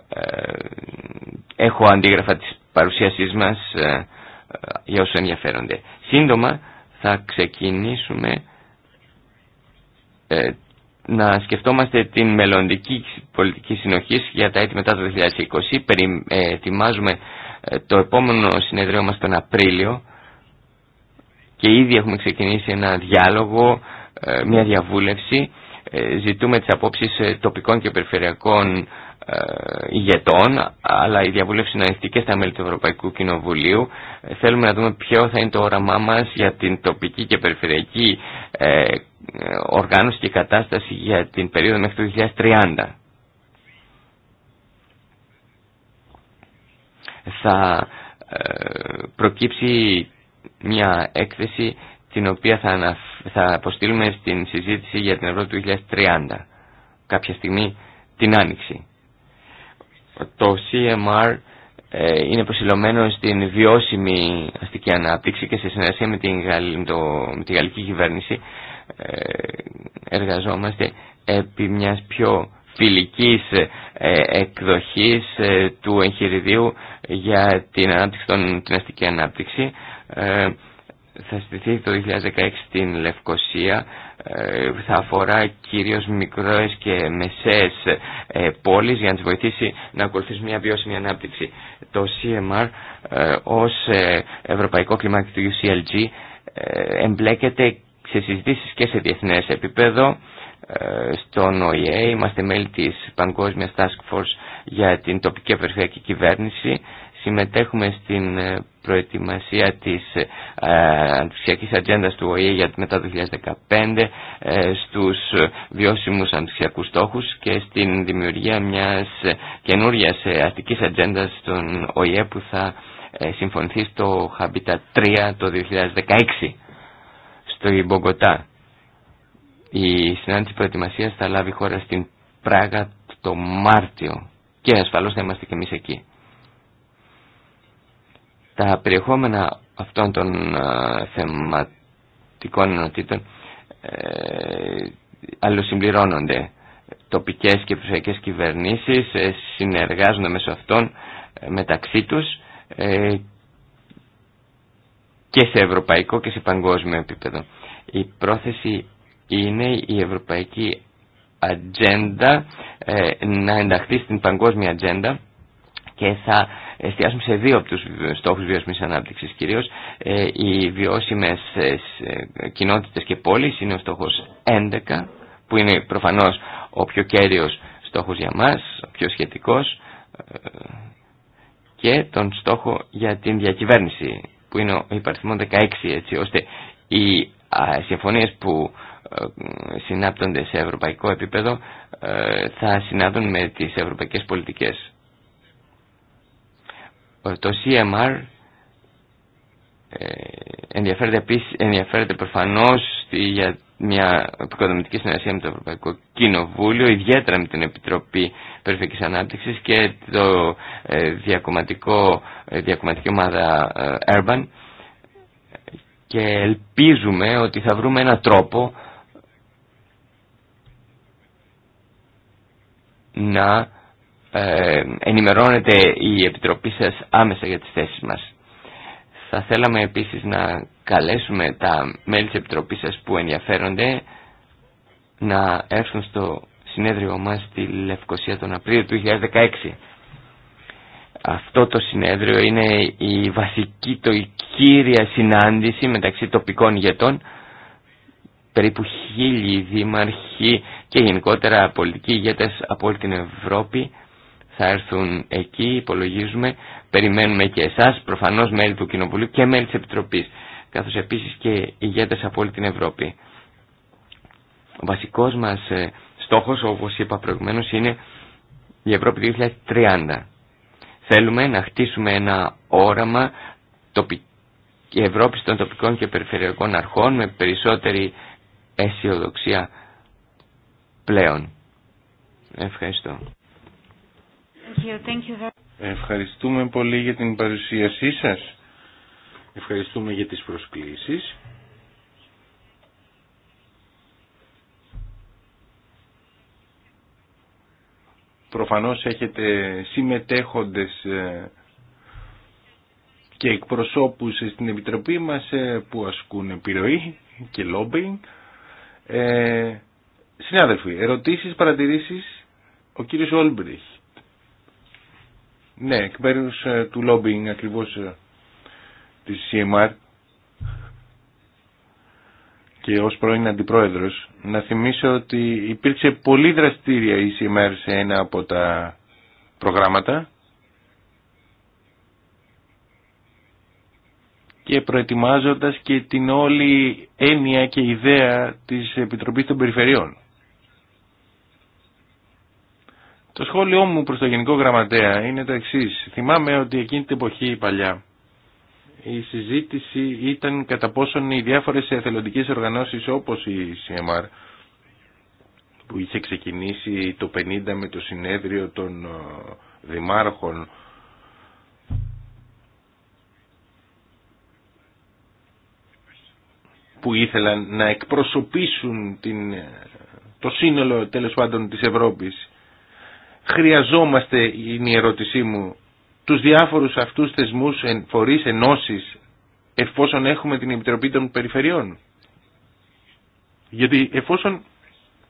Ε, έχω αντίγραφα της παρουσίασής μας για όσους ενδιαφέρονται. Σύντομα θα ξεκινήσουμε να σκεφτόμαστε την μελλοντική πολιτική συνοχή για τα έτη μετά το 2020. ετοιμάζουμε ε, το επόμενο συνεδρίο μας τον Απρίλιο και ήδη έχουμε ξεκινήσει ένα διάλογο, ε, μια διαβούλευση. Ε, ζητούμε τις απόψεις τοπικών και περιφερειακών ηγετών, αλλά η διαβούλευση να ανοιχτεί και στα μέλη του Ευρωπαϊκού Κοινοβουλίου. Θέλουμε να δούμε ποιο θα είναι το όραμά μας για την τοπική και περιφερειακή οργάνωση και κατάσταση για την περίοδο μέχρι το 2030. θα ε, προκύψει μια έκθεση την οποία θα, ανα... αποστείλουμε στην συζήτηση για την Ευρώπη του 2030 κάποια στιγμή την Άνοιξη. Το CMR ε, είναι προσιλωμένο στην βιώσιμη αστική ανάπτυξη και σε συνεργασία με, την με τη γαλλική κυβέρνηση ε, εργαζόμαστε επί μιας πιο φιλικής ε, ε, εκδοχής ε, του εγχειριδίου για την, ανάπτυξη των, την αστική ανάπτυξη. Θα στηθεί το 2016 στην Λευκοσία. Θα αφορά κυρίως μικρές και μεσαίες πόλεις για να τις βοηθήσει να ακολουθήσουν μια βιώσιμη ανάπτυξη. Το CMR ως Ευρωπαϊκό Κλιμάκι του UCLG εμπλέκεται σε συζητήσεις και σε διεθνές επίπεδο ε, στον ΟΗΕ, είμαστε μέλη της Παγκόσμιας Task Force για την τοπική περιφερειακή κυβέρνηση, συμμετέχουμε στην ε, προετοιμασία της ε, αντισιακής ατζέντα του ΟΗΕ για μετά το 2015, στους βιώσιμους αντισιακούς στόχους και στην δημιουργία μιας καινούριας αστικής ατζέντα στον ΟΗΕ που θα συμφωνηθεί στο Habitat 3 το 2016 στο Ιμπογκοτά. Η συνάντηση προετοιμασία θα λάβει χώρα στην Πράγα το Μάρτιο και ασφαλώς θα είμαστε και εμείς εκεί. Τα περιεχόμενα αυτών των ε, θεματικών ενωτήτων ε, το Τοπικές και προσωπικές κυβερνήσεις ε, συνεργάζονται μέσω αυτών ε, μεταξύ τους ε, και σε ευρωπαϊκό και σε παγκόσμιο επίπεδο. Η πρόθεση είναι η ευρωπαϊκή ατζέντα ε, να ενταχθεί στην παγκόσμια ατζέντα και θα εστιάσουμε σε δύο από τους στόχους βιώσιμης ανάπτυξης κυρίως. Ε, οι βιώσιμες ε, κοινότητες και πόλεις είναι ο στόχος 11 που είναι προφανώς ο πιο κέριος στόχος για μας, ο πιο σχετικός και τον στόχο για την διακυβέρνηση που είναι ο υπαριθμό 16 έτσι ώστε οι συμφωνίες που ε, συνάπτονται σε ευρωπαϊκό επίπεδο ε, θα συνάδουν με τις ευρωπαϊκές πολιτικές. Ε, το CMR ενδιαφέρεται, επίσης, ενδιαφέρεται προφανώς για μια επικοδομητική συνεργασία με το Ευρωπαϊκό Κοινοβούλιο, ιδιαίτερα με την Επιτροπή Περιφερειακής Ανάπτυξης και το διακομματικό, διακομματική ομάδα Urban και ελπίζουμε ότι θα βρούμε έναν τρόπο να ε, ενημερώνετε η Επιτροπή σας άμεσα για τις θέσεις μας. Θα θέλαμε επίσης να καλέσουμε τα μέλη της Επιτροπής σας που ενδιαφέρονται να έρθουν στο συνέδριο μας στη Λευκοσία τον Απρίλιο του 2016. Αυτό το συνέδριο είναι η βασική, το η κύρια συνάντηση μεταξύ τοπικών ηγετών. Περίπου χίλιοι δήμαρχοι, και γενικότερα πολιτικοί ηγέτες από όλη την Ευρώπη θα έρθουν εκεί, υπολογίζουμε, περιμένουμε και εσάς, προφανώς μέλη του Κοινοβουλίου και μέλη της Επιτροπής, καθώς επίσης και ηγέτες από όλη την Ευρώπη. Ο βασικός μας ε, στόχος, όπως είπα προηγουμένως, είναι η Ευρώπη 2030. Θέλουμε να χτίσουμε ένα όραμα η Ευρώπη των τοπικών και περιφερειακών αρχών με περισσότερη αισιοδοξία πλέον. Ευχαριστώ. Thank you. Ευχαριστούμε πολύ για την παρουσίασή σας. Ευχαριστούμε για τις προσκλήσεις. Προφανώς έχετε συμμετέχοντες ε, και εκπροσώπους στην Επιτροπή μας ε, που ασκούν επιρροή και lobbying. Ε, Συνάδελφοι, ερωτήσεις, παρατηρήσεις, ο κύριος Όλμπριχ. Ναι, εκ μέρους ε, του λόμπινγκ ακριβώς ε, της CMR και ως πρώην αντιπρόεδρος να θυμίσω ότι υπήρξε πολύ δραστήρια η CMR σε ένα από τα προγράμματα και προετοιμάζοντας και την όλη έννοια και ιδέα της Επιτροπής των Περιφερειών. Το σχόλιο μου προς το Γενικό Γραμματέα είναι το εξής. Θυμάμαι ότι εκείνη την εποχή παλιά η συζήτηση ήταν κατά πόσον οι διάφορες εθελοντικές οργανώσεις όπως η CMR που είχε ξεκινήσει το 50 με το συνέδριο των ε, δημάρχων που ήθελαν να εκπροσωπήσουν την, ε, το σύνολο τέλο πάντων της Ευρώπης χρειαζόμαστε, είναι η ερώτησή μου, τους διάφορους αυτούς θεσμούς, φορείς, ενώσεις, εφόσον έχουμε την Επιτροπή των Περιφερειών. Γιατί εφόσον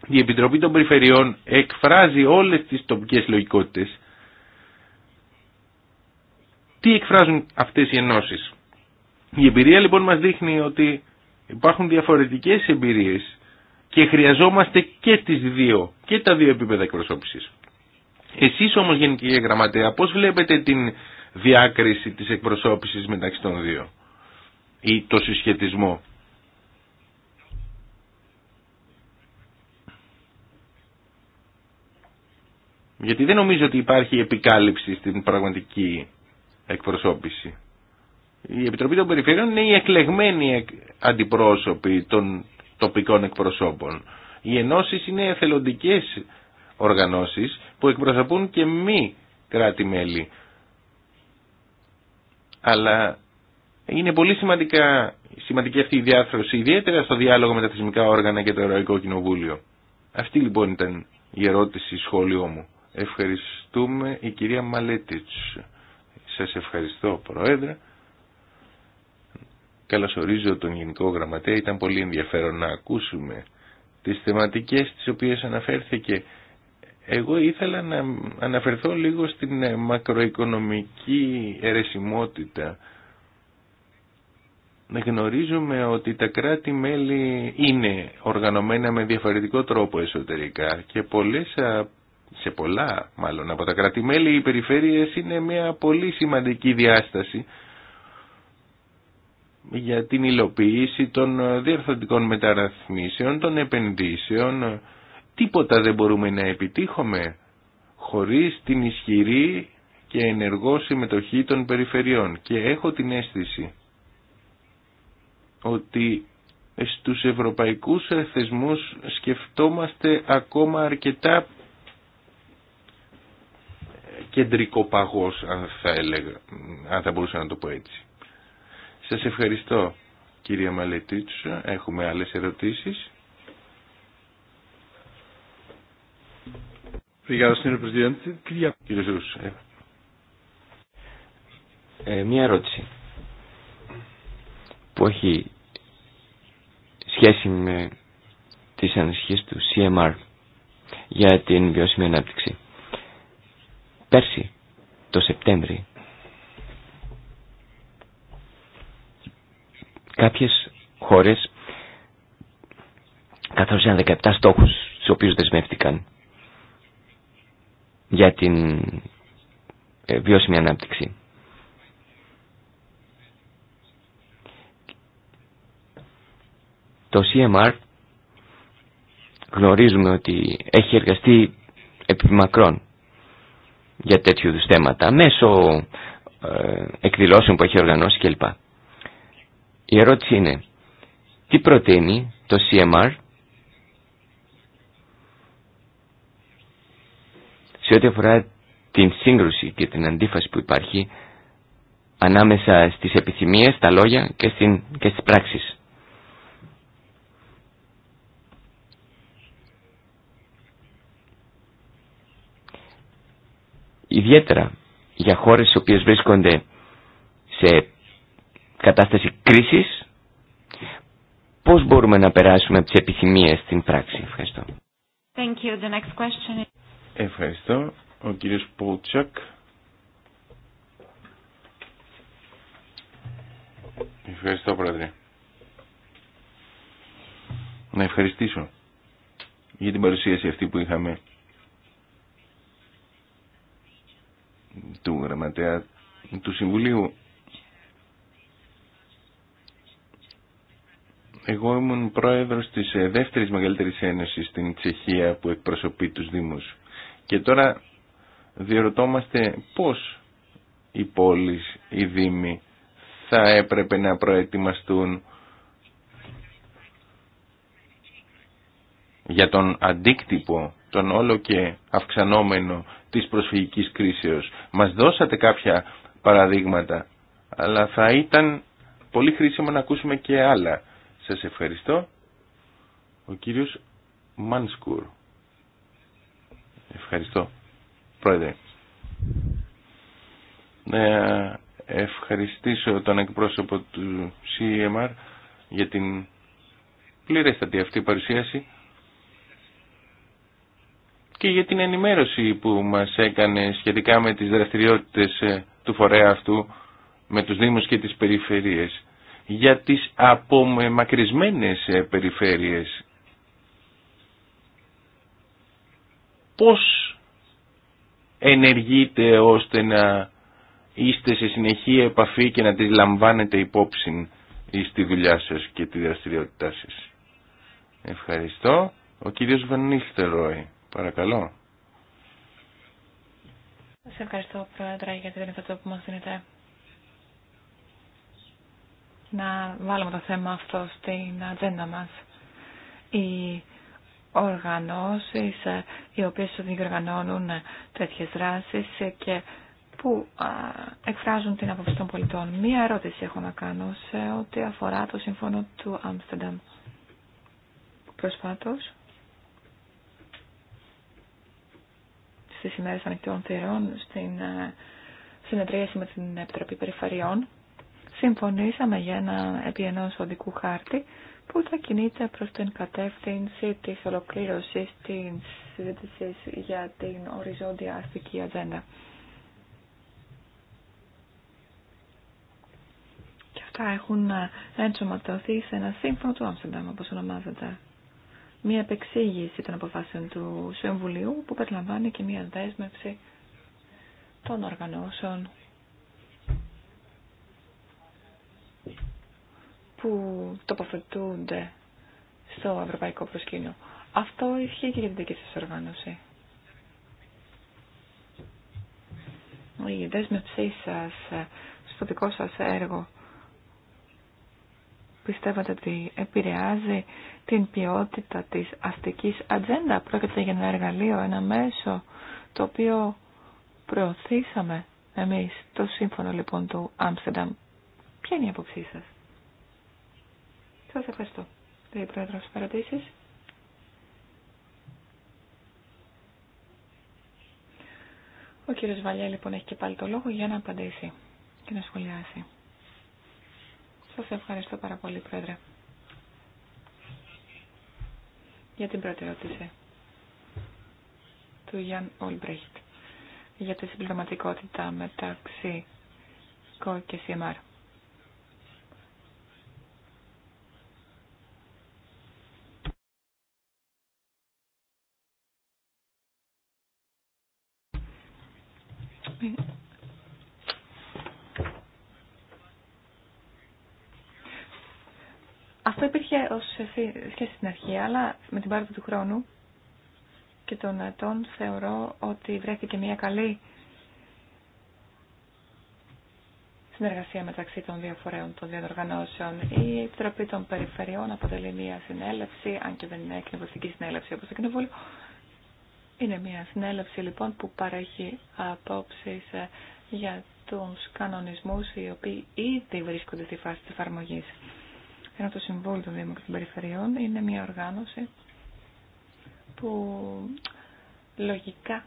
η Επιτροπή των Περιφερειών εκφράζει όλες τις τοπικές λογικότητες, τι εκφράζουν αυτές οι ενώσεις. Η εμπειρία λοιπόν μας δείχνει ότι υπάρχουν διαφορετικές εμπειρίες και χρειαζόμαστε και τις δύο, και τα δύο επίπεδα εκπροσώπησης. Εσείς όμως Γενική Γραμματέα πώς βλέπετε την διάκριση της εκπροσώπησης μεταξύ των δύο ή το συσχετισμό. Γιατί δεν νομίζω ότι υπάρχει επικάλυψη στην πραγματική εκπροσώπηση. Η Επιτροπή των Περιφερειών είναι η εκλεγμενη αντιπρόσωποι των τοπικών εκπροσώπων. Οι ενώσει είναι εθελοντικές οργανώσεις που εκπροσωπούν και μη κράτη-μέλη. Αλλά είναι πολύ σημαντικά, σημαντική αυτή η διάθρωση, ιδιαίτερα στο διάλογο με τα θεσμικά όργανα και το Ευρωπαϊκό Κοινοβούλιο. Αυτή λοιπόν ήταν η ερώτηση, η σχόλιο μου. Ευχαριστούμε η κυρία Μαλέτιτς. Σας ευχαριστώ Πρόεδρε. Καλωσορίζω τον Γενικό Γραμματέα. Ήταν πολύ ενδιαφέρον να ακούσουμε τις θεματικές τις οποίες αναφέρθηκε εγώ ήθελα να αναφερθώ λίγο στην ε, μακροοικονομική αιρεσιμότητα. Γνωρίζουμε ότι τα κράτη-μέλη είναι οργανωμένα με διαφορετικό τρόπο εσωτερικά και πολλές, σε πολλά μάλλον από τα κράτη-μέλη οι περιφέρειες είναι μια πολύ σημαντική διάσταση για την υλοποίηση των ε, διαρθρωτικών μεταρρυθμίσεων, των επενδύσεων, τίποτα δεν μπορούμε να επιτύχουμε χωρίς την ισχυρή και ενεργό συμμετοχή των περιφερειών. Και έχω την αίσθηση ότι στους ευρωπαϊκούς θεσμούς σκεφτόμαστε ακόμα αρκετά κεντρικό παγός αν θα έλεγα, αν θα μπορούσα να το πω έτσι. Σας ευχαριστώ κυρία Μαλετίτσου, έχουμε άλλες ερωτήσεις. Κύριε Ζούς, ε, ε, μία ερώτηση που έχει σχέση με τις ανησυχίες του CMR για την βιώσιμη ανάπτυξη. Πέρσι, το Σεπτέμβρη, κάποιες χώρες καθόρισαν 17 στόχους στους οποίους δεσμεύτηκαν για την ε, βιώσιμη ανάπτυξη. Το CMR γνωρίζουμε ότι έχει εργαστεί επί μακρόν για τέτοιου είδου θέματα μέσω ε, εκδηλώσεων που έχει οργανώσει κλπ. Η ερώτηση είναι τι προτείνει το CMR σε ό,τι αφορά την σύγκρουση και την αντίφαση που υπάρχει ανάμεσα στις επιθυμίες, τα λόγια και, στην, και στις πράξεις. Ιδιαίτερα για χώρες οι οποίες βρίσκονται σε κατάσταση κρίσης, πώς μπορούμε να περάσουμε τις επιθυμίες στην πράξη. Ευχαριστώ. Thank you. The next question Ευχαριστώ. Ο κύριος Πολτσακ. Ευχαριστώ πρόεδρε. Να ευχαριστήσω για την παρουσίαση αυτή που είχαμε του γραμματέα του Συμβουλίου. Εγώ ήμουν πρόεδρος της δεύτερης μεγαλύτερης ένωσης στην Τσεχία που εκπροσωπεί τους Δήμους. Και τώρα διερωτόμαστε πώς οι πόλεις, οι δήμοι θα έπρεπε να προετοιμαστούν για τον αντίκτυπο, τον όλο και αυξανόμενο της προσφυγικής κρίσεως. Μας δώσατε κάποια παραδείγματα, αλλά θα ήταν πολύ χρήσιμο να ακούσουμε και άλλα. Σας ευχαριστώ. Ο κύριος Μάνσκουρ. Ευχαριστώ, Πρόεδρε. Να ευχαριστήσω τον εκπρόσωπο του CMR για την πλήρεστατη αυτή παρουσίαση και για την ενημέρωση που μας έκανε σχετικά με τις δραστηριότητες ε, του φορέα αυτού με τους Δήμους και τις περιφερειές για τις απομακρυσμένες ε, περιφέρειες πώς ενεργείτε ώστε να είστε σε συνεχή επαφή και να τις λαμβάνετε υπόψη στη δουλειά σας και τη δραστηριότητά σας. Ευχαριστώ. Ο κύριος Βανίχτερόι, παρακαλώ. Σας ευχαριστώ, Πρόεδρε, για την δυνατότητα που μας δίνετε να βάλουμε το θέμα αυτό στην ατζέντα μας. Η οργανώσεις ε, οι οποίες διοργανώνουν ε, τέτοιες δράσεις ε, και που εκφράζουν την άποψη των πολιτών. Μία ερώτηση έχω να κάνω σε ό,τι αφορά το σύμφωνο του Άμστερνταμ. Προσφάτως, στις ημέρες ανοιχτών θηρών, στην συνεδρίαση με την Επιτροπή Περιφερειών, συμφωνήσαμε για ένα επί ενός οδικού χάρτη που θα κινείται προς την κατεύθυνση της ολοκλήρωσης της συζήτηση για την οριζόντια αστική ατζέντα. Και αυτά έχουν ενσωματωθεί σε ένα σύμφωνο του Άμστερνταμ, όπως ονομάζεται. Μία επεξήγηση των αποφάσεων του Συμβουλίου που περιλαμβάνει και μία δέσμευση των οργανώσεων που τοποθετούνται στο ευρωπαϊκό προσκήνιο. Αυτό ισχύει και για την δική σας οργάνωση. Η δέσμευσή σας στο δικό σας έργο πιστεύετε ότι επηρεάζει την ποιότητα της αστικής ατζέντα. Πρόκειται για ένα εργαλείο, ένα μέσο το οποίο προωθήσαμε εμείς το σύμφωνο λοιπόν του Άμστερνταμ. Ποια είναι η αποψή σας. Σα ευχαριστώ. Λέει Πρόεδρος, παρατήσεις. Ο κύριος Βαλιά λοιπόν έχει και πάλι το λόγο για να απαντήσει και να σχολιάσει. Σας ευχαριστώ πάρα πολύ Πρόεδρε. Για την πρώτη ερώτηση του Γιάνν Ολμπρέχτ για τη συμπληρωματικότητα μεταξύ ΚΟ και ΣΥΜΑΡ. Αυτό υπήρχε ω σχέση στην αρχή, αλλά με την πάροδο του χρόνου και των ετών θεωρώ ότι βρέθηκε μια καλή συνεργασία μεταξύ των δύο φορέων, των δύο οργανώσεων. Η Επιτροπή των Περιφερειών αποτελεί μια συνέλευση, αν και δεν είναι εκνευριστική συνέλευση όπω το Κοινοβούλιο. Είναι μια συνέλευση λοιπόν που παρέχει απόψει ε, για του κανονισμού οι οποίοι ήδη βρίσκονται στη φάση τη εφαρμογή ενώ το Συμβούλιο των Δήμων και των Περιφερειών είναι μια οργάνωση που λογικά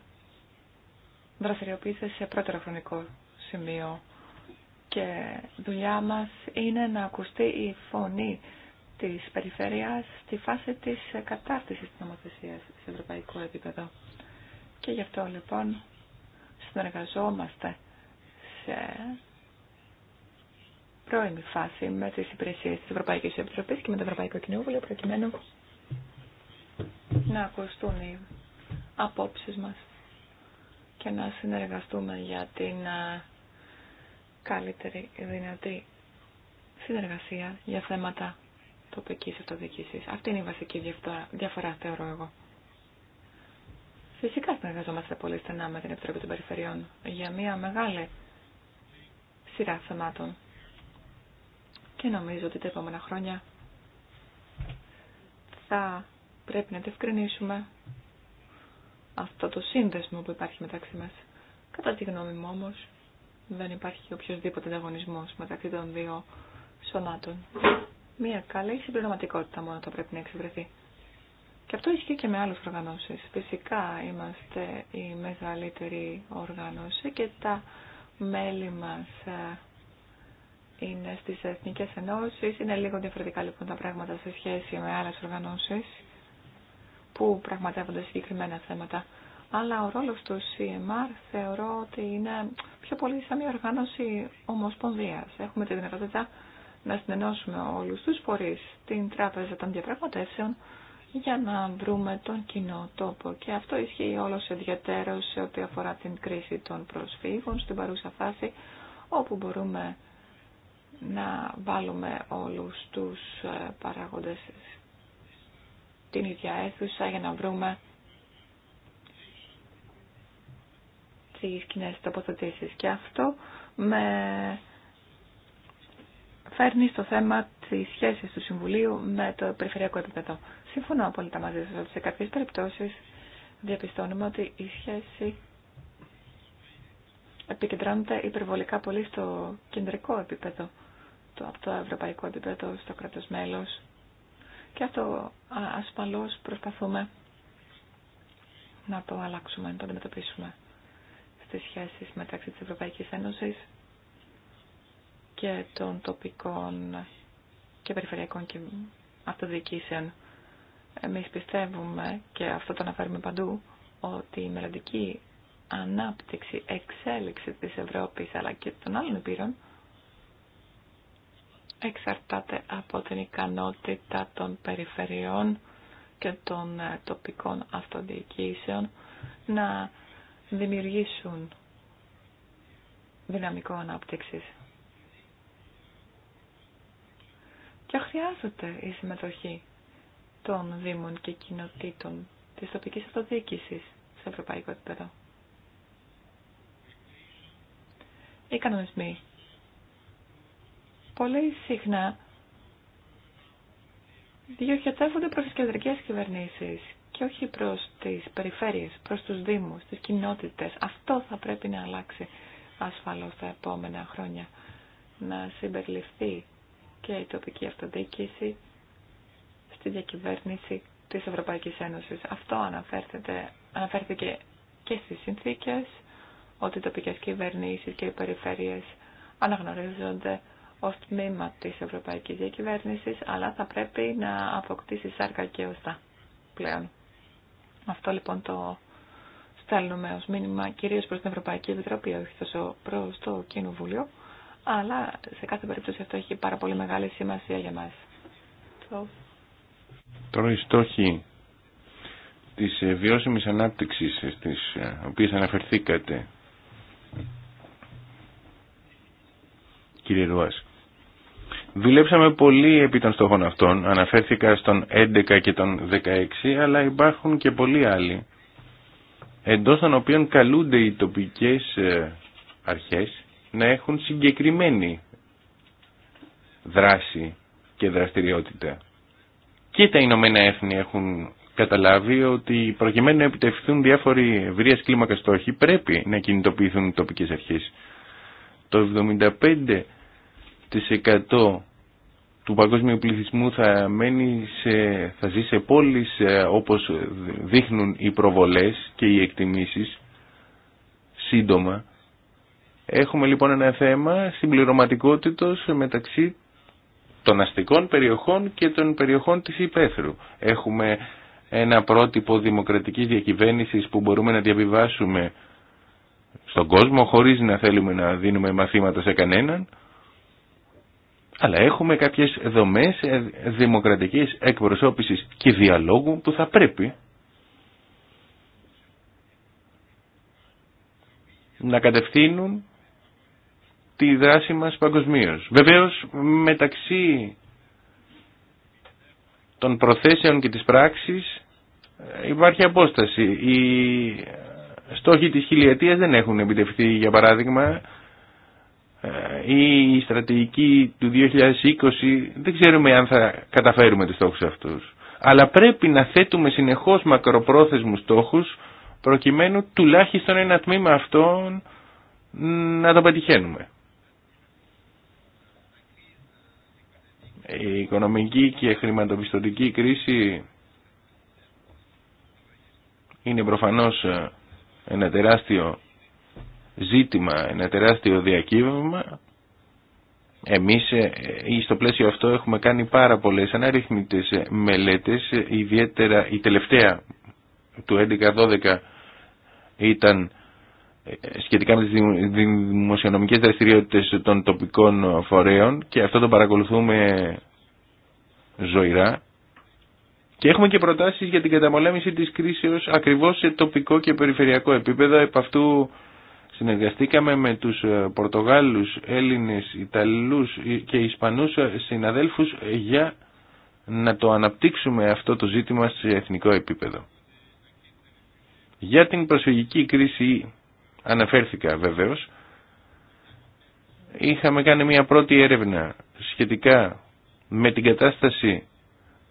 δραστηριοποιείται σε πρώτερο χρονικό σημείο και δουλειά μας είναι να ακουστεί η φωνή της περιφέρειας στη φάση της κατάρτισης της νομοθεσίας σε ευρωπαϊκό επίπεδο. Και γι' αυτό λοιπόν συνεργαζόμαστε σε πρώιμη φάση με τις υπηρεσίες της Ευρωπαϊκής Επιτροπής και με το Ευρωπαϊκό Κοινόβουλιο προκειμένου να ακουστούν οι απόψεις μας και να συνεργαστούμε για την καλύτερη δυνατή συνεργασία για θέματα τοπικής αυτοδιοίκησης. Αυτή είναι η βασική διαφορά, θεωρώ εγώ. Φυσικά συνεργαζόμαστε πολύ στενά με την Επιτροπή των Περιφερειών για μια μεγάλη σειρά θεμάτων και νομίζω ότι τα επόμενα χρόνια θα πρέπει να διευκρινίσουμε αυτό το σύνδεσμο που υπάρχει μεταξύ μας. Κατά τη γνώμη μου όμως δεν υπάρχει οποιοδήποτε ανταγωνισμό μεταξύ των δύο σωμάτων. Μία καλή συμπληρωματικότητα μόνο θα πρέπει να εξευρεθεί. Και αυτό ισχύει και με άλλους οργανώσεις. Φυσικά είμαστε η μεγαλύτερη οργάνωση και τα μέλη μας ε, είναι στις εθνικές ενώσεις. Είναι λίγο διαφορετικά λοιπόν τα πράγματα σε σχέση με άλλες οργανώσεις που πραγματεύονται συγκεκριμένα θέματα. Αλλά ο ρόλος του CMR θεωρώ ότι είναι πιο πολύ σαν μια οργάνωση ομοσπονδίας. Έχουμε τη δυνατότητα να συνενώσουμε όλους τους φορείς την τράπεζα των διαπραγματεύσεων για να βρούμε τον κοινό τόπο. Και αυτό ισχύει όλος ιδιαίτερο σε ό,τι αφορά την κρίση των προσφύγων στην παρούσα φάση, όπου μπορούμε να βάλουμε όλους τους ε, παράγοντες την ίδια αίθουσα για να βρούμε τις κοινέ τοποθετήσεις. Και αυτό με φέρνει στο θέμα τη σχέση του Συμβουλίου με το περιφερειακό επίπεδο. Συμφωνώ απόλυτα μαζί σας ότι σε κάποιες περιπτώσεις διαπιστώνουμε ότι η σχέση επικεντρώνεται υπερβολικά πολύ στο κεντρικό επίπεδο το, από το ευρωπαϊκό επίπεδο στο κράτος μέλος. Και αυτό ασφαλώς προσπαθούμε να το αλλάξουμε, να το αντιμετωπίσουμε στις σχέσεις μεταξύ της Ευρωπαϊκής Ένωσης και των τοπικών και περιφερειακών και αυτοδιοικήσεων. Εμείς πιστεύουμε, και αυτό το αναφέρουμε παντού, ότι η μελλοντική ανάπτυξη, εξέλιξη της Ευρώπης αλλά και των άλλων επίρων εξαρτάται από την ικανότητα των περιφερειών και των ε, τοπικών αυτοδιοικήσεων να δημιουργήσουν δυναμικό ανάπτυξη. Και χρειάζεται η συμμετοχή των Δήμων και κοινοτήτων της τοπικής αυτοδιοίκησης σε ευρωπαϊκό επίπεδο. Οι κανονισμοί πολύ συχνά διοχετεύονται προς τις κεντρικές κυβερνήσεις και όχι προς τις περιφέρειες, προς τους δήμους, τις κοινότητες. Αυτό θα πρέπει να αλλάξει ασφαλώς τα επόμενα χρόνια. Να συμπεριληφθεί και η τοπική αυτοδιοίκηση στη διακυβέρνηση της Ευρωπαϊκής Ένωσης. Αυτό αναφέρθηκε, και στις συνθήκες ότι οι τοπικές κυβερνήσεις και οι περιφέρειες αναγνωρίζονται ως τμήμα της Ευρωπαϊκής Διακυβέρνησης, αλλά θα πρέπει να αποκτήσει σάρκα και ώστα πλέον. Αυτό λοιπόν το στέλνουμε ως μήνυμα κυρίως προς την Ευρωπαϊκή Επιτροπή, όχι τόσο προς το Κοινοβούλιο, αλλά σε κάθε περίπτωση αυτό έχει πάρα πολύ μεγάλη σημασία για μας. Τώρα οι στόχοι της ε, βιώσιμης ανάπτυξης ε, στις ε, οποίες αναφερθήκατε κύριε Ρουάσκ, Δουλέψαμε πολύ επί των στόχων αυτών, αναφέρθηκα στον 11 και τον 16, αλλά υπάρχουν και πολλοί άλλοι, εντός των οποίων καλούνται οι τοπικές ε, αρχές να έχουν συγκεκριμένη δράση και δραστηριότητα. Και τα Ηνωμένα Έθνη έχουν καταλάβει ότι προκειμένου να επιτευχθούν διάφοροι ευρείας κλίμακα στόχοι πρέπει να κινητοποιηθούν οι τοπικές αρχές. Το 100% του παγκόσμιου πληθυσμού θα, μένει σε, θα ζει σε πόλεις ε, όπως δείχνουν οι προβολές και οι εκτιμήσεις σύντομα. Έχουμε λοιπόν ένα θέμα συμπληρωματικότητος μεταξύ των αστικών περιοχών και των περιοχών της υπαίθρου. Έχουμε ένα πρότυπο δημοκρατικής διακυβέρνησης που μπορούμε να διαβιβάσουμε στον κόσμο χωρίς να θέλουμε να δίνουμε μαθήματα σε κανέναν αλλά έχουμε κάποιες δομές ε, δημοκρατικής εκπροσώπησης και διαλόγου που θα πρέπει να κατευθύνουν τη δράση μας παγκοσμίω. Βεβαίως μεταξύ των προθέσεων και της πράξης ε, υπάρχει απόσταση. Οι στόχοι της χιλιετίας δεν έχουν επιτευχθεί για παράδειγμα ε, ή η στρατηγική του 2020 δεν ξέρουμε αν θα καταφέρουμε τους στόχους αυτούς. Αλλά πρέπει να θέτουμε συνεχώς μακροπρόθεσμους στόχους προκειμένου τουλάχιστον ένα τμήμα αυτών να το πετυχαίνουμε. Η οικονομική και χρηματοπιστωτική κρίση είναι προφανώς ε, ένα τεράστιο ζήτημα, ένα τεράστιο διακύβευμα. Εμείς ε, στο πλαίσιο αυτό έχουμε κάνει πάρα πολλές αναρρυθμίτες ε, μελέτες, ιδιαίτερα η τελευταία του 11 2012 ήταν ε, σχετικά με τις δημοσιονομικές δραστηριότητες των τοπικών φορέων και αυτό το παρακολουθούμε ζωηρά. Και έχουμε και προτάσεις για την καταπολέμηση της κρίσεως ακριβώς σε τοπικό και περιφερειακό επίπεδο. Επ' αυτού συνεργαστήκαμε με τους ε, Πορτογάλους, Έλληνες, Ιταλούς ε, και Ισπανούς ε, συναδέλφους για να το αναπτύξουμε αυτό το ζήτημα σε εθνικό επίπεδο. Για την προσφυγική κρίση αναφέρθηκα βεβαίως. Είχαμε κάνει μια πρώτη έρευνα σχετικά με την κατάσταση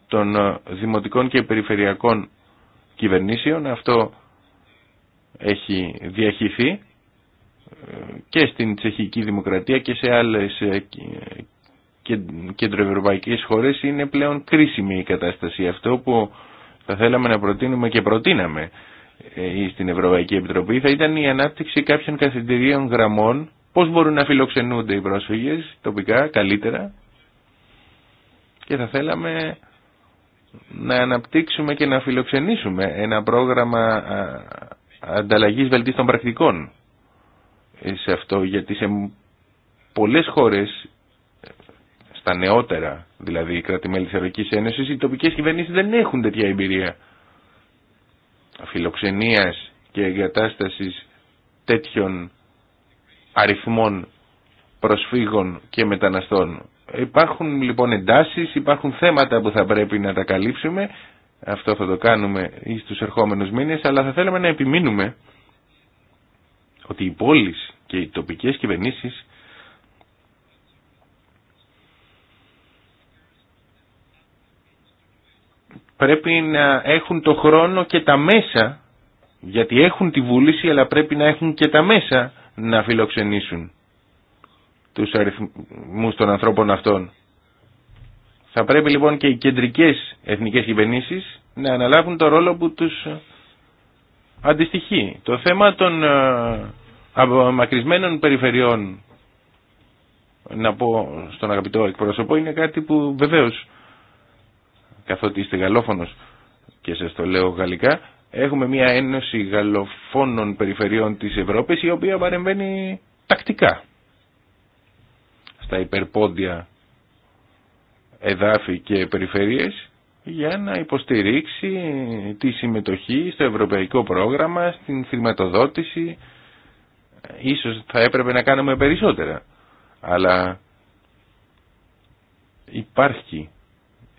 των δημοτικών και περιφερειακών κυβερνήσεων. Αυτό έχει διαχυθεί και στην τσεχική δημοκρατία και σε άλλες ε, κεντροευρωπαϊκές χώρες είναι πλέον κρίσιμη η κατάσταση. Αυτό που θα θέλαμε να προτείνουμε και προτείναμε ε, στην Ευρωπαϊκή Επιτροπή θα ήταν η ανάπτυξη κάποιων καθητηρίων γραμμών πώς μπορούν να φιλοξενούνται οι πρόσφυγες τοπικά καλύτερα και θα θέλαμε να αναπτύξουμε και να φιλοξενήσουμε ένα πρόγραμμα ανταλλαγής βελτίστων πρακτικών σε αυτό γιατί σε πολλές χώρες στα νεότερα δηλαδή κράτη-μέλη της Ευρωπαϊκής Ένωσης οι τοπικές κυβερνήσεις δεν έχουν τέτοια εμπειρία φιλοξενίας και εγκατάστασης τέτοιων αριθμών προσφύγων και μεταναστών. Υπάρχουν λοιπόν εντάσεις, υπάρχουν θέματα που θα πρέπει να τα καλύψουμε, αυτό θα το κάνουμε στους ερχόμενους μήνες, αλλά θα θέλαμε να επιμείνουμε ότι οι πόλεις και οι τοπικές κυβερνήσεις πρέπει να έχουν το χρόνο και τα μέσα γιατί έχουν τη βούληση αλλά πρέπει να έχουν και τα μέσα να φιλοξενήσουν τους αριθμούς των ανθρώπων αυτών. Θα πρέπει λοιπόν και οι κεντρικές εθνικές κυβερνήσεις να αναλάβουν το ρόλο που τους αντιστοιχεί. Το θέμα των ε, από μακρισμένων περιφερειών να πω στον αγαπητό εκπρόσωπο είναι κάτι που βεβαίως καθότι είστε γαλλόφωνος και σας το λέω γαλλικά έχουμε μια ένωση γαλλοφώνων περιφερειών της Ευρώπης η οποία παρεμβαίνει τακτικά στα υπερπόντια εδάφη και περιφέρειες για να υποστηρίξει τη συμμετοχή στο ευρωπαϊκό πρόγραμμα, στην χρηματοδότηση ίσως θα έπρεπε να κάνουμε περισσότερα. Αλλά υπάρχει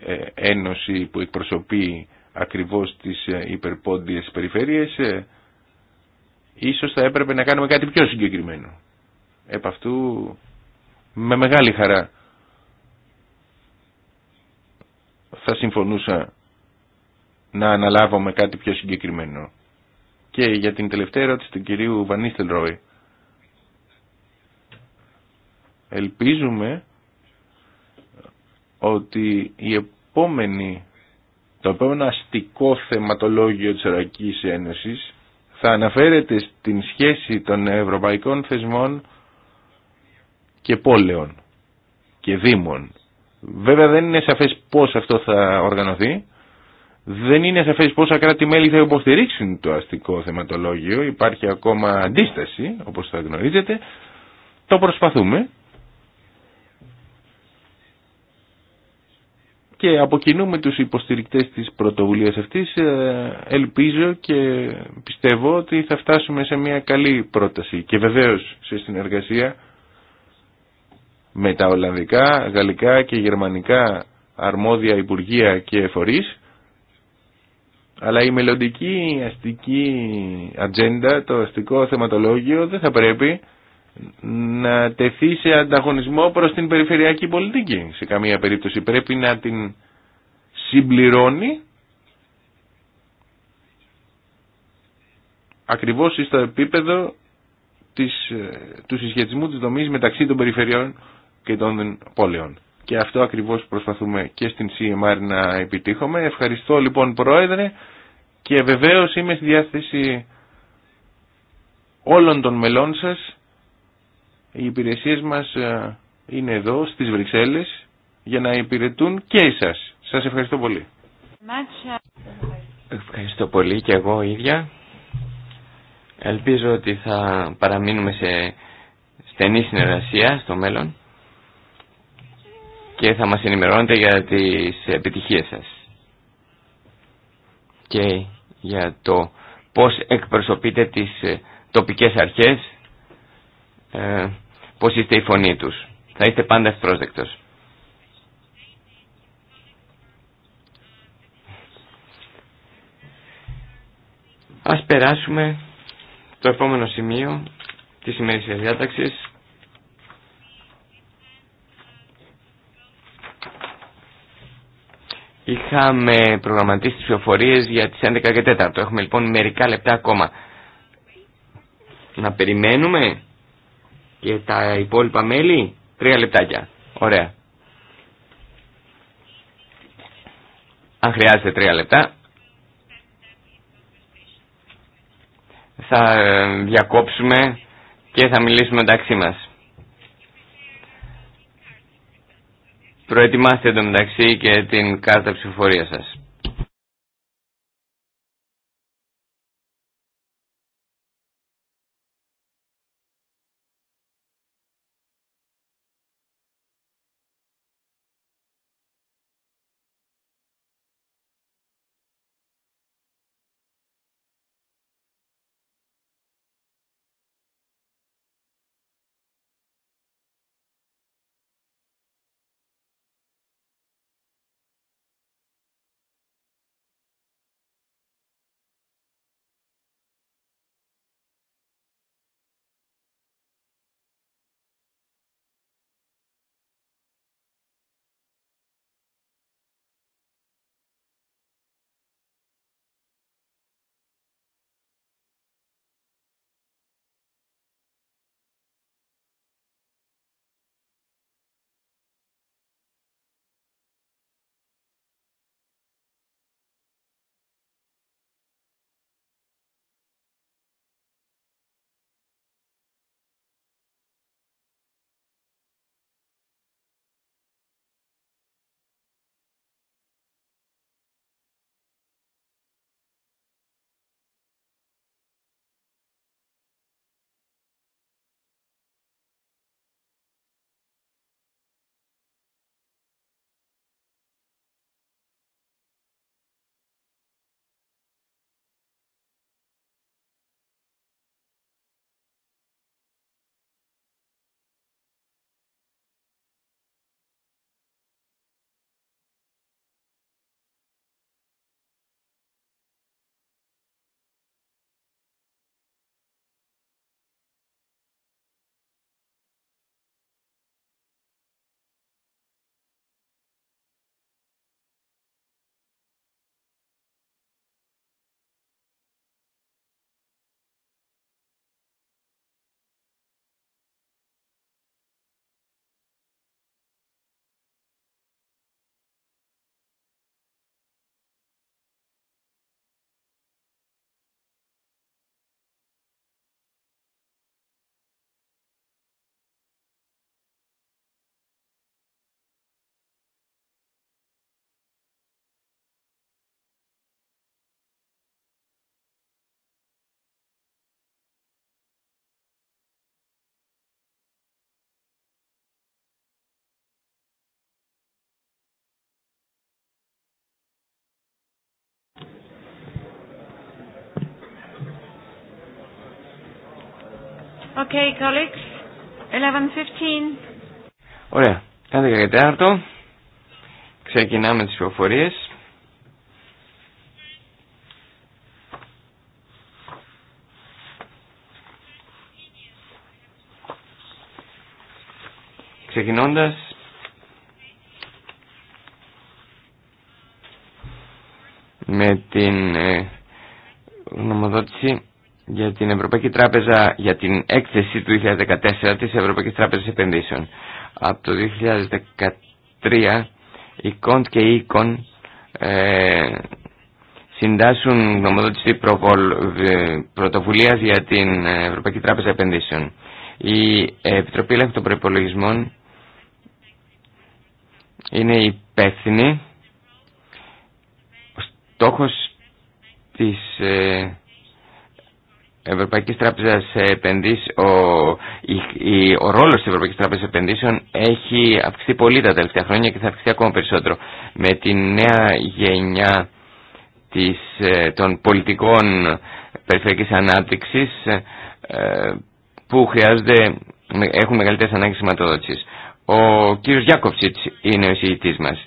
ε, ένωση που εκπροσωπεί ακριβώς τις ε, υπερπόντιες περιφέρειες, ε, ίσως θα έπρεπε να κάνουμε κάτι πιο συγκεκριμένο. Επ' αυτού με μεγάλη χαρά θα συμφωνούσα να αναλάβουμε κάτι πιο συγκεκριμένο. Και για την τελευταία ερώτηση του κυρίου Βανίστελ Ρόι. Ελπίζουμε ότι η επόμενη, το επόμενο αστικό θεματολόγιο της Ευρωπαϊκής Ένωσης θα αναφέρεται στην σχέση των ευρωπαϊκών θεσμών και πόλεων και δήμων. Βέβαια δεν είναι σαφές πώς αυτό θα οργανωθεί. Δεν είναι σαφές πόσα κράτη-μέλη θα υποστηρίξουν το αστικό θεματολόγιο. Υπάρχει ακόμα αντίσταση, όπως θα γνωρίζετε. Το προσπαθούμε και από κοινού με τους υποστηρικτές της πρωτοβουλίας αυτής ε, ελπίζω και πιστεύω ότι θα φτάσουμε σε μια καλή πρόταση και βεβαίως σε συνεργασία με τα Ολλανδικά, Γαλλικά και Γερμανικά αρμόδια Υπουργεία και φορείς αλλά η μελλοντική αστική ατζέντα, το αστικό θεματολόγιο δεν θα πρέπει να τεθεί σε ανταγωνισμό προς την περιφερειακή πολιτική σε καμία περίπτωση. Πρέπει να την συμπληρώνει ακριβώς στο επίπεδο της, ε, του συσχετισμού της δομής μεταξύ των περιφερειών και των πόλεων. Και αυτό ακριβώς προσπαθούμε και στην CMR να επιτύχουμε. Ευχαριστώ λοιπόν Πρόεδρε και βεβαίως είμαι στη διάθεση όλων των μελών σας οι υπηρεσίες μας ε, είναι εδώ στις Βρυξέλλες για να υπηρετούν και εσάς. Σας ευχαριστώ πολύ. Ευχαριστώ πολύ και εγώ ίδια. Ελπίζω ότι θα παραμείνουμε σε στενή συνεργασία στο μέλλον και θα μας ενημερώνετε για τις επιτυχίες σας και για το πώς εκπροσωπείτε τις ε, τοπικές αρχές ε, πώς είστε η φωνή τους. Θα είστε πάντα ευπρόσδεκτος. Ας περάσουμε το επόμενο σημείο της ημερήσιας διάταξης. Είχαμε προγραμματίσει τις για τις 11 και 4. Έχουμε λοιπόν μερικά λεπτά ακόμα. Να περιμένουμε και τα υπόλοιπα μέλη, τρία λεπτάκια. Ωραία. Αν χρειάζεται τρία λεπτά, θα ε, διακόψουμε και θα μιλήσουμε μεταξύ μας. Προετοιμάστε μεταξύ και την κάρτα ψηφοφορία σας. Okay, colleagues. 11.15. Ωραία. Κάντε και τέταρτο. Ξεκινάμε τις προφορίες. Ξεκινώντας με την Ε, την Ευρωπαϊκή Τράπεζα για την έκθεση του 2014 της Ευρωπαϊκής Τράπεζας Επενδύσεων. Από το 2013 η ΚΟΝΤ και η ΕΚΟΝ ε, συντάσσουν γνωμοδότηση ε, πρωτοβουλίας για την Ευρωπαϊκή Τράπεζα Επενδύσεων. Η ε, Επιτροπή Ελέγχου των Προπολογισμών είναι υπεύθυνη. Ο στόχος της ε, Ευρωπαϊκής Τράπεζας Επενδύσεων, ο, ο ρόλος της Ευρωπαϊκής Τράπεζας Επενδύσεων έχει αυξηθεί πολύ τα τελευταία χρόνια και θα αυξηθεί ακόμα περισσότερο. Με τη νέα γενιά της, ε, των πολιτικών περιφερειακής ανάπτυξης ε, που χρειάζονται, έχουν μεγαλύτερες ανάγκες σηματοδότησης. Ο κύριος Γιάκοψιτς είναι ο εισηγητής μας.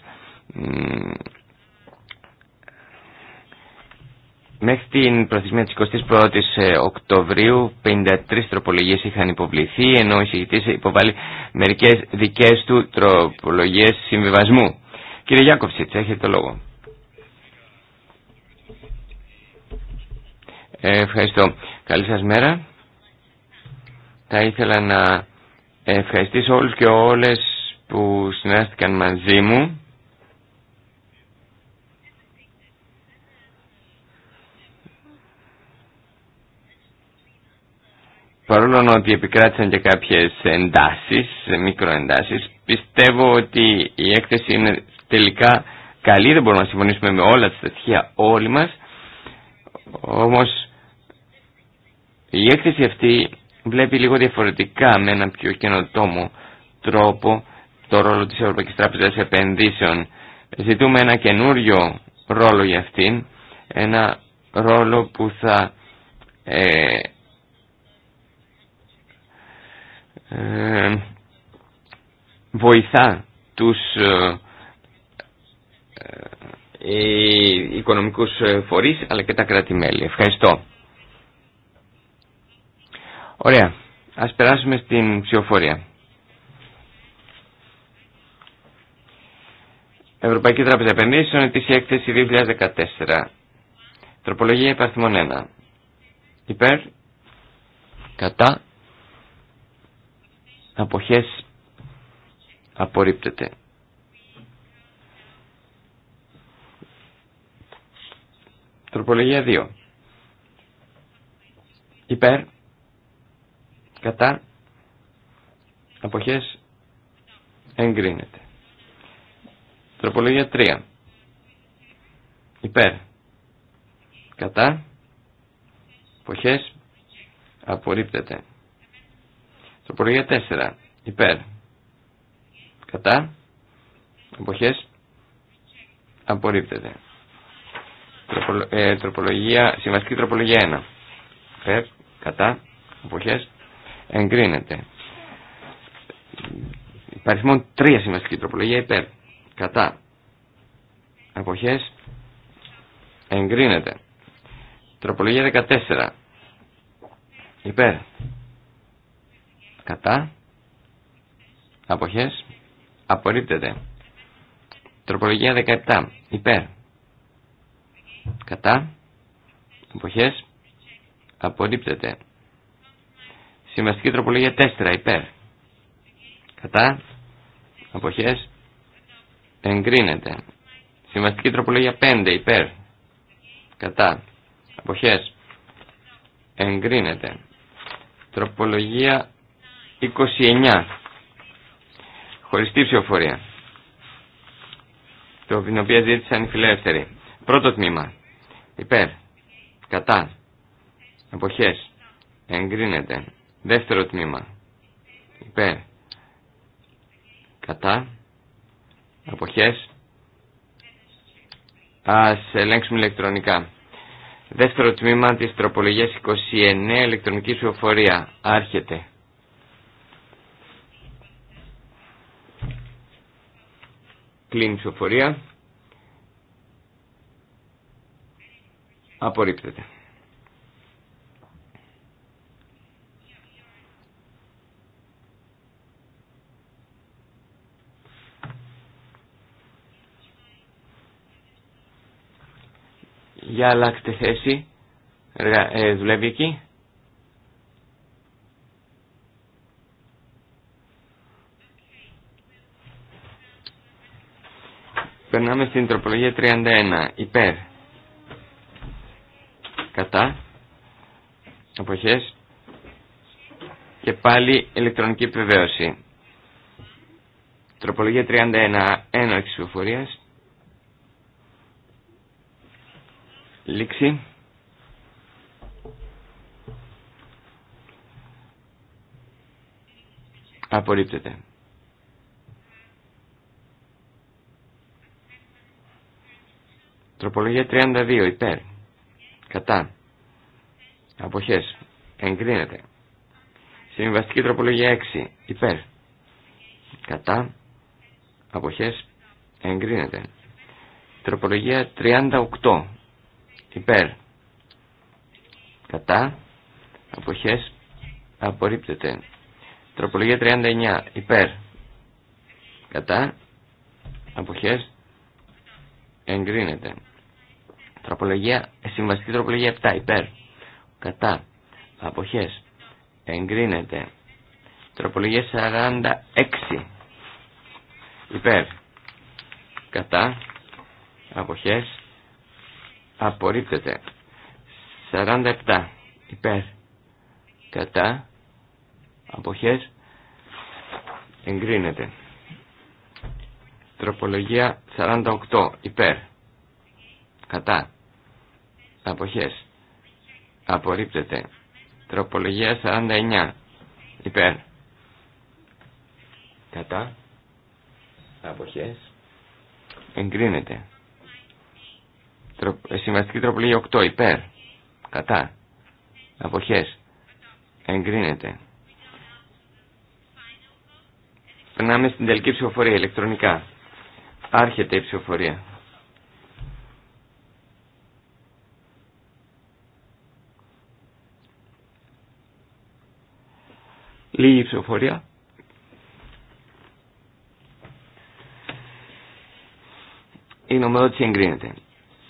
Μέχρι την προθεσμία της 21ης ε, Οκτωβρίου 53 τροπολογίες είχαν υποβληθεί ενώ ο εισηγητής υποβάλλει μερικές δικές του τροπολογίες συμβιβασμού. Κύριε Γιάκοψιτς, έχετε το λόγο. Ε, ευχαριστώ. Καλή σας μέρα. Θα ήθελα να ευχαριστήσω όλους και όλες που συνεργάστηκαν μαζί μου παρόλο ότι επικράτησαν και κάποιες εντάσεις, μικροεντάσεις, πιστεύω ότι η έκθεση είναι τελικά καλή, δεν μπορούμε να συμφωνήσουμε με όλα τα στοιχεία όλοι μας, όμως η έκθεση αυτή βλέπει λίγο διαφορετικά με έναν πιο καινοτόμο τρόπο το ρόλο της Ευρωπαϊκής Τράπεζας Επενδύσεων. Ζητούμε ένα καινούριο ρόλο για αυτήν, ένα ρόλο που θα ε, Ε, βοηθά τους ε, ε, οικονομικού οικονομικούς φορείς αλλά και τα κράτη-μέλη. Ευχαριστώ. Ωραία. Ας περάσουμε στην ψηφοφορία. Ευρωπαϊκή Τράπεζα Επενδύσεων, ετήσια έκθεση 2014. Τροπολογία υπαρθμών 1. Υπέρ, κατά, αποχές απορρίπτεται. Τροπολογία 2. Υπέρ, κατά, αποχές εγκρίνεται. Τροπολογία 3. Υπέρ, κατά, αποχές απορρίπτεται. Τροπολογία 4. Υπέρ. Κατά. Εποχές. Απορρίπτεται. Τροπολο, ε, τροπολογία, συμβαστική τροπολογία 1. Υπέρ. Κατά. Εποχές. Εγκρίνεται. Υπαριθμόν τρία συμβαστική τροπολογία υπέρ. Κατά. Εποχές. Εγκρίνεται. Τροπολογία 14. Υπέρ. Κατά. Αποχές. Απορρίπτεται. Τροπολογία 17. Υπέρ. Κατά. Αποχές. Απορρίπτεται. Συμβαστική τροπολογία 4. Υπέρ. Κατά. Αποχές. Εγκρίνεται. Συμβαστική τροπολογία 5. Υπέρ. Κατά. Αποχές. Εγκρίνεται. Τροπολογία 29. Χωριστή ψηφοφορία. Το την οποία ζήτησαν οι φιλεύθεροι. Πρώτο τμήμα. Υπέρ. Κατά. Εποχές. Εγκρίνεται. Δεύτερο τμήμα. Υπέρ. Κατά. Εποχές. Ας ελέγξουμε ηλεκτρονικά. Δεύτερο τμήμα της τροπολογίας 29 ηλεκτρονική ψηφοφορία. Άρχεται. Κλείνει η ψηφοφορία. Απορρίπτεται. Για αλλάξτε θέση. Ε, δουλεύει εκεί. Περνάμε στην τροπολογία 31. Υπέρ. Κατά. Εποχές. Και πάλι ηλεκτρονική επιβεβαίωση. Τροπολογία 31. Έναρξη ψηφοφορίας. Λήξη. Απορρίπτεται. Τροπολογία 32 υπέρ. Κατά. Αποχές. Εγκρίνεται. Συμβαστική τροπολογία 6 υπέρ. Κατά. Αποχές. Εγκρίνεται. Τροπολογία 38 υπέρ. Κατά. Αποχές. Απορρίπτεται. Τροπολογία 39 υπέρ. Κατά. Αποχές εγκρίνεται. Τροπολογία, συμβαστική τροπολογία 7 υπέρ. Κατά. Αποχέ. Εγκρίνεται. Τροπολογία 46 υπέρ. Κατά. απόχέ. Απορρίπτεται. 47 υπέρ. Κατά. απόχέ. Εγκρίνεται. Τροπολογία 48 υπέρ. Κατά. Αποχές. Απορρίπτεται. Τροπολογία 49 υπέρ. Κατά. Αποχές. Εγκρίνεται. Ε, Σημαντική τροπολογία 8 υπέρ. Κατά. Αποχές. Εγκρίνεται. Περνάμε στην τελική ψηφοφορία ηλεκτρονικά. Άρχεται η ψηφοφορία. Λίγη ψηφοφορία. Η νομοδότηση εγκρίνεται.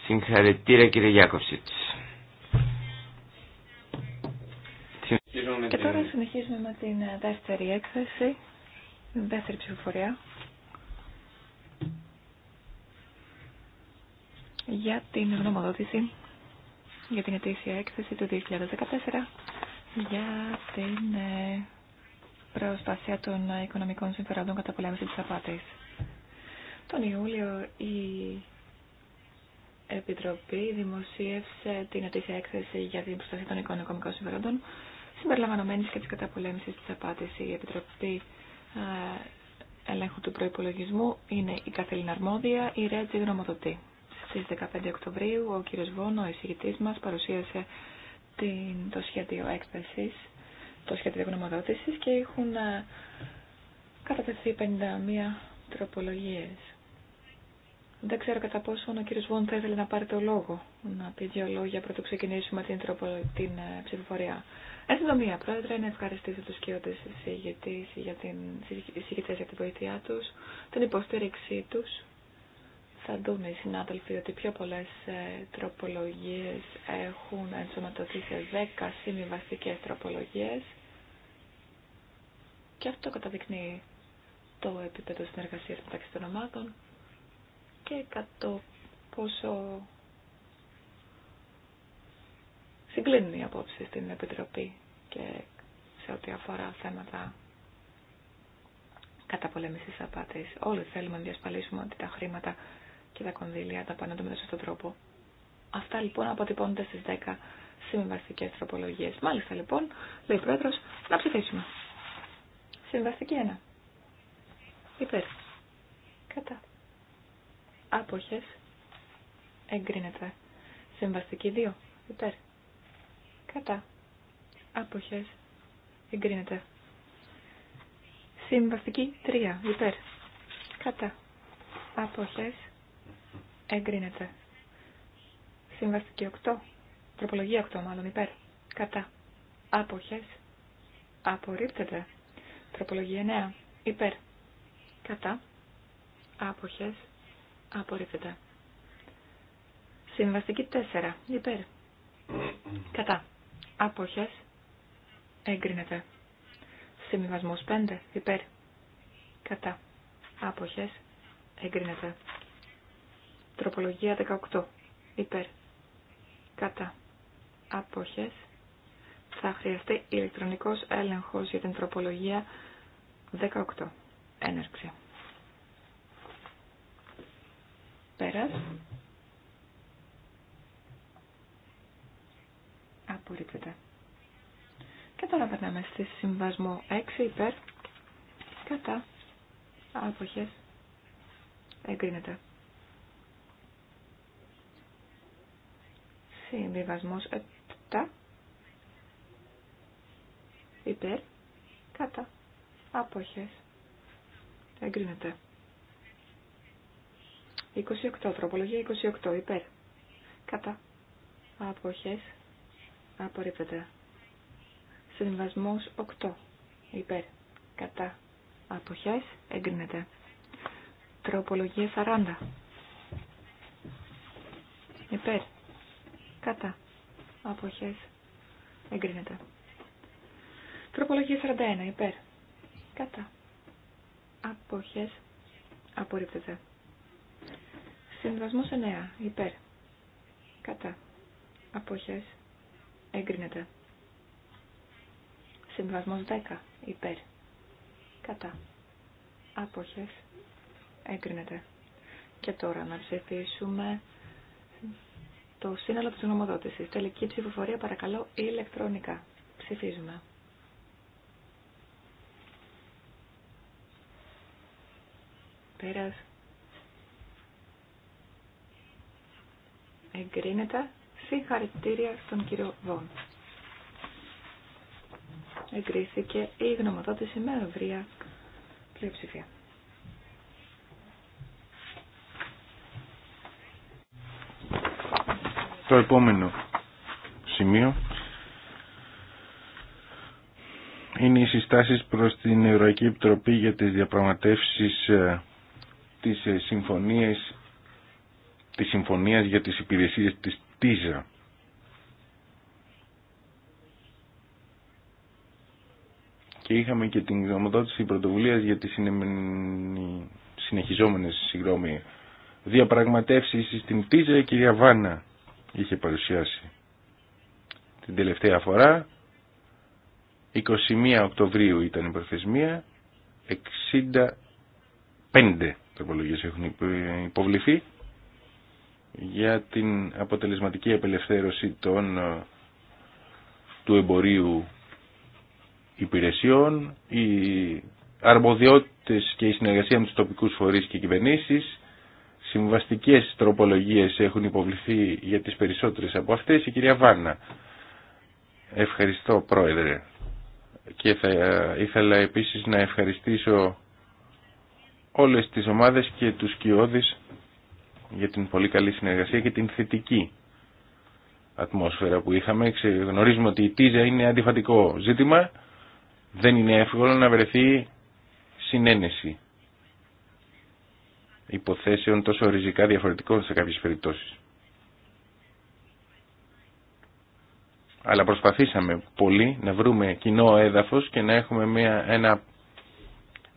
Συγχαρητήρια κύριε Γιάκοψιτς. Και τώρα συνεχίζουμε με την δεύτερη έκθεση, την δεύτερη ψηφοφορία. για την γνωμοδότηση για την ετήσια έκθεση του 2014 για την ε, προσπάθεια των οικονομικών συμφερόντων κατά πολέμηση της απάτης. Τον Ιούλιο η Επιτροπή δημοσίευσε την ετήσια έκθεση για την προστασία των οικονομικών συμφερόντων συμπεριλαμβανομένης και της καταπολέμησης της απάτης. Η Επιτροπή ε, Ελέγχου του Προϋπολογισμού είναι η Καθελήνα Αρμόδια, η Ρέτζη Γνωμοδοτή. Στις 15 Οκτωβρίου ο κύριος Βόνο, ο εισηγητής μας, παρουσίασε την, το σχέδιο έκθεσης, το σχέδιο γνωμοδότησης και έχουν ε, κατατεθεί 51 τροπολογίες. Δεν ξέρω κατά πόσο ο κύριος Βόν θα ήθελε να πάρει το λόγο, να πει δύο λόγια πριν ξεκινήσουμε την, τροπο, την ε, ψηφοφορία. Εν συντομία, Πρόεδρε, να ευχαριστήσω τους κύριους εισηγητές για την, για την βοήθειά τους, την υποστήριξή τους θα δούμε οι συνάδελφοι ότι πιο πολλές ε, τροπολογίες έχουν ενσωματωθεί σε 10 συμβιβαστικές τροπολογίες και αυτό καταδεικνύει το επίπεδο συνεργασίας μεταξύ των ομάδων και κατά πόσο συγκλίνουν οι απόψεις στην Επιτροπή και σε ό,τι αφορά θέματα καταπολέμησης απάτης. Όλοι θέλουμε να διασπαλίσουμε ότι τα χρήματα και τα κονδύλια τα πάνε με τον τρόπο. Αυτά λοιπόν αποτυπώνονται στι 10 συμβαστικέ τροπολογίε. Μάλιστα λοιπόν, λέει ο πρόεδρο, να ψηφίσουμε. Συμβαστική 1. Υπέρ. Κατά. Απόχε. Εγκρίνεται. Συμβαστική 2. Υπέρ. Κατά. Αποχέ. Εγκρίνεται. Συμβαστική 3. Υπέρ. Κατά. Άποχες εγκρίνεται. Συμβαστική 8, τροπολογία 8 μάλλον υπέρ, κατά, άποχες, απορρίπτεται. Τροπολογία 9, υπέρ, κατά, Αποχέ. απορρίπτεται. Συμβαστική 4, υπέρ, κατά, Αποχέ. εγκρίνεται. Συμβασμό 5, υπέρ, κατά, Αποχέ. εγκρίνεται. Τροπολογία 18. Υπέρ. Κατά. Απόχες. Θα χρειαστεί ηλεκτρονικός έλεγχος για την τροπολογία 18. Έναρξη. Πέρας. Απορρίπτεται. Και τώρα περνάμε στη συμβασμό 6 υπέρ. Κατά. Αποχές. Εγκρίνεται. Συμβιβασμός 7. Υπέρ. Κατά. Απόχες. Εγκρίνεται. 28. Τροπολογία 28. Υπέρ. Κατά. Απόχες. Απορρίπτεται. Συμβιβασμός 8. Υπέρ. Κατά. Αποχές. Εγκρίνεται. Τροπολογία 40. Υπέρ. Κατά. Αποχές. Εγκρίνεται. Τροπολογία 41. Υπέρ. Κατά. Αποχές. Απορρίπτεται. Συμβασμός 9. Υπέρ. Κατά. Αποχές. Εγκρίνεται. Συμβασμός 10. Υπέρ. Κατά. Αποχές. Έγκρινεται. Και τώρα να ψηφίσουμε το σύνολο της νομοδότησης. Τελική ψηφοφορία παρακαλώ ηλεκτρονικά. Ψηφίζουμε. Πέρας. Εγκρίνεται. Συγχαρητήρια στον κύριο Βόν. Εγκρίθηκε η γνωμοδότηση με ευρεία πλειοψηφία. Το επόμενο σημείο είναι οι συστάσεις προς την Ευρωπαϊκή Επιτροπή για τις διαπραγματεύσεις ε, της ε, συμφωνίας, της συμφωνίας για τις υπηρεσίες της ΤΙΖΑ. Και είχαμε και την γνωμοδότηση πρωτοβουλίας για τις συνεχιζόμενες συγγνώμη, διαπραγματεύσεις στην ΤΙΖΑ, κυρία Βάνα είχε παρουσιάσει την τελευταία φορά 21 Οκτωβρίου ήταν η προθεσμία 65 τροπολογίες έχουν υποβληθεί για την αποτελεσματική απελευθέρωση των του εμπορίου υπηρεσιών, οι αρμοδιότητες και η συνεργασία με τους τοπικούς φορείς και κυβερνήσεις, Συμβαστικές τροπολογίες έχουν υποβληθεί για τις περισσότερες από αυτές. Η κυρία Βάνα. Ευχαριστώ πρόεδρε. Και θα ε, ήθελα επίσης να ευχαριστήσω όλες τις ομάδες και τους κοιόδης για την πολύ καλή συνεργασία και την θετική ατμόσφαιρα που είχαμε. Γνωρίζουμε ότι η τίζα είναι αντιφατικό ζήτημα. Δεν είναι εύκολο να βρεθεί συνένεση υποθέσεων τόσο ριζικά διαφορετικό σε κάποιες περιπτώσεις. Αλλά προσπαθήσαμε πολύ να βρούμε κοινό έδαφος και να έχουμε μια, ένα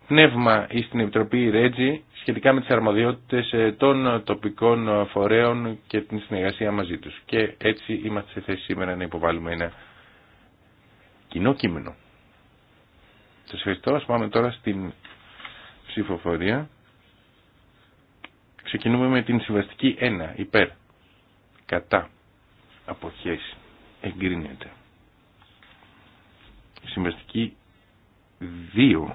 πνεύμα στην Επιτροπή Ρέτζη σχετικά με τις αρμοδιότητες ε, των τοπικών φορέων και την συνεργασία μαζί τους. Και έτσι είμαστε σε θέση σήμερα να υποβάλουμε ένα κοινό κείμενο. Σας ευχαριστώ. Ας πάμε τώρα στην ψηφοφορία. Ξεκινούμε με την συμβαστική 1 υπέρ κατά αποχές εγκρίνεται. Συμβαστική 2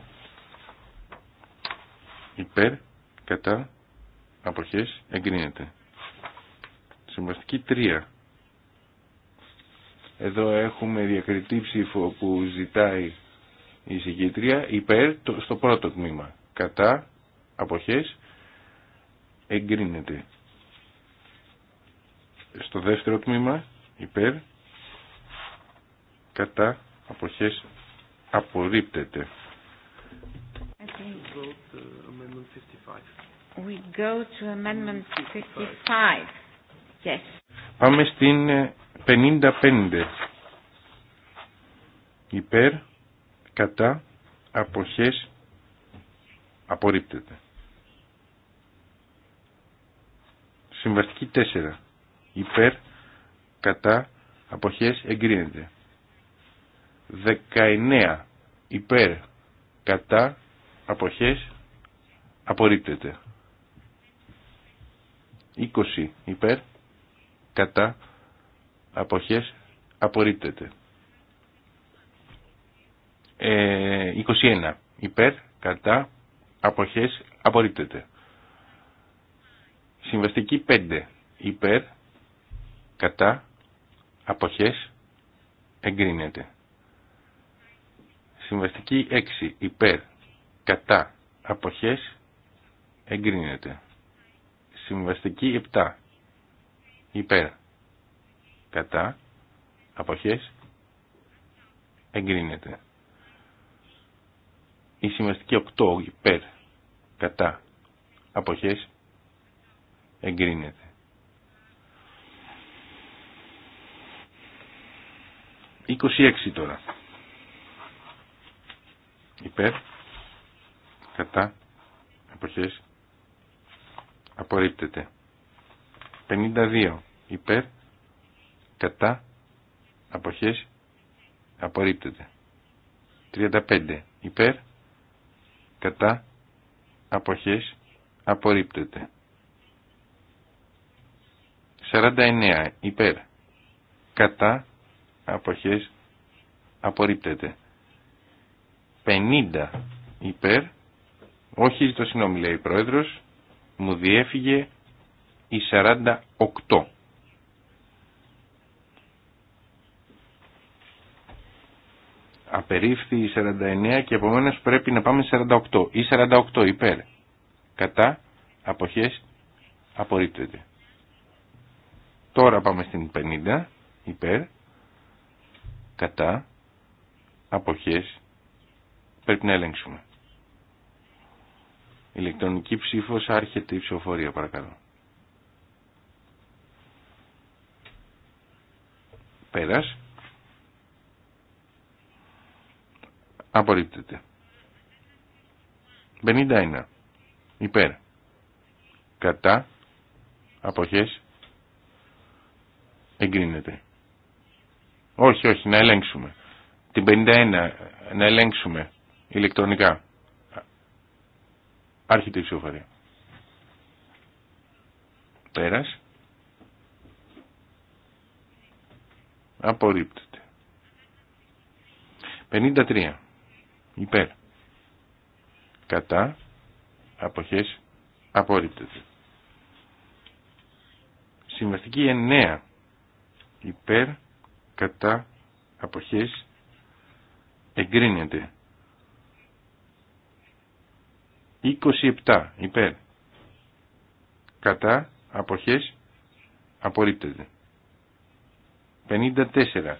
υπέρ κατά αποχές εγκρίνεται. Συμβαστική 3 εδώ έχουμε διακριτή ψήφο που ζητάει η συγκήτρια υπέρ στο πρώτο τμήμα. Κατά αποχές εγκρίνεται. Στο δεύτερο τμήμα υπέρ κατά αποχές απορρίπτεται. We go to amendment 55. Πάμε στην 55. Ε, υπέρ, κατά, αποχές, απορρίπτεται. Συμβαστική 4. Υπέρ, κατά, αποχές, εγκρίνεται. 19. Υπέρ, κατά, αποχές, απορρίπτεται. 20. Υπέρ, κατά, αποχές, απορρίπτεται. Ε, 21. Υπέρ, κατά, αποχές, απορρίπτεται. Συμβαστική 5. Υπέρ, κατά, αποχές, εγκρίνεται. Συμβαστική 6. Υπέρ, κατά, αποχές, εγκρίνεται. Συμβαστική 7. Υπέρ, κατά, αποχές, εγκρίνεται. Η συμβαστική 8. Υπέρ, κατά, αποχές, εγκρίνεται. 26 τώρα. Υπέρ, κατά, αποχές, απορρίπτεται. 52. Υπέρ, κατά, αποχές, απορρίπτεται. 35. Υπέρ, κατά, αποχές, απορρίπτεται. 49 υπέρ κατά αποχές απορρίπτεται 50 υπέρ όχι το συγγνώμη λέει πρόεδρος μου διέφυγε η 48 απερίφθη η 49 και επομένως πρέπει να πάμε 48 ή 48 υπέρ κατά αποχές απορρίπτεται Τώρα πάμε στην 50 υπέρ κατά αποχές πρέπει να ελέγξουμε. Ηλεκτρονική ψήφος άρχεται η ψηφοφορία παρακαλώ. Πέρας. Απορρίπτεται. 51. Υπέρ. Κατά. Αποχές εγκρίνεται. Όχι, όχι, να ελέγξουμε. Την 51 να ελέγξουμε ηλεκτρονικά. Άρχεται η ψηφοφορία. Πέρας. Απορρίπτεται. 53. Υπέρ. Κατά. Αποχές. Απορρίπτεται. Συμβαστική 9 υπέρ κατά αποχές εγκρίνεται 27 υπέρ κατά αποχές απορρίπτεται 54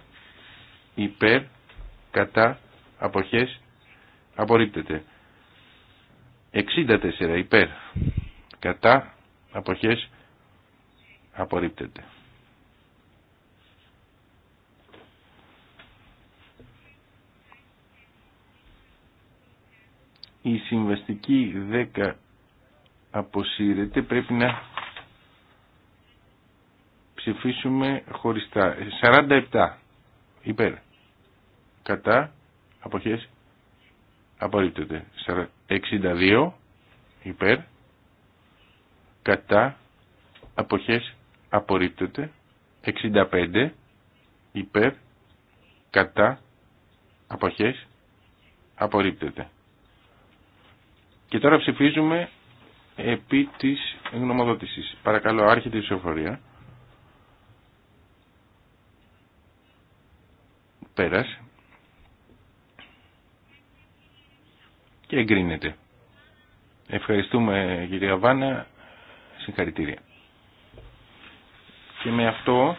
υπέρ κατά αποχές απορρίπτεται 64 υπέρ κατά αποχές απορρίπτεται η συμβαστική 10 αποσύρεται πρέπει να ψηφίσουμε χωριστά 47 υπέρ κατά αποχές απορρίπτεται 62 υπέρ κατά αποχές απορρίπτεται 65 υπέρ κατά αποχές απορρίπτεται και τώρα ψηφίζουμε επί της γνωμοδότησης. Παρακαλώ, άρχεται η ψηφοφορία. Πέρασε. Και εγκρίνεται. Ευχαριστούμε κυρία Βάνα. Συγχαρητήρια. Και με αυτό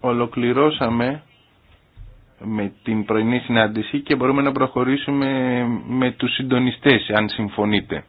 ολοκληρώσαμε με την πρωινή συνάντηση και μπορούμε να προχωρήσουμε με τους συντονιστές αν συμφωνείτε.